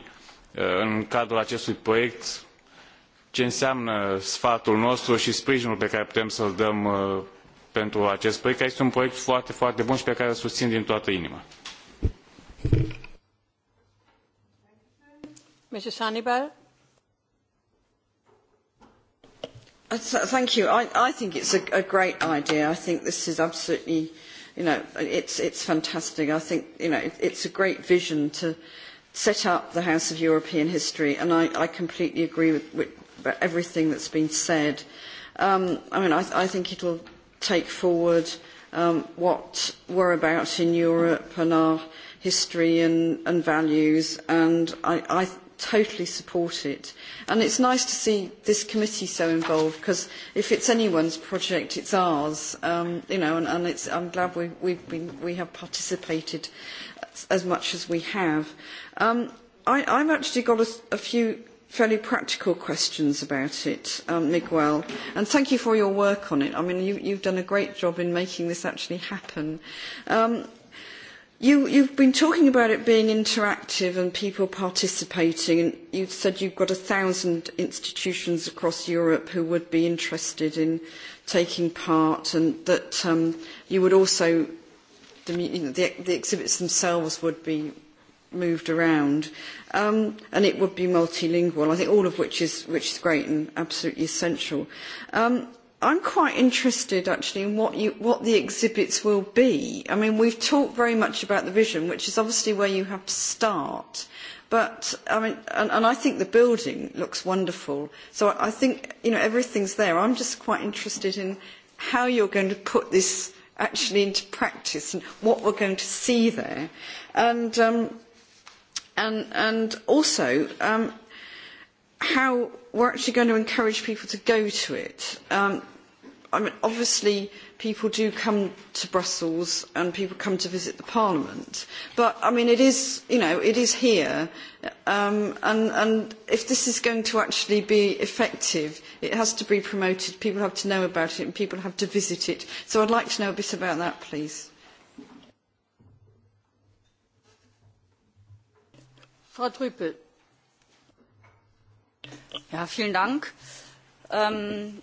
uh, în cadrul acestui proiect, ce înseamnă sfatul nostru și sprijinul pe care putem să-l dăm uh, pentru acest proiect, care este un proiect foarte, foarte bun și pe care îl susțin din toată inima. Uh, I, think it is a great idea. I think this is absolutely, you know, it's, it's fantastic. I think, you know, it, is a great vision to set up the House of European History, and I, I completely agree with, with everything has been said. Um, I mean, I, I think it'll take forward um, what we're about in Europe and our history and, and values, and I, I totally support it. And it's nice to see this committee so involved because if it's anyone's project, it's ours. Um, you know, and, and it's, I'm glad we, we've been, we have participated as, as much as we have. Um, I, I've actually got a, a few fairly practical questions about it, um, Miguel. And thank you for your work on it. I mean, you, you've done a great job in making this actually happen. Um, You, you've been talking about it being interactive and people participating, and you said you've got a thousand institutions across Europe who would be interested in taking part, and that um, you would also, the, you know, the, the exhibits themselves would be moved around, um, and it would be multilingual. I think all of which is which is great and absolutely essential. Um, I'm quite interested actually in what, you, what the exhibits will be. I mean, we've talked very much about the vision, which is obviously where you have to start. But I mean, and, and I think the building looks wonderful. So I, I think you know everything's there. I'm just quite interested in how you're going to put this actually into practice and what we're going to see there, and um, and and also um, how we're actually going to encourage people to go to it. Um, i mean, obviously people do come to Brussels and people come to visit the Parliament, but I mean, it is, you know, it is here, um, and, and if this is going to actually be effective, it has to be promoted, people have to know about it, and people have to visit it. So I'd like to know a bit about that, please. Frau Trüpel. Ja, vielen Dank. Ähm,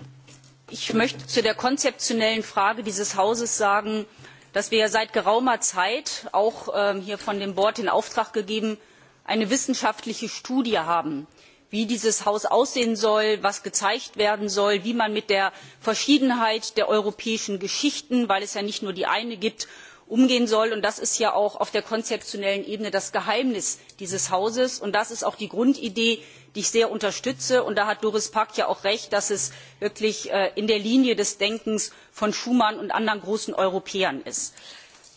ich möchte zu der konzeptionellen frage dieses hauses sagen dass wir seit geraumer zeit auch ähm, hier von dem board in auftrag gegeben eine wissenschaftliche studie haben wie dieses haus aussehen soll was gezeigt werden soll wie man mit der verschiedenheit der europäischen geschichten weil es ja nicht nur die eine gibt umgehen soll. das ist ja auch auf der konzeptionellen ebene das geheimnis dieses hauses und das ist auch die grundidee die ich sehr unterstütze und da hat doris pack ja auch recht dass es wirklich äh, in der linie des denkens von schuman und anderen großen europäern ist.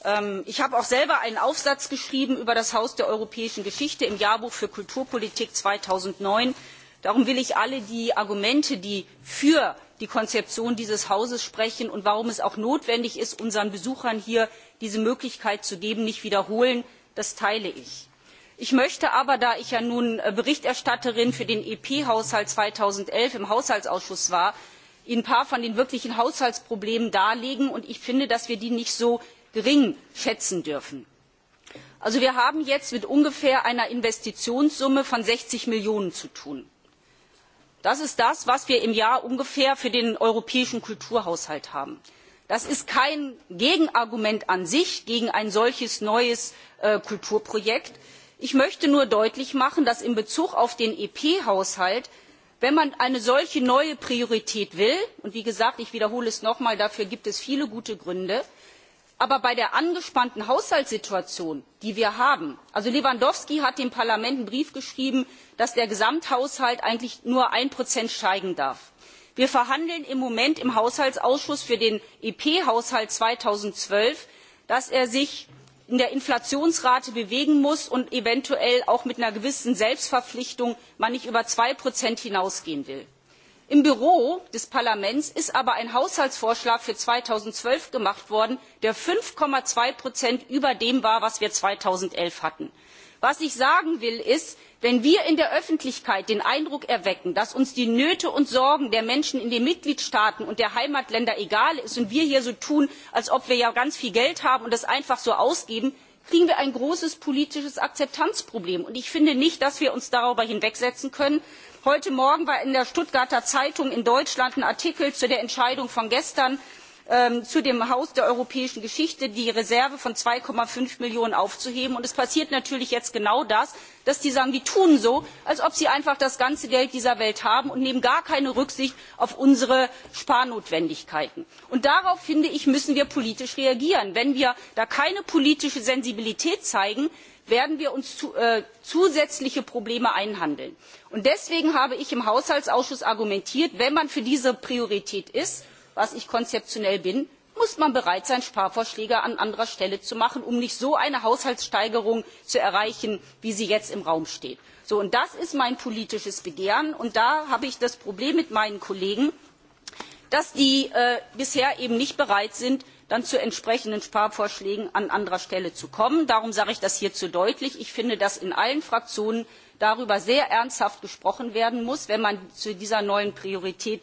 Ähm, ich habe auch selber einen aufsatz geschrieben über das haus der europäischen geschichte im jahrbuch für kulturpolitik. zweitausendneun darum will ich alle die argumente die für die konzeption dieses hauses sprechen und warum es auch notwendig ist unseren besuchern hier diese möglichkeit zu geben nicht wiederholen das teile ich ich möchte aber da ich ja nun äh, berichterstatterin für den ep haushalt zweitausendelf im haushaltsausschuss war ihnen ein paar von den wirklichen haushaltsproblemen darlegen und ich finde dass wir die nicht so gering schätzen dürfen. Also wir haben jetzt mit ungefähr einer investitionssumme von sechzig millionen zu tun. das ist das was wir im jahr ungefähr für den europäischen kulturhaushalt haben. das ist kein gegenargument an sich gegen ein solches neues äh, kulturprojekt ich möchte nur deutlich machen dass in bezug auf den ep haushalt wenn man eine solche neue priorität will und wie gesagt ich wiederhole es noch einmal dafür gibt es viele gute gründe aber bei der angespannten haushaltssituation die wir haben also lewandowski hat dem parlament einen brief geschrieben dass der gesamthaushalt eigentlich nur ein prozent steigen darf wir verhandeln im moment im haushaltsausschuss für den ep haushalt zweitausendzwölf dass er sich in der inflationsrate bewegen muss und eventuell auch mit einer gewissen selbstverpflichtung man nicht über zwei hinausgehen will. im büro des parlaments ist aber ein haushaltsvorschlag für zweitausendzwölf gemacht worden der fünf zwei über dem war was wir zweitausendelf hatten. was ich sagen will ist wenn wir in der öffentlichkeit den eindruck erwecken dass uns die nöte und sorgen der menschen in den mitgliedstaaten und der heimatländer egal sind und wir hier so tun als ob wir ja ganz viel geld haben und das einfach so ausgeben kriegen wir ein großes politisches akzeptanzproblem. ich finde nicht dass wir uns darüber hinwegsetzen können. heute morgen war in der stuttgarter zeitung in deutschland ein artikel zu der entscheidung von gestern. Ähm, zu dem haus der europäischen geschichte die reserve von zwei fünf millionen aufzuheben. und es passiert natürlich jetzt genau das dass die sagen die tun so als ob sie einfach das ganze geld dieser welt haben und nehmen gar keine rücksicht auf unsere sparnotwendigkeiten. darauf finde ich müssen wir politisch reagieren. wenn wir da keine politische sensibilität zeigen werden wir uns äh, zusätzliche probleme einhandeln. deswegen habe ich im haushaltsausschuss argumentiert wenn man für diese priorität ist was ich konzeptionell bin muss man bereit sein sparvorschläge an anderer stelle zu machen um nicht so eine haushaltssteigerung zu erreichen wie sie jetzt im raum steht. das ist mein politisches begehren und da habe ich das problem mit meinen kollegen dass die äh, bisher eben nicht bereit sind dann zu entsprechenden sparvorschlägen an anderer stelle zu kommen. darum sage ich das hierzu deutlich ich finde dass in allen fraktionen darüber sehr ernsthaft gesprochen werden muss wenn man sich zu dieser neuen priorität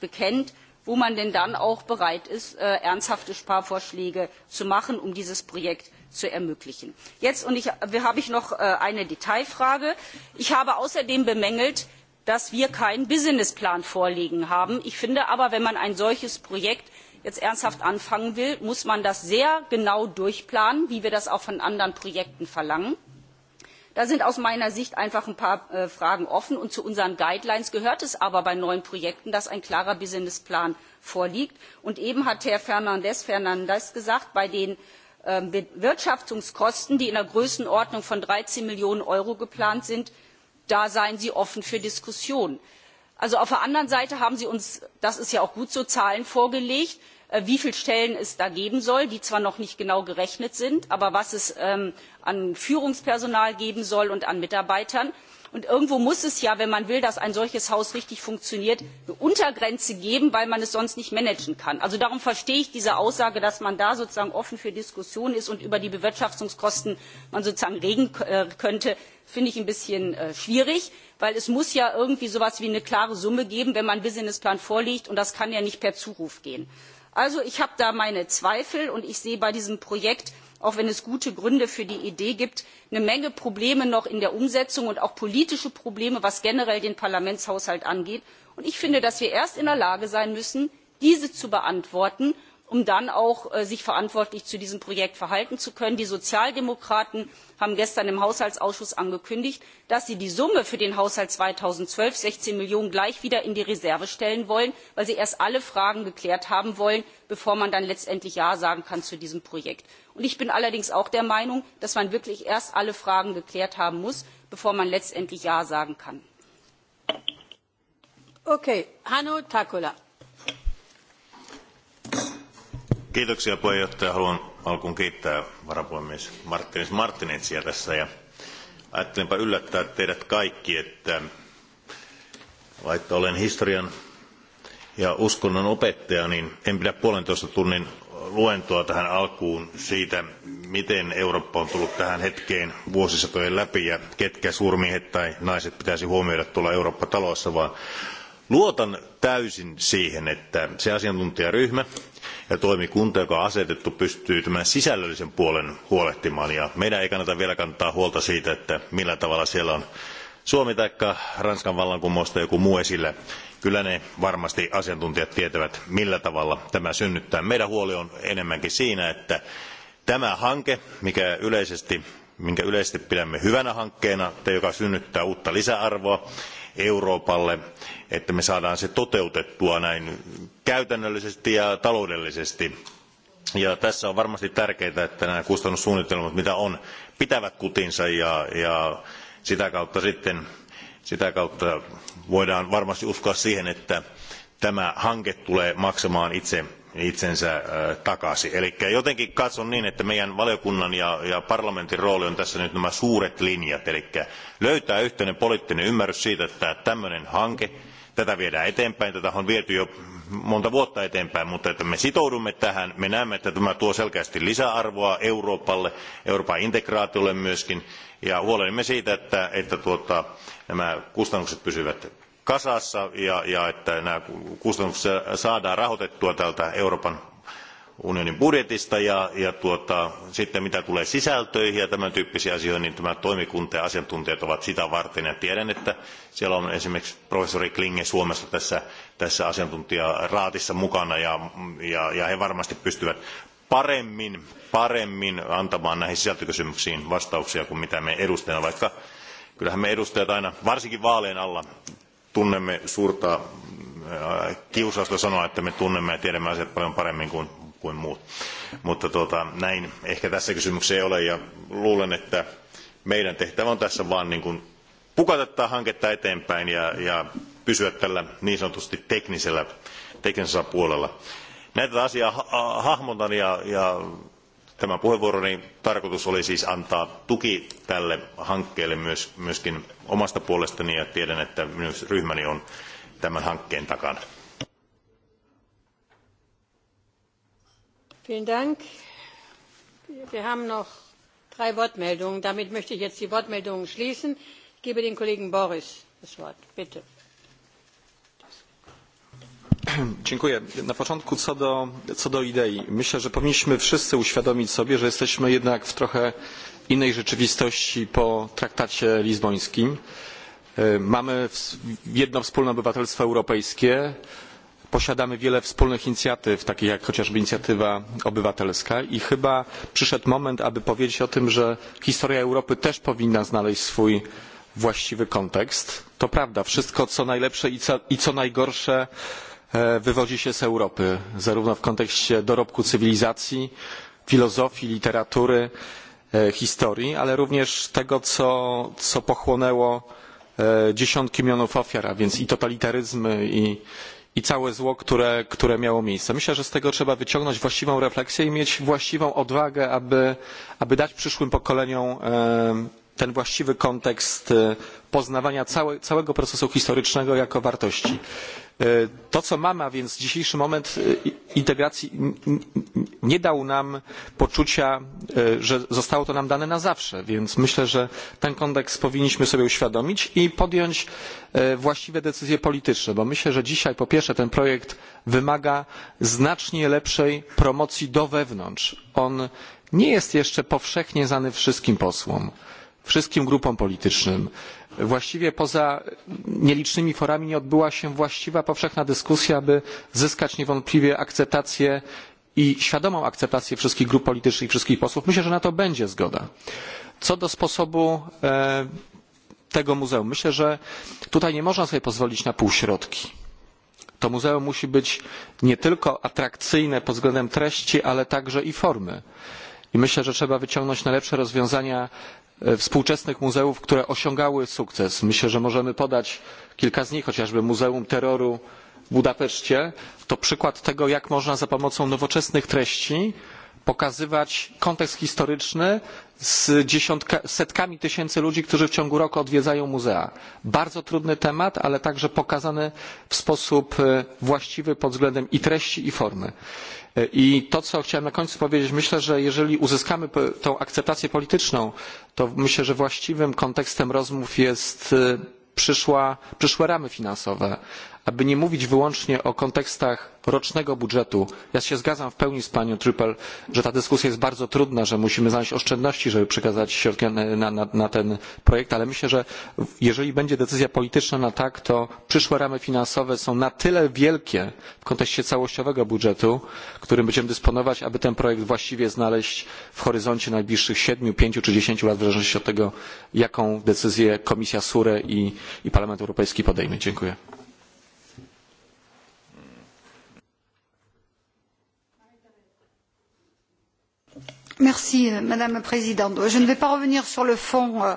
bekennt wo man denn dann auch bereit ist äh, ernsthafte sparvorschläge zu machen um dieses projekt zu ermöglichen. jetzt habe ich noch äh, eine detailfrage ich habe außerdem bemängelt dass wir keinen businessplan vorliegen haben. ich finde aber wenn man ein solches projekt jetzt ernsthaft anfangen will muss man das sehr genau durchplanen wie wir das auch von anderen projekten verlangen. Da sind aus meiner Sicht einfach ein paar äh, Fragen offen. Und zu unseren Guidelines gehört es aber bei neuen Projekten, dass ein klarer Businessplan vorliegt. Und eben hat Herr fernandes Fernandez gesagt, bei den ähm, bewirtschaftungskosten die in der Größenordnung von dreizehn Millionen Euro geplant sind, da seien Sie offen für Diskussionen. Also auf der anderen Seite haben Sie uns, das ist ja auch gut so, Zahlen vorgelegt, Äh, wie viele stellen es da geben soll die zwar noch nicht genau gerechnet sind aber was es ähm, an führungspersonal geben soll und an mitarbeitern. und irgendwo muss es ja wenn man will dass ein solches haus richtig funktioniert eine untergrenze geben weil man es sonst nicht managen kann. also darum verstehe ich diese aussage dass man da sozusagen offen für diskussionen ist und über die bewirtschaftungskosten man sozusagen reden äh, könnte finde ich ein bisschen äh, schwierig weil es muss ja irgendwie so etwas wie eine klare summe geben wenn man einen businessplan vorlegt und das kann ja nicht per zuruf gehen also ich habe da meine zweifel und ich sehe bei diesem projekt auch wenn es gute gründe für die idee gibt noch eine menge probleme in der umsetzung und auch politische probleme was generell den parlamentshaushalt angeht. und ich finde dass wir erst in der lage sein müssen diese zu beantworten um sich dann auch äh, verantwortlich zu diesem projekt verhalten zu können. die sozialdemokraten haben gestern im haushaltsausschuss angekündigt dass sie die summe für den haushalt zweitausendzwölf sechzehn millionen gleich wieder in die reserve stellen wollen weil sie erst alle fragen geklärt haben wollen bevor man dann letztendlich ja sagen kann zu diesem projekt. ich bin allerdings auch der meinung dass man wirklich erst alle fragen geklärt haben muss bevor man letztendlich ja sagen kann. Okay. Hanno Kiitoksia puheenjohtaja. Haluan alkuun kiittää varapuhemies Martinis Martinetsia tässä ja ajattelinpa yllättää teidät kaikki, että vaikka olen historian ja uskonnon opettaja, niin en pidä puolentoista tunnin luentoa tähän alkuun siitä, miten Eurooppa on tullut tähän hetkeen vuosisatojen läpi ja ketkä suurmiehet tai naiset pitäisi huomioida tuolla Eurooppa-talossa, vaan Luotan täysin siihen, että se asiantuntijaryhmä ja toimikunta, joka on asetettu, pystyy tämän sisällöllisen puolen huolehtimaan. Ja meidän ei kannata vielä kantaa huolta siitä, että millä tavalla siellä on Suomi tai Ranskan vallankumousta joku muu esillä. Kyllä ne varmasti asiantuntijat tietävät, millä tavalla tämä synnyttää. Meidän huoli on enemmänkin siinä, että tämä hanke, mikä yleisesti, minkä yleisesti pidämme hyvänä hankkeena, joka synnyttää uutta lisäarvoa, Euroopalle, että me saamme sen toteutettua näin käytännöllisesti ja taloudellisesti. tässä on varmasti tärkeää, että nämä kustannussuunnitelmat, mitä on, pitävät kutinsa ja, ja sitä kautta sitten sitä kautta voidaan varmasti uskoa siihen, että tämä hanke tulee maksamaan itse itsensä äh, takaisin. Eli jotenkin katson niin, että meidän valiokunnan ja, ja parlamentin rooli on tässä nyt nämä suuret linjat, eli löytää yhteinen poliittinen ymmärrys siitä, että tämmöinen hanke, tätä viedään eteenpäin, tätä on viety jo monta vuotta eteenpäin, mutta että me sitoudumme tähän, me näemme, että tämä tuo selkeästi lisäarvoa Euroopalle, Euroopan integraatiolle myöskin, ja huolehdimme siitä, että, että tuota, nämä kustannukset pysyvät kasassa ja, että nämä kustannukset saadaan rahoitettua täältä Euroopan unionin budjetista ja, ja tuota, sitten mitä tulee sisältöihin ja tämän tyyppisiin asioihin, niin tämä toimikunta ja asiantuntijat ovat sitä varten. Ja tiedän, että siellä on esimerkiksi professori Klinge Suomesta tässä, tässä asiantuntijaraatissa mukana ja, ja, ja he varmasti pystyvät paremmin, paremmin antamaan näihin sisältökysymyksiin vastauksia kuin mitä me edustajana, vaikka kyllähän me edustajat aina, varsinkin vaalien alla, tunnemme suurta äh, kiusausta sanoa, että me tunnemme ja tiedämme asiat paljon paremmin kuin, kuin muut. Mutta tuota, näin ehkä tässä kysymyksessä ei ole ja luulen, että meidän tehtävä on tässä vaan niin kuin pukata hanketta eteenpäin ja, ja pysyä tällä niin sanotusti teknisellä, teknisellä puolella. Näitä asiaa ha- hahmotan ja, ja Tämän puheenvuoroni tarkoitus oli siis antaa tuki tälle hankkeelle myös, myöskin omasta puolestani ja tiedän, että myös ryhmäni on tämän hankkeen takana. Vielen Dank. Wir haben noch drei Wortmeldungen. Damit möchte ich jetzt die Wortmeldungen schließen. Ich gebe den Kollegen Boris das Wort. Bitte. Dziękuję. Na początku co do, co do idei. Myślę, że powinniśmy wszyscy uświadomić sobie, że jesteśmy jednak w trochę innej rzeczywistości po traktacie lizbońskim. E, mamy jedno wspólne obywatelstwo europejskie, posiadamy wiele wspólnych inicjatyw, takich jak chociażby inicjatywa obywatelska i chyba przyszedł moment, aby powiedzieć o tym, że historia Europy też powinna znaleźć swój właściwy kontekst. To prawda, wszystko co najlepsze i co, i co najgorsze E, wywodzi się z Europy, zarówno w kontekście dorobku cywilizacji, filozofii, literatury, e, historii, ale również tego, co, co pochłonęło e, dziesiątki milionów ofiar, a więc i totalitaryzmy, i, i całe zło, które, które miało miejsce. Myślę, że z tego trzeba wyciągnąć właściwą refleksję i mieć właściwą odwagę, aby, aby dać przyszłym pokoleniom ten właściwy kontekst poznawania całe, całego procesu historycznego jako wartości. E, to co mamy a więc dzisiejszy moment e, integracji nie dał nam poczucia e, że zostało to nam dane na zawsze więc myślę że ten kontekst powinniśmy sobie uświadomić i podjąć właściwe decyzje polityczne bo myślę że dzisiaj po pierwsze ten projekt wymaga znacznie lepszej promocji do wewnątrz on nie jest jeszcze powszechnie znany wszystkim posłom wszystkim grupom politycznym właściwie poza nielicznymi forami nie odbyła się właściwa powszechna dyskusja aby zyskać niewątpliwie akceptację i świadomą akceptację wszystkich grup politycznych i wszystkich posłów. myślę że na to będzie zgoda. co do sposobu e, tego muzeum myślę że tutaj nie można sobie pozwolić na półśrodki. to muzeum musi być nie tylko atrakcyjne pod względem treści ale także i formy i myślę że trzeba wyciągnąć najlepsze rozwiązania E, współczesnych muzeów, które osiągały sukces. Myślę, że możemy podać kilka z nich, chociażby Muzeum Terroru w Budapeszcie. To przykład tego, jak można za pomocą nowoczesnych treści pokazywać kontekst historyczny z dziesiątka, setkami tysięcy ludzi, którzy w ciągu roku odwiedzają muzea. Bardzo trudny temat, ale także pokazany w sposób e, właściwy pod względem i treści, i formy. I to, co chciałem na końcu powiedzieć, myślę, że jeżeli uzyskamy tą akceptację polityczną, to myślę, że właściwym kontekstem rozmów jest przyszła, przyszłe ramy finansowe aby nie mówić wyłącznie o kontekstach rocznego budżetu. Ja się zgadzam w pełni z panią Trippel, że ta dyskusja jest bardzo trudna, że musimy znaleźć oszczędności, żeby przekazać środki na, na, na ten projekt, ale myślę, że jeżeli będzie decyzja polityczna na tak, to przyszłe ramy finansowe są na tyle wielkie w kontekście całościowego budżetu, którym będziemy dysponować, aby ten projekt właściwie znaleźć w horyzoncie najbliższych 7, 5 czy 10 lat, w zależności od tego, jaką decyzję Komisja SURE i, i Parlament Europejski podejmie. Dziękuję. Euh, Madame la Présidente. Je ne vais pas revenir sur le fond. de la Euh,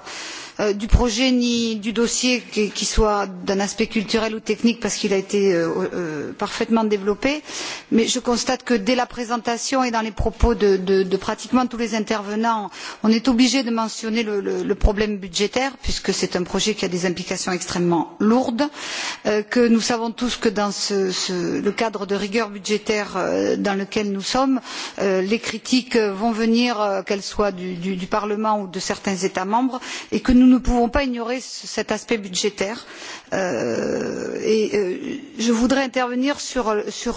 Euh, du projet ni du dossier qui soit d'un aspect culturel ou technique parce qu'il a été euh, euh, parfaitement développé mais je constate que dès la présentation et dans les propos de, de, de pratiquement tous les intervenants on est obligé de mentionner le, le, le problème budgétaire puisque c'est un projet qui a des implications extrêmement lourdes que nous savons tous que dans ce, ce, le cadre de rigueur budgétaire dans lequel nous sommes les critiques vont venir qu'elles soient du, du, du parlement ou de certains états membres et que nous nous ne pouvons pas ignorer cet aspect budgétaire euh, et euh, je voudrais intervenir sur,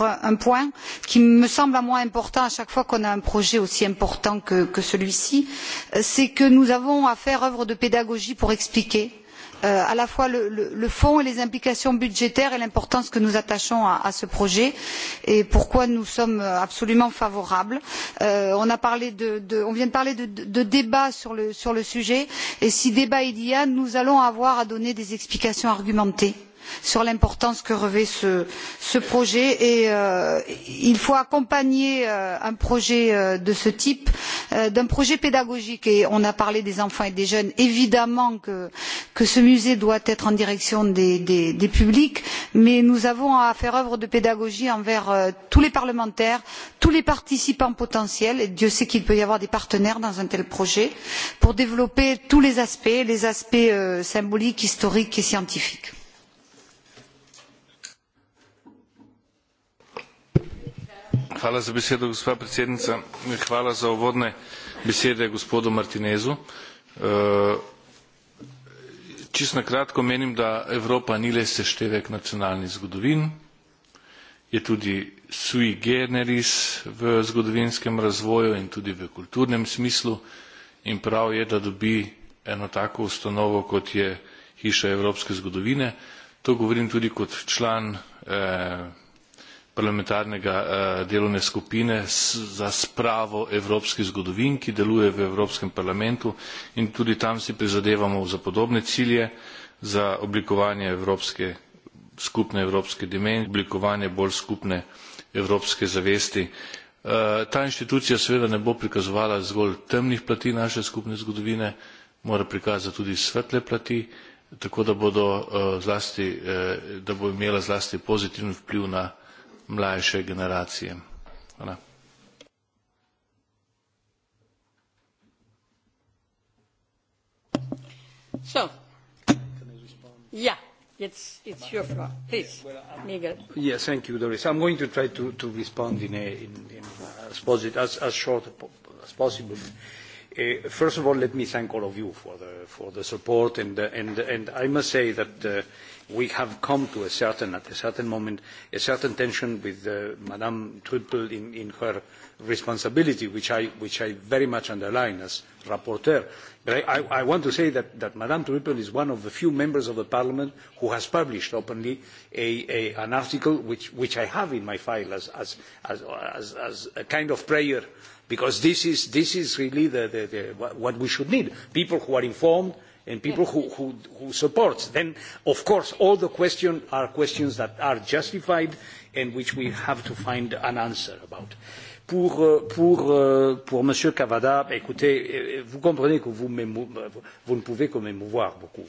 un point qui me semble à moi important à chaque fois qu'on a un projet aussi important que celui ci euh, c'est que nous avons à faire œuvre de pédagogie pour expliquer Euh, à la fois le, fond et les implications budgétaires et l'importance que nous attachons à, ce projet et pourquoi nous sommes absolument favorables. Euh, on, vient de parler de, débat sur le sujet et si débat il y a nous allons avoir à donner des explications argumentées sur l'importance que revêt ce, ce projet et euh, il faut accompagner euh, un projet euh, de ce type euh, d'un projet pédagogique et on a parlé des enfants et des jeunes évidemment que, que ce musée doit être en direction des, des, des publics mais nous avons à faire œuvre de pédagogie envers euh, tous les parlementaires tous les participants potentiels et dieu sait qu'il peut y avoir des partenaires dans un tel projet pour développer tous les aspects les aspects euh, symboliques historiques et scientifiques. Hvala za besedo, gospa predsednica. Hvala za uvodne besede gospodu Martinezu. Eh, čisto na kratko menim, da Evropa ni le seštevek nacionalnih zgodovin, je tudi sui generis v zgodovinskem razvoju in tudi v kulturnem smislu in prav je, da dobi eno tako ustanovo, kot je Hiša evropske zgodovine. To govorim tudi kot član eh, parlamentarnega eh, delovne skupine za spravo evropskih zgodovin, ki deluje v Evropskem parlamentu in tudi tam si prizadevamo za podobne cilje, za oblikovanje evropske, skupne evropske dimenzije, oblikovanje bolj skupne evropske zavesti. Eh, ta inštitucija seveda ne bo prikazovala zgolj temnih plati naše skupne zgodovine, mora prikazati tudi svetle plati, tako da bodo eh, zlasti, da bo imela zlasti pozitiven vpliv na mlajše generacije. Hvala. So, yeah, it's, it's your floor. Please, Miguel. Yes, thank you, Doris. I'm going to try to, to respond in, a, in, in as, as, as short as possible. Uh, first of all, let me thank all of you for the, for the support, and, uh, and, and I must say that uh, we have come to a certain, at a certain moment, a certain tension with uh, Madame Truppel in, in her responsibility, which I, which I very much underline as rapporteur. But I, I, I want to say that, that Madame Truppel is one of the few members of the Parliament who has published openly a, a, an article which, which I have in my file as, as, as, as, as a kind of prayer, because this is, this is really the, the, the, what we should need, people who are informed, and people who, who, who supports. Then, of course, all the questions are questions that are justified and which we have to find an answer about. Pour, euh, pour, euh, pour Monsieur Cavada, écoutez, euh, vous comprenez que vous, vous ne pouvez que m'émouvoir beaucoup.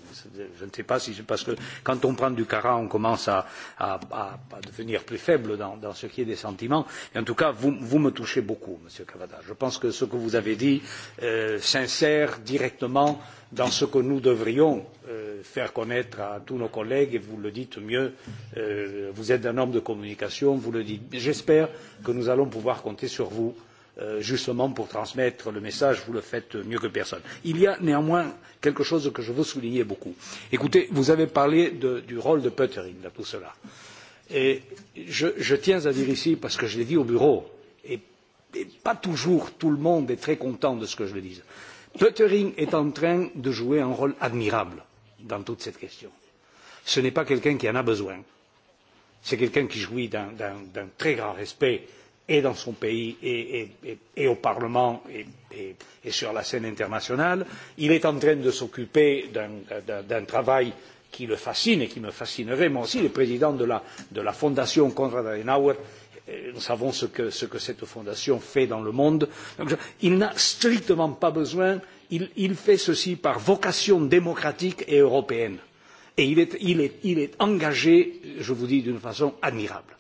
Je ne sais pas si c'est parce que quand on prend du cara, on commence à, à, à, à devenir plus faible dans, dans ce qui est des sentiments. Et en tout cas, vous, vous me touchez beaucoup, Monsieur Cavada. Je pense que ce que vous avez dit, euh, sincère, directement, euh, dans ce que nous devrions euh, faire connaître à tous nos collègues, et vous le dites mieux, euh, vous êtes un homme de communication, vous le dites. J'espère que nous allons pouvoir compter sur vous euh, justement pour transmettre le message, vous le faites mieux que personne. Il y a néanmoins quelque chose que je veux souligner beaucoup. Écoutez, vous avez parlé de, du rôle de Pöttering dans tout cela. Et je, je tiens à dire ici, parce que je l'ai dit au bureau, et, et pas toujours tout le monde est très content de ce que je le dise, Pöttering est en train de jouer un rôle admirable dans toute cette question. Ce n'est pas quelqu'un qui en a besoin. C'est quelqu'un qui jouit d'un très grand respect et dans son pays et, et, et, et au Parlement et, et, et sur la scène internationale. Il est en train de s'occuper d'un travail qui le fascine et qui me fascinerait. Moi aussi, le président de la, de la Fondation Konrad Adenauer nous savons ce que, ce que cette fondation fait dans le monde. Donc, il n'a strictement pas besoin, il, il fait ceci par vocation démocratique et européenne. Et il est, il est, il est engagé, je vous dis, d'une façon admirable.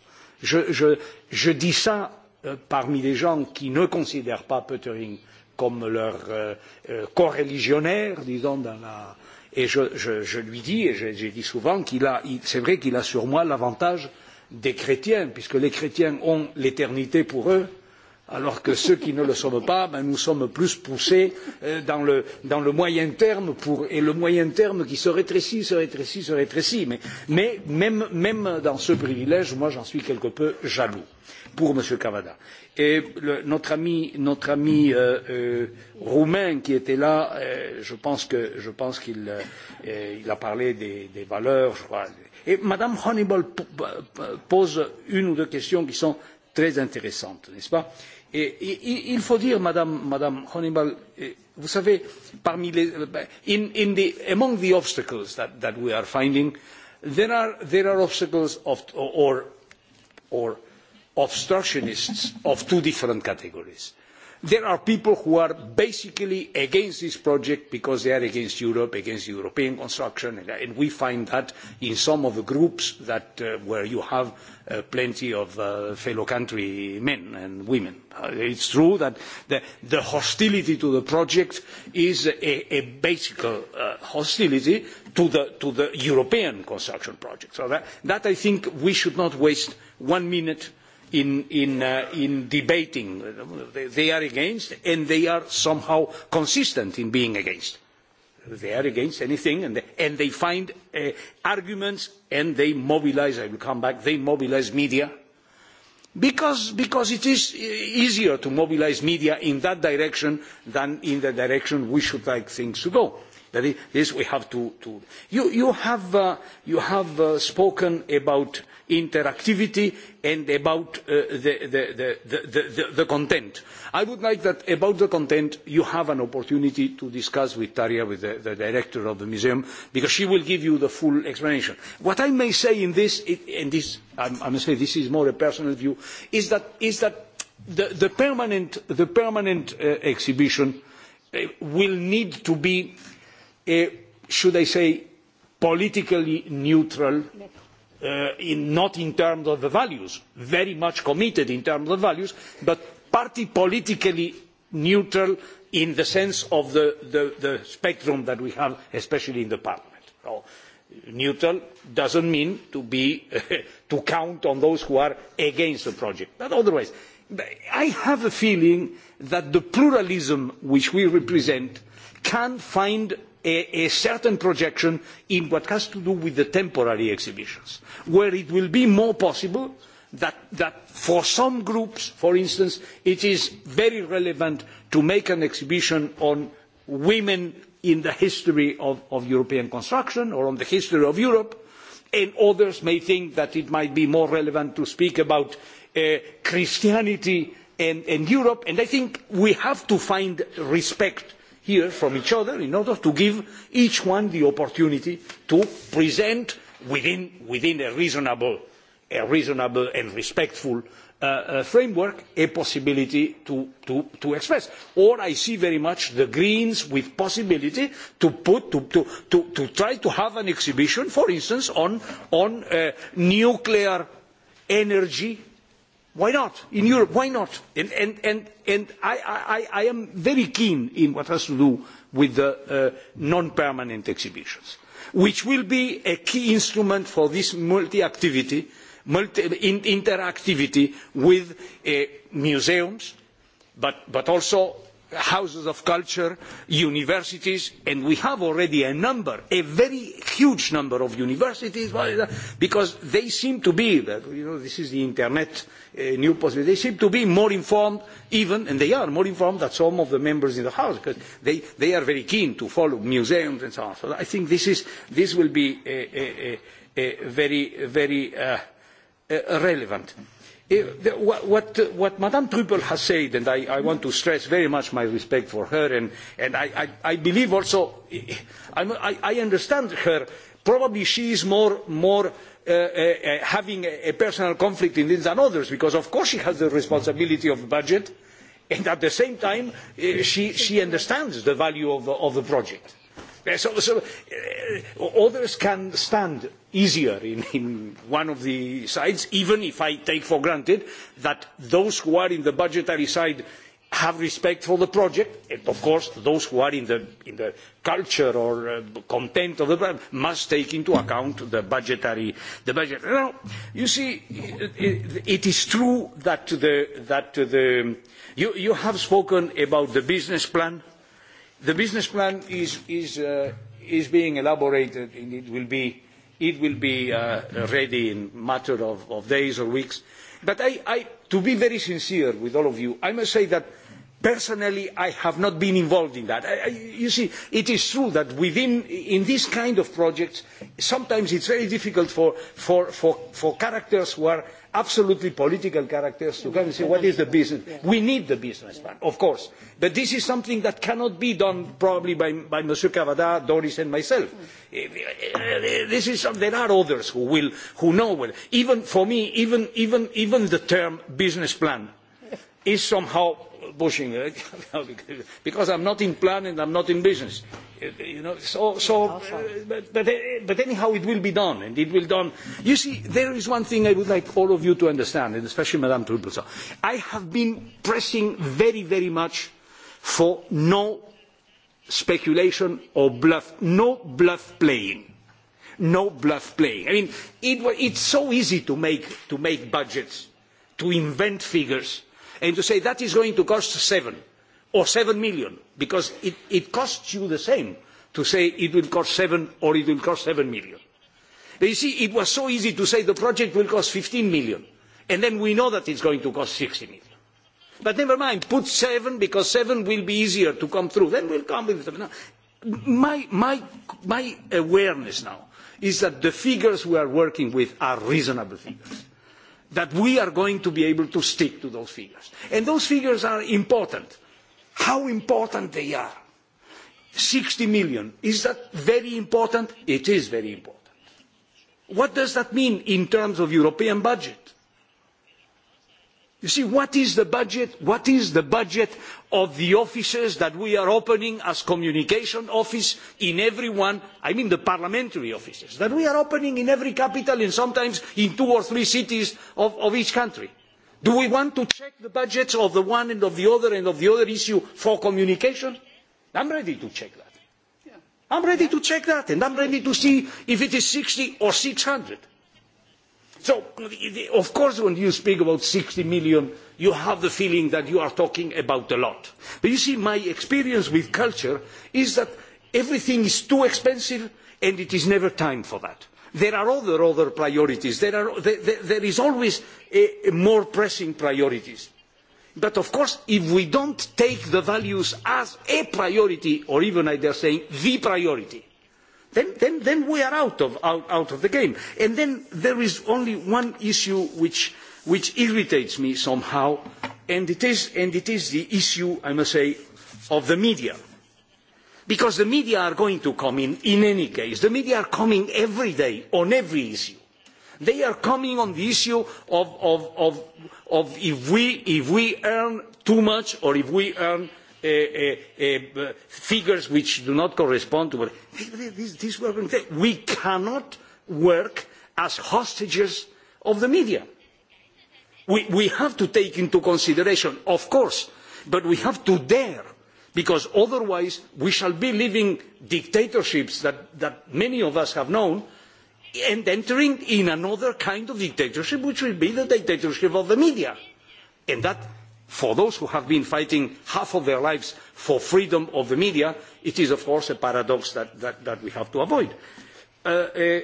Je, je, je dis ça euh, parmi les gens qui ne considèrent pas Pöttering comme leur euh, euh, coreligionnaire, disons, dans la... Et je, je, je lui dis, et j'ai dit souvent, qu'il a, il, c'est vrai qu'il a sur moi l'avantage des chrétiens, puisque les chrétiens ont l'éternité pour eux, alors que ceux qui ne le sommes pas, ben, nous sommes plus poussés euh, dans, le, dans le moyen terme, pour, et le moyen terme qui se rétrécit, se rétrécit, se rétrécit. Mais, mais même, même dans ce privilège, moi j'en suis quelque peu jaloux pour M. Cavada. Et le, notre ami, notre ami euh, euh, roumain qui était là, euh, je pense qu'il qu euh, il a parlé des, des valeurs, je crois, Et Madame Honeyball pose une ou deux questions qui sont très intéressantes, n'est-ce pas et, et, Il faut dire, Madame, Madame Honeyball, vous savez, parmi les, euh, in, in the, among the obstacles that, that we are finding, there are, there are obstacles of, or, or obstructionists of two different categories there are people who are basically against this project because they are against Europe, against European construction, and, we find that in some of the groups that uh, where you have uh, plenty of uh, fellow countrymen and women. Uh, it's true that the, the hostility to the project is a, a basic uh, hostility to the, to the European construction project. So that, that I think we should not waste one minute in, in, uh, in debating. They are against and they are somehow consistent in being against. They are against anything and they, and they find uh, arguments and they mobilize, I will come back, they mobilize media. Because, because it is easier to mobilize media in that direction than in the direction we should like things to go. That is, this we have to. to. You, you have, uh, you have uh, spoken about interactivity and about uh, the, content. i would like that about the content you have an opportunity to discuss with tarja with the director of the museum because she will give you the full explanation. what i may say in this and this i must say this is more a personal view is that, is that the permanent, permanent uh, exhibition uh, will need to be uh, should i say politically neutral Uh, in, not in terms of the values, very much committed in terms of values, but party politically neutral in the sense of the, the, the spectrum that we have, especially in the parliament. So, neutral doesn't mean to, be, to count on those who are against the project, but otherwise, I have a feeling that the pluralism which we represent can find a, a certain projection in what has to do with the temporary exhibitions, where it will be more possible that, that for some groups, for instance, it is very relevant to make an exhibition on women in the history of, of European construction or on the history of Europe, and others may think that it might be more relevant to speak about uh, Christianity and, and Europe. And I think we have to find respect hear from each other in order to give each one the opportunity to present within, within a, reasonable, a reasonable and respectful uh, uh, framework a possibility to, to, to express. Or I see very much the Greens with possibility to, put, to, to, to, to try to have an exhibition, for instance, on, on uh, nuclear energy Why not? In Europe, why not? And, and, and, and I, I, I am very keen in what has to do with the uh, non-permanent exhibitions, which will be a key instrument for this multi-activity, multi, interactivity with uh, museums, but, but also houses of culture universities and we have already a number a very huge number of universities because they seem to be uh, you know this is the internet uh, new possibility they seem to be more informed even and they are more informed than some of the members in the house because they, they are very keen to follow museums and so on so i think this is this will be a, a, a, a very very uh, uh, relevant Eh, what, what, what Madame Truppel has said, and I, I want to stress very much my respect for her, and, and I, I, I believe also, eh, I'm, I, I understand her, probably she is more, more uh, uh, having a, a personal conflict in this than others, because of course she has the responsibility of the budget, and at the same time, uh, she, she understands the value of the, of the project So, so uh, others can stand easier in, in one of the sides, even if I take for granted that those who are in the budgetary side have respect for the project and of course those who are in the, in the culture or uh, content of the project must take into account the budgetary the budget now you see it, it is true that the that the you, you have spoken about the business plan The business plan is, is, uh, is being elaborated, and it will be, it will be uh, ready in a matter of, of days or weeks. But I, I, to be very sincere with all of you, I must say that personally I have not been involved in that. I, I, you see, it is true that within in this kind of projects, sometimes it's very difficult for, for, for, for characters who are absolutely political characters to come and say, what is the business? We need the business plan, of course. But this is something that cannot be done probably by, by Monsieur Cavada, Doris and myself. This is, there are others who will, who know well. Even for me, even, even, even the term business plan is somehow pushing eh? because I'm not in planning, I'm not in business. You know, so, so eh, but, eh, but anyhow, it will be done, and it will done. You see, there is one thing I would like all of you to understand, and especially Madame Trubelsa. I have been pressing very, very much for no speculation or bluff, no bluff playing no bluff playing. I mean, it, it's so easy to make, to make budgets, to invent figures, and to say that is going to cost seven or seven million, because it, it costs you the same to say it will cost seven or it will cost seven million. you see, it was so easy to say the project will cost 15 million, and then we know that it's going to cost 60 million. But never mind, put seven because seven will be easier to come through. Then we'll come with 7. my, my, my awareness now is that the figures we are working with are reasonable figures that we are going to be able to stick to those figures. And those figures are important. How important they are. 60 million, is that very important? It is very important. What does that mean in terms of European budget? You see, what is the budget? What is the budget of the offices that we are opening as communication office in every one? I mean the parliamentary offices that we are opening in every capital and sometimes in two or three cities of, of each country. Do we want to check the budgets of the one and of the other and of the other issue for communication? I'm ready to check that. I'm ready to check that, and I'm ready to see if it is 60 or 600 So, of course, when you speak about 60 million, you have the feeling that you are talking about a lot. But you see, my experience with culture is that everything is too expensive and it is never time for that. There are other, other priorities. There, are, there, there is always a, a more pressing priorities. But of course, if we don't take the values as a priority, or even, I dare say, the priority, then, then, then we are out of, out, out of the game. And then there is only one issue which, which irritates me somehow, and it, is, and it is the issue, I must say, of the media. Because the media are going to come in, in any case. The media are coming every day on every issue. They are coming on the issue of, of, of, of if, we, if we earn too much or if we earn uh, uh, uh, figures which do not correspond to what this, this we cannot work as hostages of the media. We, we have to take into consideration, of course, but we have to dare because otherwise we shall be living dictatorships that, that many of us have known and entering in another kind of dictatorship which will be the dictatorship of the media and that for those who have been fighting half of their lives for freedom of the media, it is of course a paradox that, that, that we have to avoid. Uh, uh,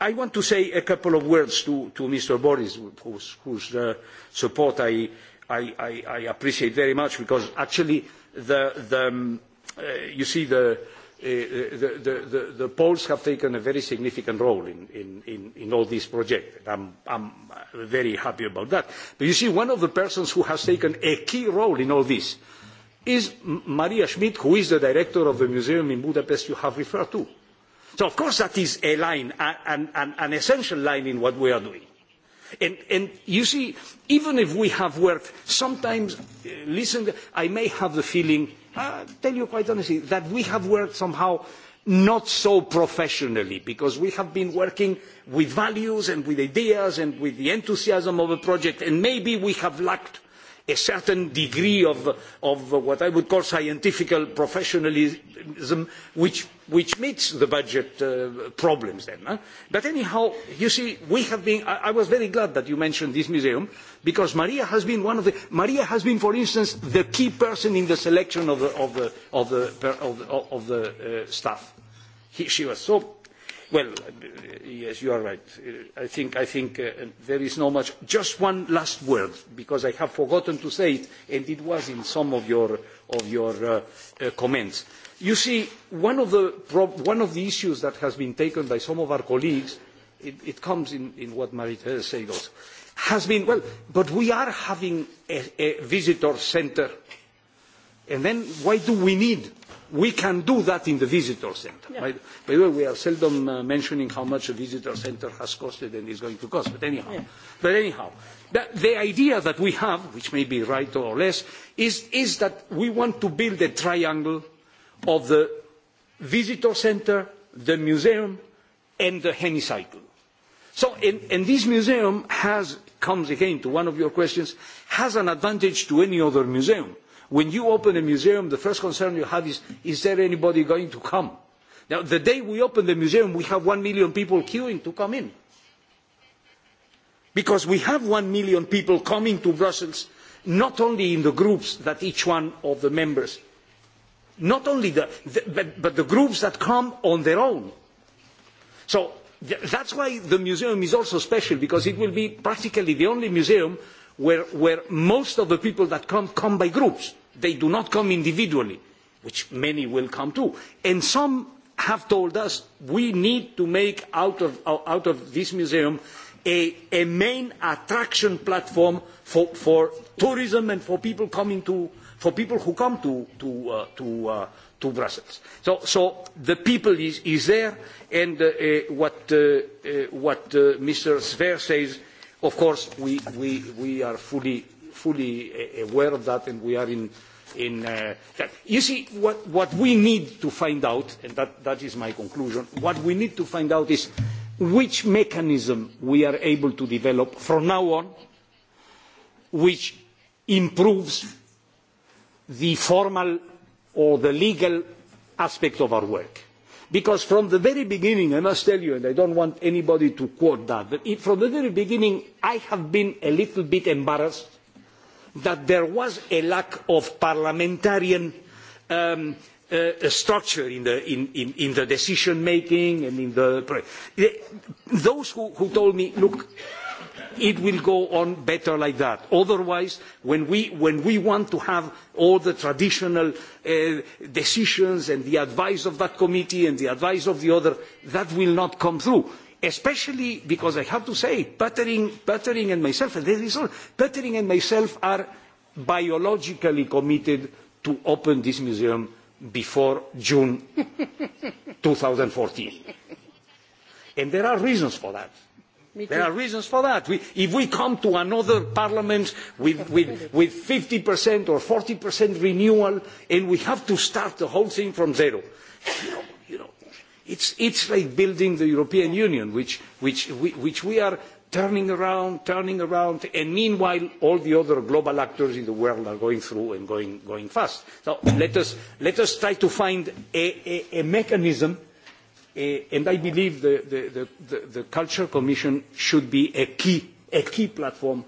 I want to say a couple of words to, to Mr. Boris, whose, whose uh, support I, I, I, I, appreciate very much, because actually, the, the um, uh, you see, the, Uh, the, the, the, Poles have taken a very significant role in, in, in, in all these projects. I'm, I'm very happy about that. But you see, one of the persons who has taken a key role in all this is Maria Schmidt, who is the director of the museum in Budapest you have referred to. So of course that is a line, an, an, an essential line in what we are doing. And, and you see, even if we have worked, sometimes, uh, listen, I may have the feeling Uh, tell you quite honestly that we have worked somehow not so professionally because we have been working with values and with ideas and with the enthusiasm of a project and maybe we have lacked a certain degree of, of what I would call scientific professionalism, which, which meets the budget uh, problems then. Huh? But anyhow, you see, we have been, I, I was very glad that you mentioned this museum, because Maria has been one of the, Maria has been, for instance, the key person in the selection of the, of the, of the, of the, of the, uh, staff. He, she was so Well, yes, you are right. I think, I think uh, there is not much. Just one last word, because I have forgotten to say it, and it was in some of your, of your uh, uh, comments. You see, one of, the prob- one of the issues that has been taken by some of our colleagues, it, it comes in, in what Marita thérèse said also, has been, well, but we are having a, a visitor centre, and then why do we need we can do that in the visitor center. Yeah. By, by the way, we are seldom uh, mentioning how much a visitor center has costed and is going to cost. But anyhow, yeah. but anyhow that, the idea that we have, which may be right or less, is, is that we want to build a triangle of the visitor center, the museum, and the hemicycle. So, and, and this museum has, comes again to one of your questions, has an advantage to any other museum When you open a museum, the first concern you have is, is there anybody going to come? Now, the day we open the museum, we have one million people queuing to come in. Because we have one million people coming to Brussels, not only in the groups that each one of the members, not only the, the but, but the groups that come on their own. So th that's why the museum is also special, because it will be practically the only museum where, where most of the people that come come by groups. They do not come individually, which many will come to. And some have told us we need to make out of, out of this museum a, a main attraction platform for, for tourism and for people coming to for people who come to to uh, to, uh, to Brussels. So so the people is is there, and uh, uh, what uh, uh, what uh, Mr. Sver says Of course, we, are fully, aware of that, and we are in. that. Uh, you see, what, we need to find out, and that is my conclusion, what we need to find out is which mechanism we are able to develop from now on, which improves the formal or the legal aspect of our work Because from the very beginning, I must tell you, and I don't want anybody to quote that, but from the very beginning, I have been a little bit embarrassed that there was a lack of parliamentarian um, uh, structure in the, in, in, in the decision making and in the... Those who, who told me, look, it will go on better like that. Otherwise, when we, when we want to have all the traditional uh, decisions and the advice of that committee and the advice of the other, that will not come through. Especially because I have to say, Buttering, Buttering and myself, and all, Buttering and myself are biologically committed to open this museum before June 2014. And there are reasons for that. There are reasons for that. We, if we come to another parliament with, with, with 50% or 40% renewal and we have to start the whole thing from zero, you know, you know it's, it's like building the European Union, which, which, which we are turning around, turning around, and meanwhile all the other global actors in the world are going through and going, going fast. So let us, let us try to find a, a, a mechanism – Eh, and I believe the, the, the, the, Culture Commission should be a key, a key platform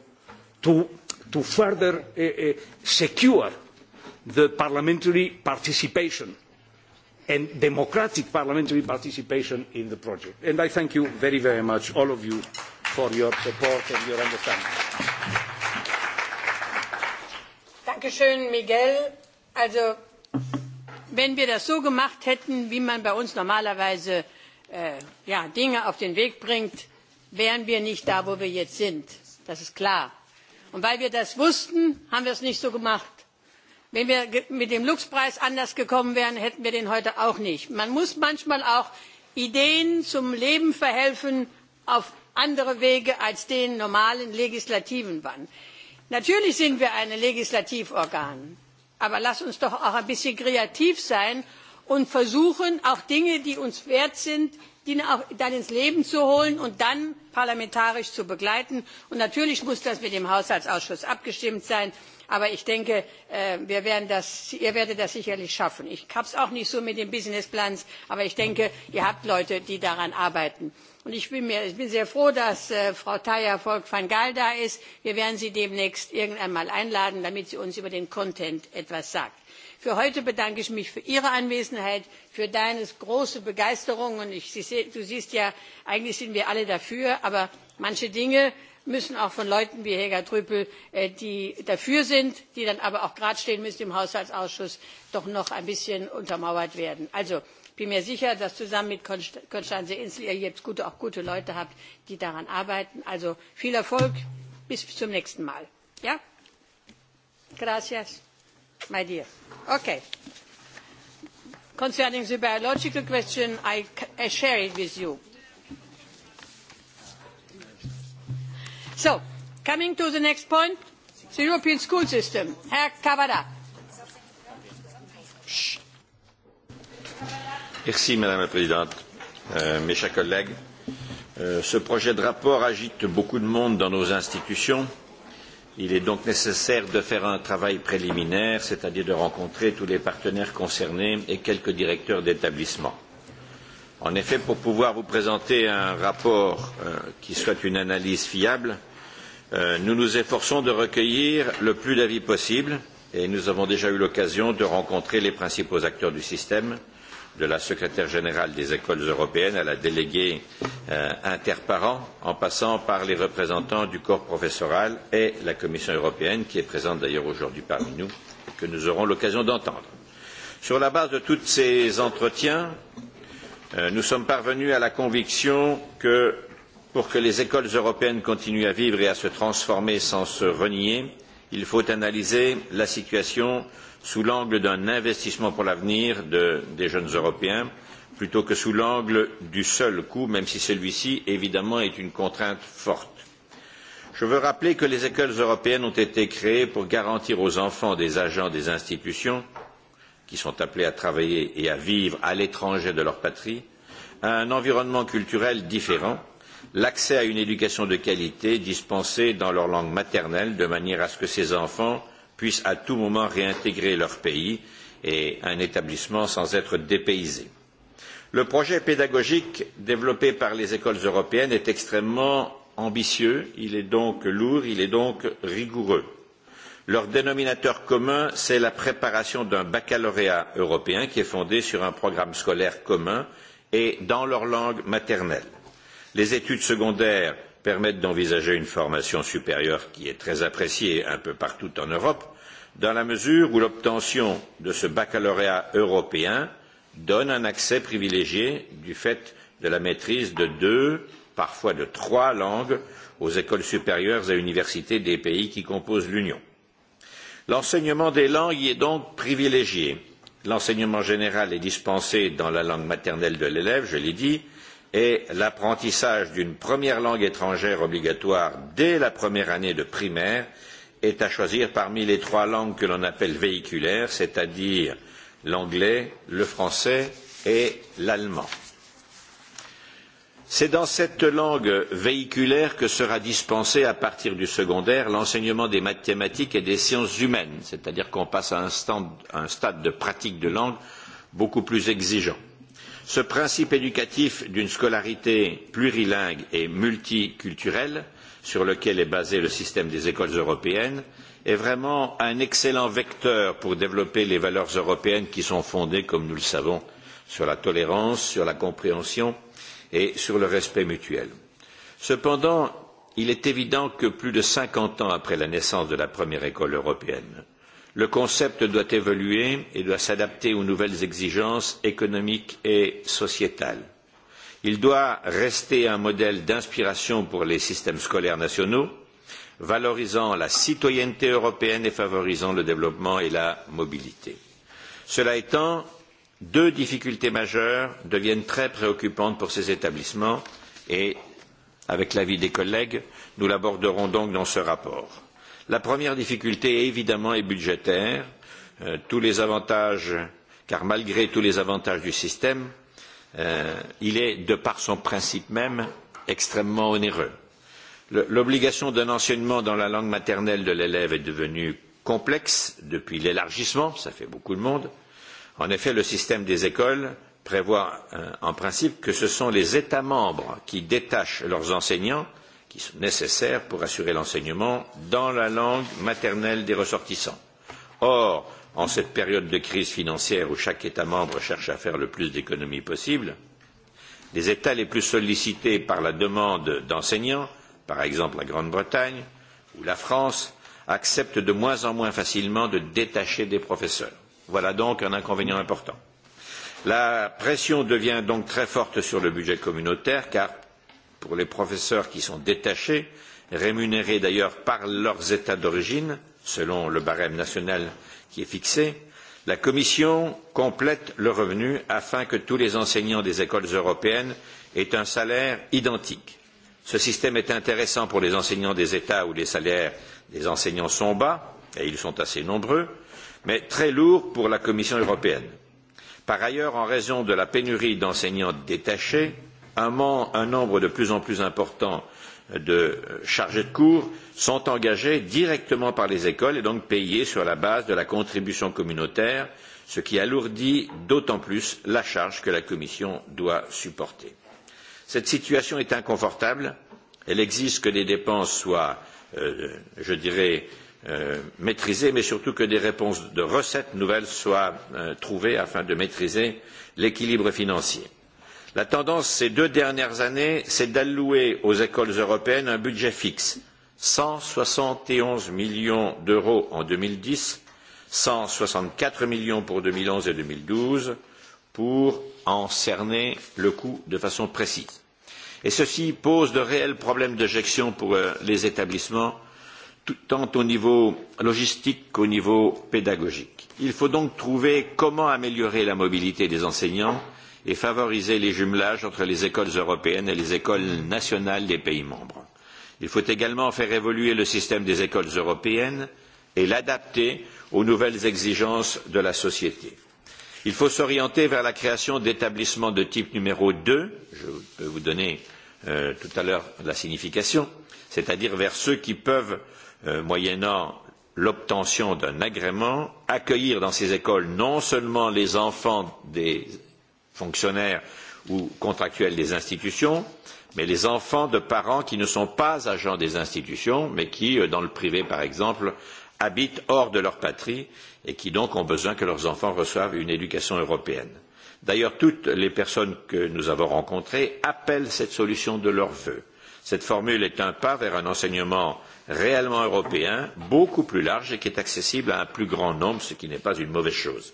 to, to further eh, eh, secure the parliamentary participation and democratic parliamentary participation in the project. And I thank you very, very much, all of you, for your support and your understanding. Dankeschön, Miguel. Also wenn wir das so gemacht hätten wie man bei uns normalerweise äh, dinge auf den weg bringt wären wir nicht da wo wir jetzt sind das ist klar. und weil wir das wussten haben wir es nicht so gemacht. wenn wir mit dem lux preis anders gekommen wären hätten wir den heute auch nicht. man muss manchmal auch ideen zum leben verhelfen auf andere wege als den normalen legislativen. Wegen. natürlich sind wir ein legislativorgan aber lasst uns doch auch ein bisschen kreativ sein und versuchen auch dinge die uns wert sind dann ins leben zu holen und dann parlamentarisch zu begleiten. und natürlich muss das mit dem haushaltsausschuss abgestimmt sein aber ich denke äh, wir werden das, ihr werdet das sicherlich schaffen. ich habe es auch nicht so mit den businessplänen aber ich denke ihr habt leute die daran arbeiten. Und ich bin, sehr froh, dass äh, Frau Taya Volk van Gaal da ist. Wir werden Sie demnächst irgendwann mal einladen, damit sie uns über den Content etwas sagt. Für heute bedanke ich mich für Ihre Anwesenheit, für deine große Begeisterung. Und du siehst ja, eigentlich sind wir alle dafür, aber manche Dinge müssen auch von Leuten wie Helga Trüpel, äh, die dafür sind, die dann aber auch geradestehen müssen im Haushaltsausschuss, doch noch ein bisschen untermauert werden. Also bin mir sicher dass zusammen mit constanze ensl ihr jetzt auch gute leute habt die daran arbeiten. also viel erfolg bis zum nächsten mal. gracias my dear. okay. concerning the biological question I share it with you. so coming to the next point the european school system herr cavada. Merci, Madame la Présidente. Euh, mes chers collègues, euh, ce projet de rapport agite beaucoup de monde dans nos institutions. Il est donc nécessaire de faire un travail préliminaire, c'est-à-dire de rencontrer tous les partenaires concernés et quelques directeurs d'établissements. En effet, pour pouvoir vous présenter un rapport euh, qui soit une analyse fiable, euh, nous nous efforçons de recueillir le plus d'avis possible et nous avons déjà eu l'occasion de rencontrer les principaux acteurs du système, de la secrétaire générale des écoles européennes à la déléguée euh, interparents, en passant par les représentants du corps professoral et la Commission européenne, qui est présente d'ailleurs aujourd'hui parmi nous, et que nous aurons l'occasion d'entendre. Sur la base de tous ces entretiens, euh, nous sommes parvenus à la conviction que pour que les écoles européennes continuent à vivre et à se transformer sans se renier, il faut analyser la situation euh, sous l'angle d'un investissement pour l'avenir de, des jeunes Européens plutôt que sous l'angle du seul coût, même si celui-ci, évidemment, est une contrainte forte. Je veux rappeler que les écoles européennes ont été créées pour garantir aux enfants des agents des institutions, qui sont appelés à travailler et à vivre à l'étranger de leur patrie, un environnement culturel différent, l'accès à une éducation de qualité dispensée dans leur langue maternelle, de manière à ce que ces enfants puissent à tout moment réintégrer leur pays et un établissement sans être dépaysés. Le projet pédagogique développé par les écoles européennes est extrêmement ambitieux, il est donc lourd, il est donc rigoureux. Leur dénominateur commun, c'est la préparation d'un baccalauréat européen qui est fondé sur un programme scolaire commun et dans leur langue maternelle. Les études secondaires permettent d'envisager une formation supérieure qui est très appréciée un peu partout en Europe, dans la mesure où l'obtention de ce baccalauréat européen donne un accès privilégié du fait de la maîtrise de deux, parfois de trois langues aux écoles supérieures et universités des pays qui composent l'Union. L'enseignement des langues y est donc privilégié. L'enseignement général est dispensé dans la langue maternelle de l'élève, je l'ai dit, et l'apprentissage d'une première langue étrangère obligatoire dès la première année de primaire est à choisir parmi les trois langues que l'on appelle véhiculaires, c'est-à-dire l'anglais, le français et l'allemand. C'est dans cette langue véhiculaire que sera dispensé à partir du secondaire l'enseignement des mathématiques et des sciences humaines, c'est-à-dire qu'on passe à un, stand, à un stade de pratique de langue beaucoup plus exigeant. Ce principe éducatif d'une scolarité plurilingue et multiculturelle, sur lequel est basé le système des écoles européennes, est vraiment un excellent vecteur pour développer les valeurs européennes qui sont fondées, comme nous le savons, sur la tolérance, sur la compréhension et sur le respect mutuel. Cependant, il est évident que plus de cinquante ans après la naissance de la première école européenne, le concept doit évoluer et doit s'adapter aux nouvelles exigences économiques et sociétales. Il doit rester un modèle d'inspiration pour les systèmes scolaires nationaux, valorisant la citoyenneté européenne et favorisant le développement et la mobilité. Cela étant, deux difficultés majeures deviennent très préoccupantes pour ces établissements et, avec l'avis des collègues, nous l'aborderons donc dans ce rapport La première difficulté, évidemment, est budgétaire. Euh, tous les avantages, car malgré tous les avantages du système, euh, il est, de par son principe même, extrêmement onéreux. L'obligation d'un enseignement dans la langue maternelle de l'élève est devenue complexe depuis l'élargissement, ça fait beaucoup de monde. En effet, le système des écoles prévoit euh, en principe que ce sont les États membres qui détachent leurs enseignants qui sont nécessaires pour assurer l'enseignement dans la langue maternelle des ressortissants. Or, en cette période de crise financière où chaque État membre cherche à faire le plus d'économies possible, les États les plus sollicités par la demande d'enseignants, par exemple la Grande-Bretagne ou la France, acceptent de moins en moins facilement de détacher des professeurs. Voilà donc un inconvénient important. La pression devient donc très forte sur le budget communautaire car pour les professeurs qui sont détachés, rémunérés d'ailleurs par leurs États d'origine, selon le barème national qui est fixé, la Commission complète le revenu afin que tous les enseignants des écoles européennes aient un salaire identique. Ce système est intéressant pour les enseignants des États où les salaires des enseignants sont bas, et ils sont assez nombreux, mais très lourd pour la Commission européenne. Par ailleurs, en raison de la pénurie d'enseignants détachés, un, nombre de plus en plus important de chargés de cours sont engagés directement par les écoles et donc payés sur la base de la contribution communautaire, ce qui alourdit d'autant plus la charge que la Commission doit supporter. Cette situation est inconfortable. Elle exige que les dépenses soient, euh, je dirais, euh, maîtrisées, mais surtout que des réponses de recettes nouvelles soient euh, trouvées afin de maîtriser l'équilibre financier la tendance ces deux dernières années c'est d'allouer aux écoles européennes un budget fixe cent soixante et onze millions d'euros en deux mille dix cent soixante quatre millions pour deux mille onze et deux mille douze pour en cerner le coût de façon précise. Et ceci pose de réels problèmes de gestion pour euh, les établissements tant au niveau logistique qu'au niveau pédagogique. Il faut donc trouver comment améliorer la mobilité des enseignants et favoriser les jumelages entre les écoles européennes et les écoles nationales des pays membres. Il faut également faire évoluer le système des écoles européennes et l'adapter aux nouvelles exigences de la société. Il faut s'orienter vers la création d'établissements de type numéro 2, je peux vous donner euh, tout à l'heure la signification, c'est-à-dire vers ceux qui peuvent, euh, moyennant l'obtention d'un agrément, accueillir dans ces écoles non seulement les enfants des fonctionnaires ou contractuels des institutions, mais les enfants de parents qui ne sont pas agents des institutions, mais qui, euh, dans le privé par exemple, habitent hors de leur patrie et qui donc ont besoin que leurs enfants reçoivent une éducation européenne. D'ailleurs, toutes les personnes que nous avons rencontrées appellent cette solution de leur vœu. Cette formule est un pas vers un enseignement réellement européen, beaucoup plus large et qui est accessible à un plus grand nombre, ce qui n'est pas une mauvaise chose.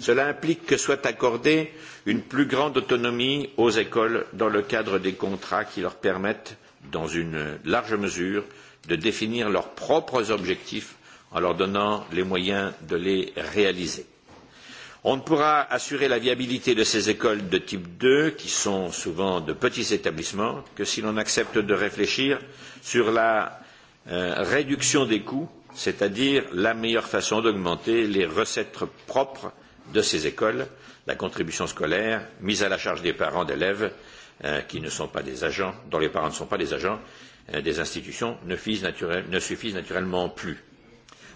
Cela implique que soit accordée une plus grande autonomie aux écoles dans le cadre des contrats qui leur permettent, dans une large mesure, de définir leurs propres objectifs en leur donnant les moyens de les réaliser. On ne pourra assurer la viabilité de ces écoles de type 2, qui sont souvent de petits établissements, que si l'on accepte de réfléchir sur la euh, réduction des coûts, c'est-à-dire la meilleure façon d'augmenter les recettes propres de ces écoles, la contribution scolaire mise à la charge des parents d'élèves euh, qui ne sont pas des agents, dont les parents ne sont pas des agents euh, des institutions, ne, naturel, ne suffisent naturellement plus.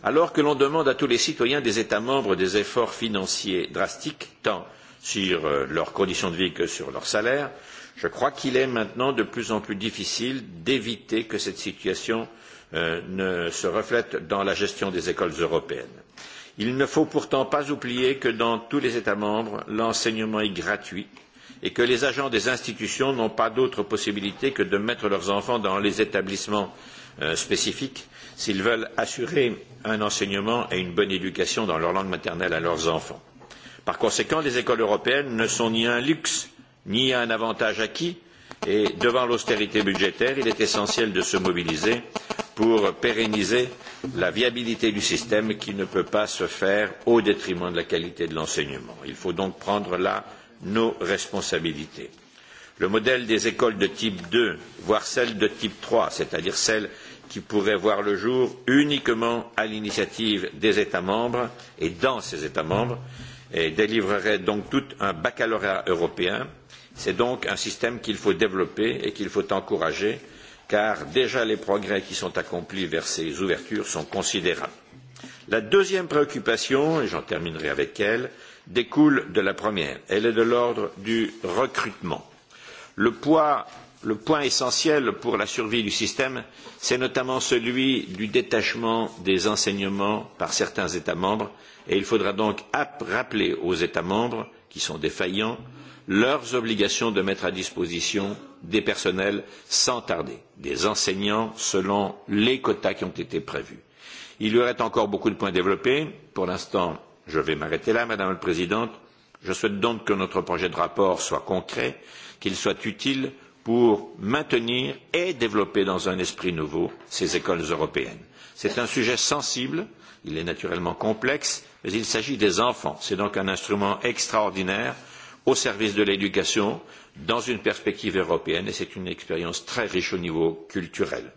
Alors que l'on demande à tous les citoyens des États membres des efforts financiers drastiques, tant sur euh, leurs conditions de vie que sur leurs salaires, je crois qu'il est maintenant de plus en plus difficile d'éviter que cette situation euh, ne se reflète dans la gestion des écoles européennes. Il ne faut pourtant pas oublier que dans tous les États membres, l'enseignement est gratuit et que les agents des institutions n'ont pas d'autre possibilité que de mettre leurs enfants dans les établissements euh, spécifiques s'ils veulent assurer un enseignement et une bonne éducation dans leur langue maternelle à leurs enfants. Par conséquent, les écoles européennes ne sont ni un luxe ni un avantage acquis et devant l'austérité budgétaire, il est essentiel de se mobiliser pour pérenniser la viabilité du système qui ne peut pas se faire au détriment de la qualité de l'enseignement. Il faut donc prendre là nos responsabilités. Le modèle des écoles de type 2, voire celles de type 3, c'est-à-dire celles qui pourraient voir le jour uniquement à l'initiative des États membres et dans ces États membres, et délivrerait donc tout un baccalauréat européen. C'est donc un système qu'il faut développer et qu'il faut encourager car déjà les progrès qui sont accomplis vers ces ouvertures sont considérables. La deuxième préoccupation, et j'en terminerai avec elle, découle de la première. Elle est de l'ordre du recrutement. Le, poids, le point essentiel pour la survie du système, c'est notamment celui du détachement des enseignements par certains États membres, et il faudra donc rappeler aux États membres, qui sont défaillants, leurs obligations de mettre à disposition des personnels sans tarder, des enseignants selon les quotas qui ont été prévus. Il y aurait encore beaucoup de points développés. Pour l'instant, je vais m'arrêter là, Madame la Présidente. Je souhaite donc que notre projet de rapport soit concret, qu'il soit utile pour maintenir et développer dans un esprit nouveau ces écoles européennes. C'est un sujet sensible, il est naturellement complexe, mais il s'agit des enfants. C'est donc un instrument extraordinaire au service de l'éducation, dans une perspective européenne et c'est une expérience très riche au niveau culturel.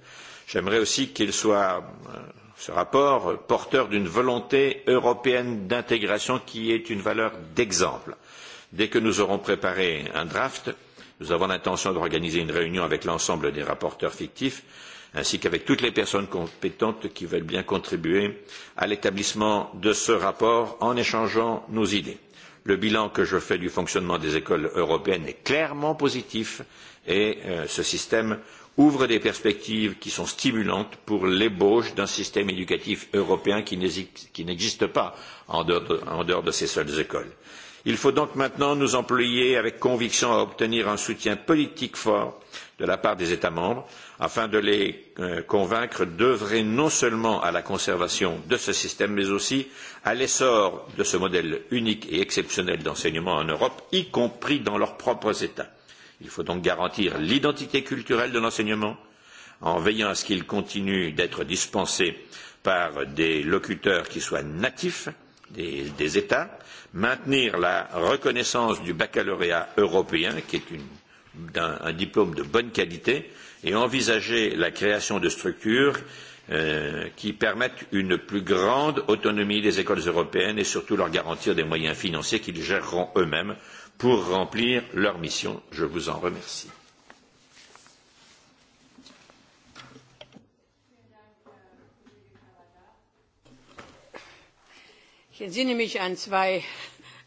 J'aimerais aussi qu'il soit euh, ce rapport euh, porteur d'une volonté européenne d'intégration qui est une valeur d'exemple. Dès que nous aurons préparé un draft, nous avons l'intention d'organiser une réunion avec l'ensemble des rapporteurs fictifs ainsi qu'avec toutes les personnes compétentes qui veulent bien contribuer à l'établissement de ce rapport en échangeant nos idées. Le bilan que je fais du fonctionnement des écoles européennes est clairement positif et euh, ce système ouvre des perspectives qui sont stimulantes pour l'ébauche d'un système éducatif européen qui n'existe pas en dehors, de, en dehors de ces seules écoles. Il faut donc maintenant nous employer avec conviction à obtenir un soutien politique fort de la part des États membres afin de les euh, convaincre d'œuvrer non seulement à la conservation de ce système, mais aussi à l'essor de ce modèle unique et exceptionnel d'enseignement en Europe, y compris dans leurs propres États. Il faut donc garantir l'identité culturelle de l'enseignement en veillant à ce qu'il continue d'être dispensé par des locuteurs qui soient natifs des, des États, maintenir la reconnaissance du baccalauréat européen, qui est une, un, un diplôme de bonne qualité, et envisager la création de structures euh, qui permettent une plus grande autonomie des écoles européennes et surtout leur garantir des moyens financiers qu'ils géreront eux-mêmes pour remplir leur mission. Je vous en remercie. ich entsinne mich an zwei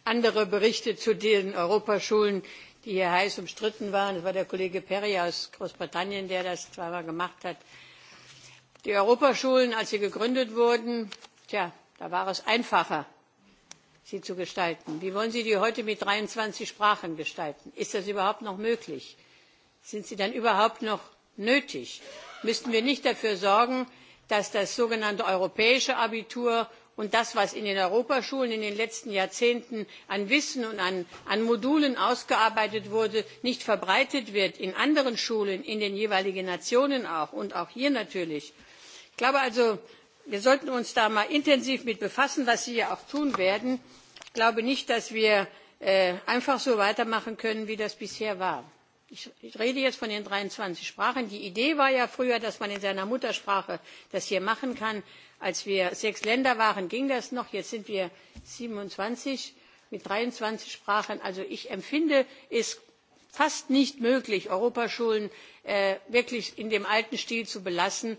andere berichte zu den europaschulen die hier heiß umstritten waren es war der kollege perry aus großbritannien der das zweimal gemacht hat. die europaschulen als sie gegründet wurden tja da war es einfacher sie zu gestalten. wie wollen sie die heute mit dreiundzwanzig sprachen gestalten? ist das überhaupt noch möglich? sind sie dann überhaupt noch nötig? müssten wir nicht dafür sorgen dass das sogenannte europäische abitur und das was in den europaschulen in den letzten jahrzehnten an wissen und an, modulen ausgearbeitet wurde nicht verbreitet wird in anderen schulen in den jeweiligen nationen auch und auch hier natürlich. ich glaube also wir sollten uns da mal intensiv mit befassen was sie ja auch tun werden. ich glaube nicht dass wir äh, einfach so weitermachen können wie das bisher war ich, rede jetzt von den dreiundzwanzig sprachen die idee war ja früher dass man das in seiner muttersprache hier machen kann. als wir sechs länder waren ging das noch jetzt sind wir siebenundzwanzig mit dreiundzwanzig sprachen. also ich empfinde es als fast nicht möglich europaschulen äh, wirklich in dem alten stil zu belassen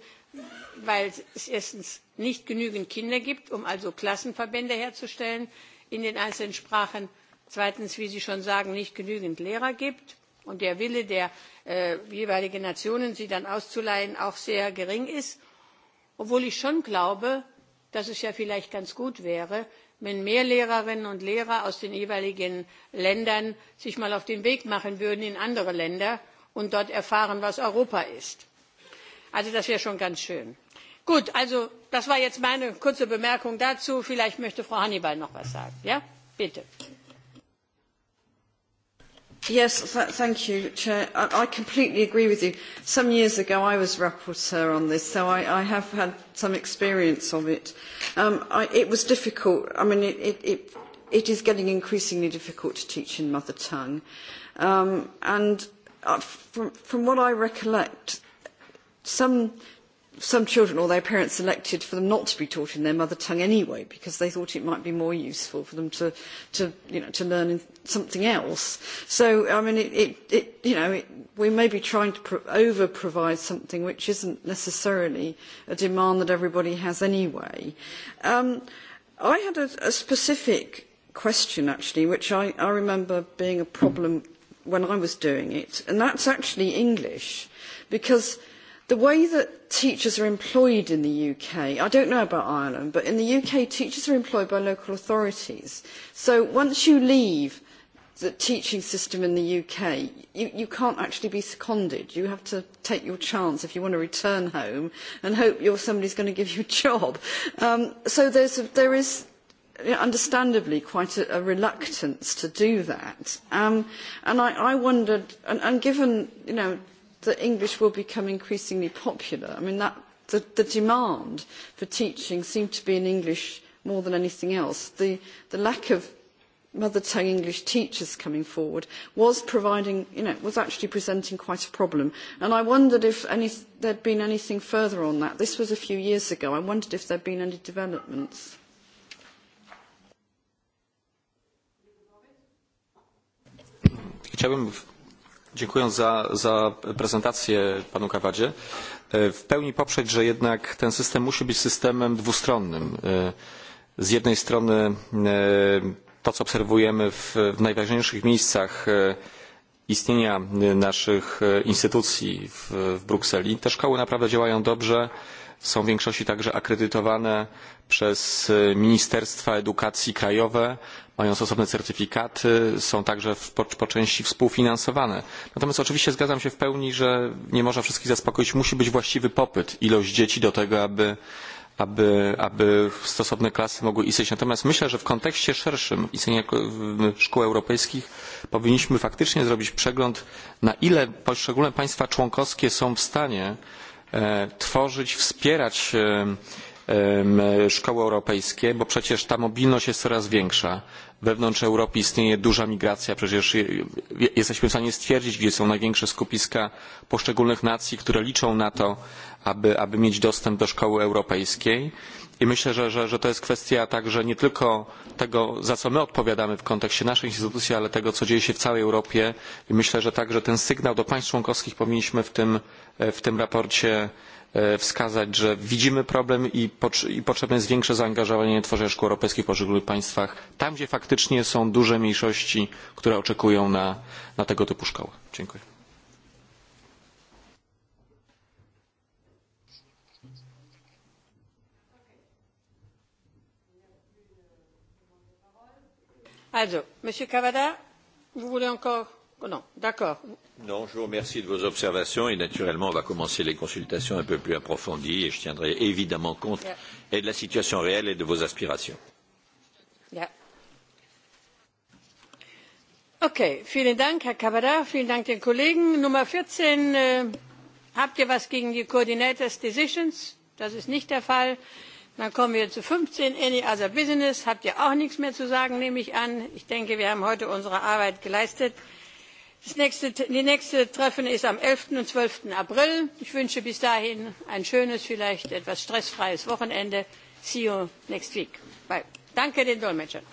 weil es erstens nicht genügend kinder gibt um also klassenverbände herzustellen in den einzelnen sprachen zweitens wie sie schon sagen nicht genügend lehrer gibt und der wille der äh, jeweiligen nationen sie dann auszuleihen auch sehr gering ist obwohl ich schon glaube dass es ja vielleicht ganz gut wäre wenn mehr lehrerinnen und lehrer aus den jeweiligen ländern sich mal auf den weg machen würden in andere länder und dort erfahren was europa ist. also das wäre schon ganz schön. gut also das war jetzt meine kurze bemerkung dazu. vielleicht möchte frau hannibal noch etwas sagen. ja bitte. Yes, th thank you, Chair. I, I completely agree with you. Some years ago, I was rapporteur on this, so I, I have had some experience of it. Um, I, it was difficult. I mean, it, it, it, it is getting increasingly difficult to teach in mother tongue. Um, and uh, from, from what I recollect, some some children or their parents elected for them not to be taught in their mother tongue anyway because they thought it might be more useful for them to, to, you know, to learn something else. So, I mean, it, it, it, you know, it, we may be trying to pro- over-provide something which isn't necessarily a demand that everybody has anyway. Um, I had a, a specific question, actually, which I, I remember being a problem when I was doing it, and that's actually English because The way that teachers are employed in the UK, I don't know about Ireland, but in the UK, teachers are employed by local authorities. So once you leave the teaching system in the UK, you, you can't actually be seconded. You have to take your chance if you want to return home and hope you're, somebody's going to give you a job. Um, so there's, there is understandably quite a, a reluctance to do that. Um, and I, I wondered, and, and given, you know, that English will become increasingly popular. I mean, that, the, the demand for teaching seemed to be in English more than anything else. The, the lack of mother tongue English teachers coming forward was providing, you know, was actually presenting quite a problem. And I wondered if any, there'd been anything further on that. This was a few years ago. I wondered if there'd been any developments. Chciałbym Dziękuję za, za prezentację panu Kawadzie. E, w pełni poprzeć, że jednak ten system musi być systemem dwustronnym. E, z jednej strony e, to, co obserwujemy w, w najważniejszych miejscach istnienia naszych instytucji w, w Brukseli, te szkoły naprawdę działają dobrze, są w większości także akredytowane przez e, Ministerstwa Edukacji Krajowe, mają stosowne certyfikaty, są także w, po, po części współfinansowane. Natomiast oczywiście zgadzam się w pełni, że nie można wszystkich zaspokoić. Musi być właściwy popyt, ilość dzieci do tego, aby aby, aby stosowne klasy mogły istnieć. Natomiast myślę, że w kontekście szerszym istnienia szkół europejskich powinniśmy faktycznie zrobić przegląd, na ile poszczególne państwa członkowskie są w stanie E, tworzyć, wspierać e, e, szkoły europejskie, bo przecież ta mobilność jest coraz większa. Wewnątrz Europy istnieje duża migracja, przecież jesteśmy w stanie stwierdzić, gdzie są największe skupiska poszczególnych nacji, które liczą na to, aby, aby mieć dostęp do szkoły europejskiej. I myślę, że, że, że to jest kwestia także nie tylko tego, za co my odpowiadamy w kontekście naszej instytucji, ale tego, co dzieje się w całej Europie. I myślę, że także ten sygnał do państw członkowskich powinniśmy w tym, e, w tym raporcie e, wskazać, że widzimy problem i, i potrzebne jest większe zaangażowanie tworzenia szkół europejskich w poszczególnych państwach, tam gdzie faktycznie są duże mniejszości, które oczekują na, na tego typu szkoły. Dziękuję. Also, Monsieur Cavada, vous voulez encore Non, d'accord. Non, je vous remercie de vos observations et naturellement, on va commencer les consultations un peu plus approfondies et je tiendrai évidemment compte yeah. et de la situation réelle et de vos aspirations. Okay, vielen Dank, Herr Cavada, vielen Dank den Kollegen. Nummer 14, äh, habt ihr was gegen die Coordinators Decisions? Das ist nicht der Fall. Dann kommen wir zu 15, Any Other Business. Habt ihr auch nichts mehr zu sagen, nehme ich an. Ich denke, wir haben heute unsere Arbeit geleistet. Das nächste, die nächste Treffen ist am 11. und 12. April. Ich wünsche bis dahin ein schönes, vielleicht etwas stressfreies Wochenende. See you next week. Bye. Danke den Dolmetschern.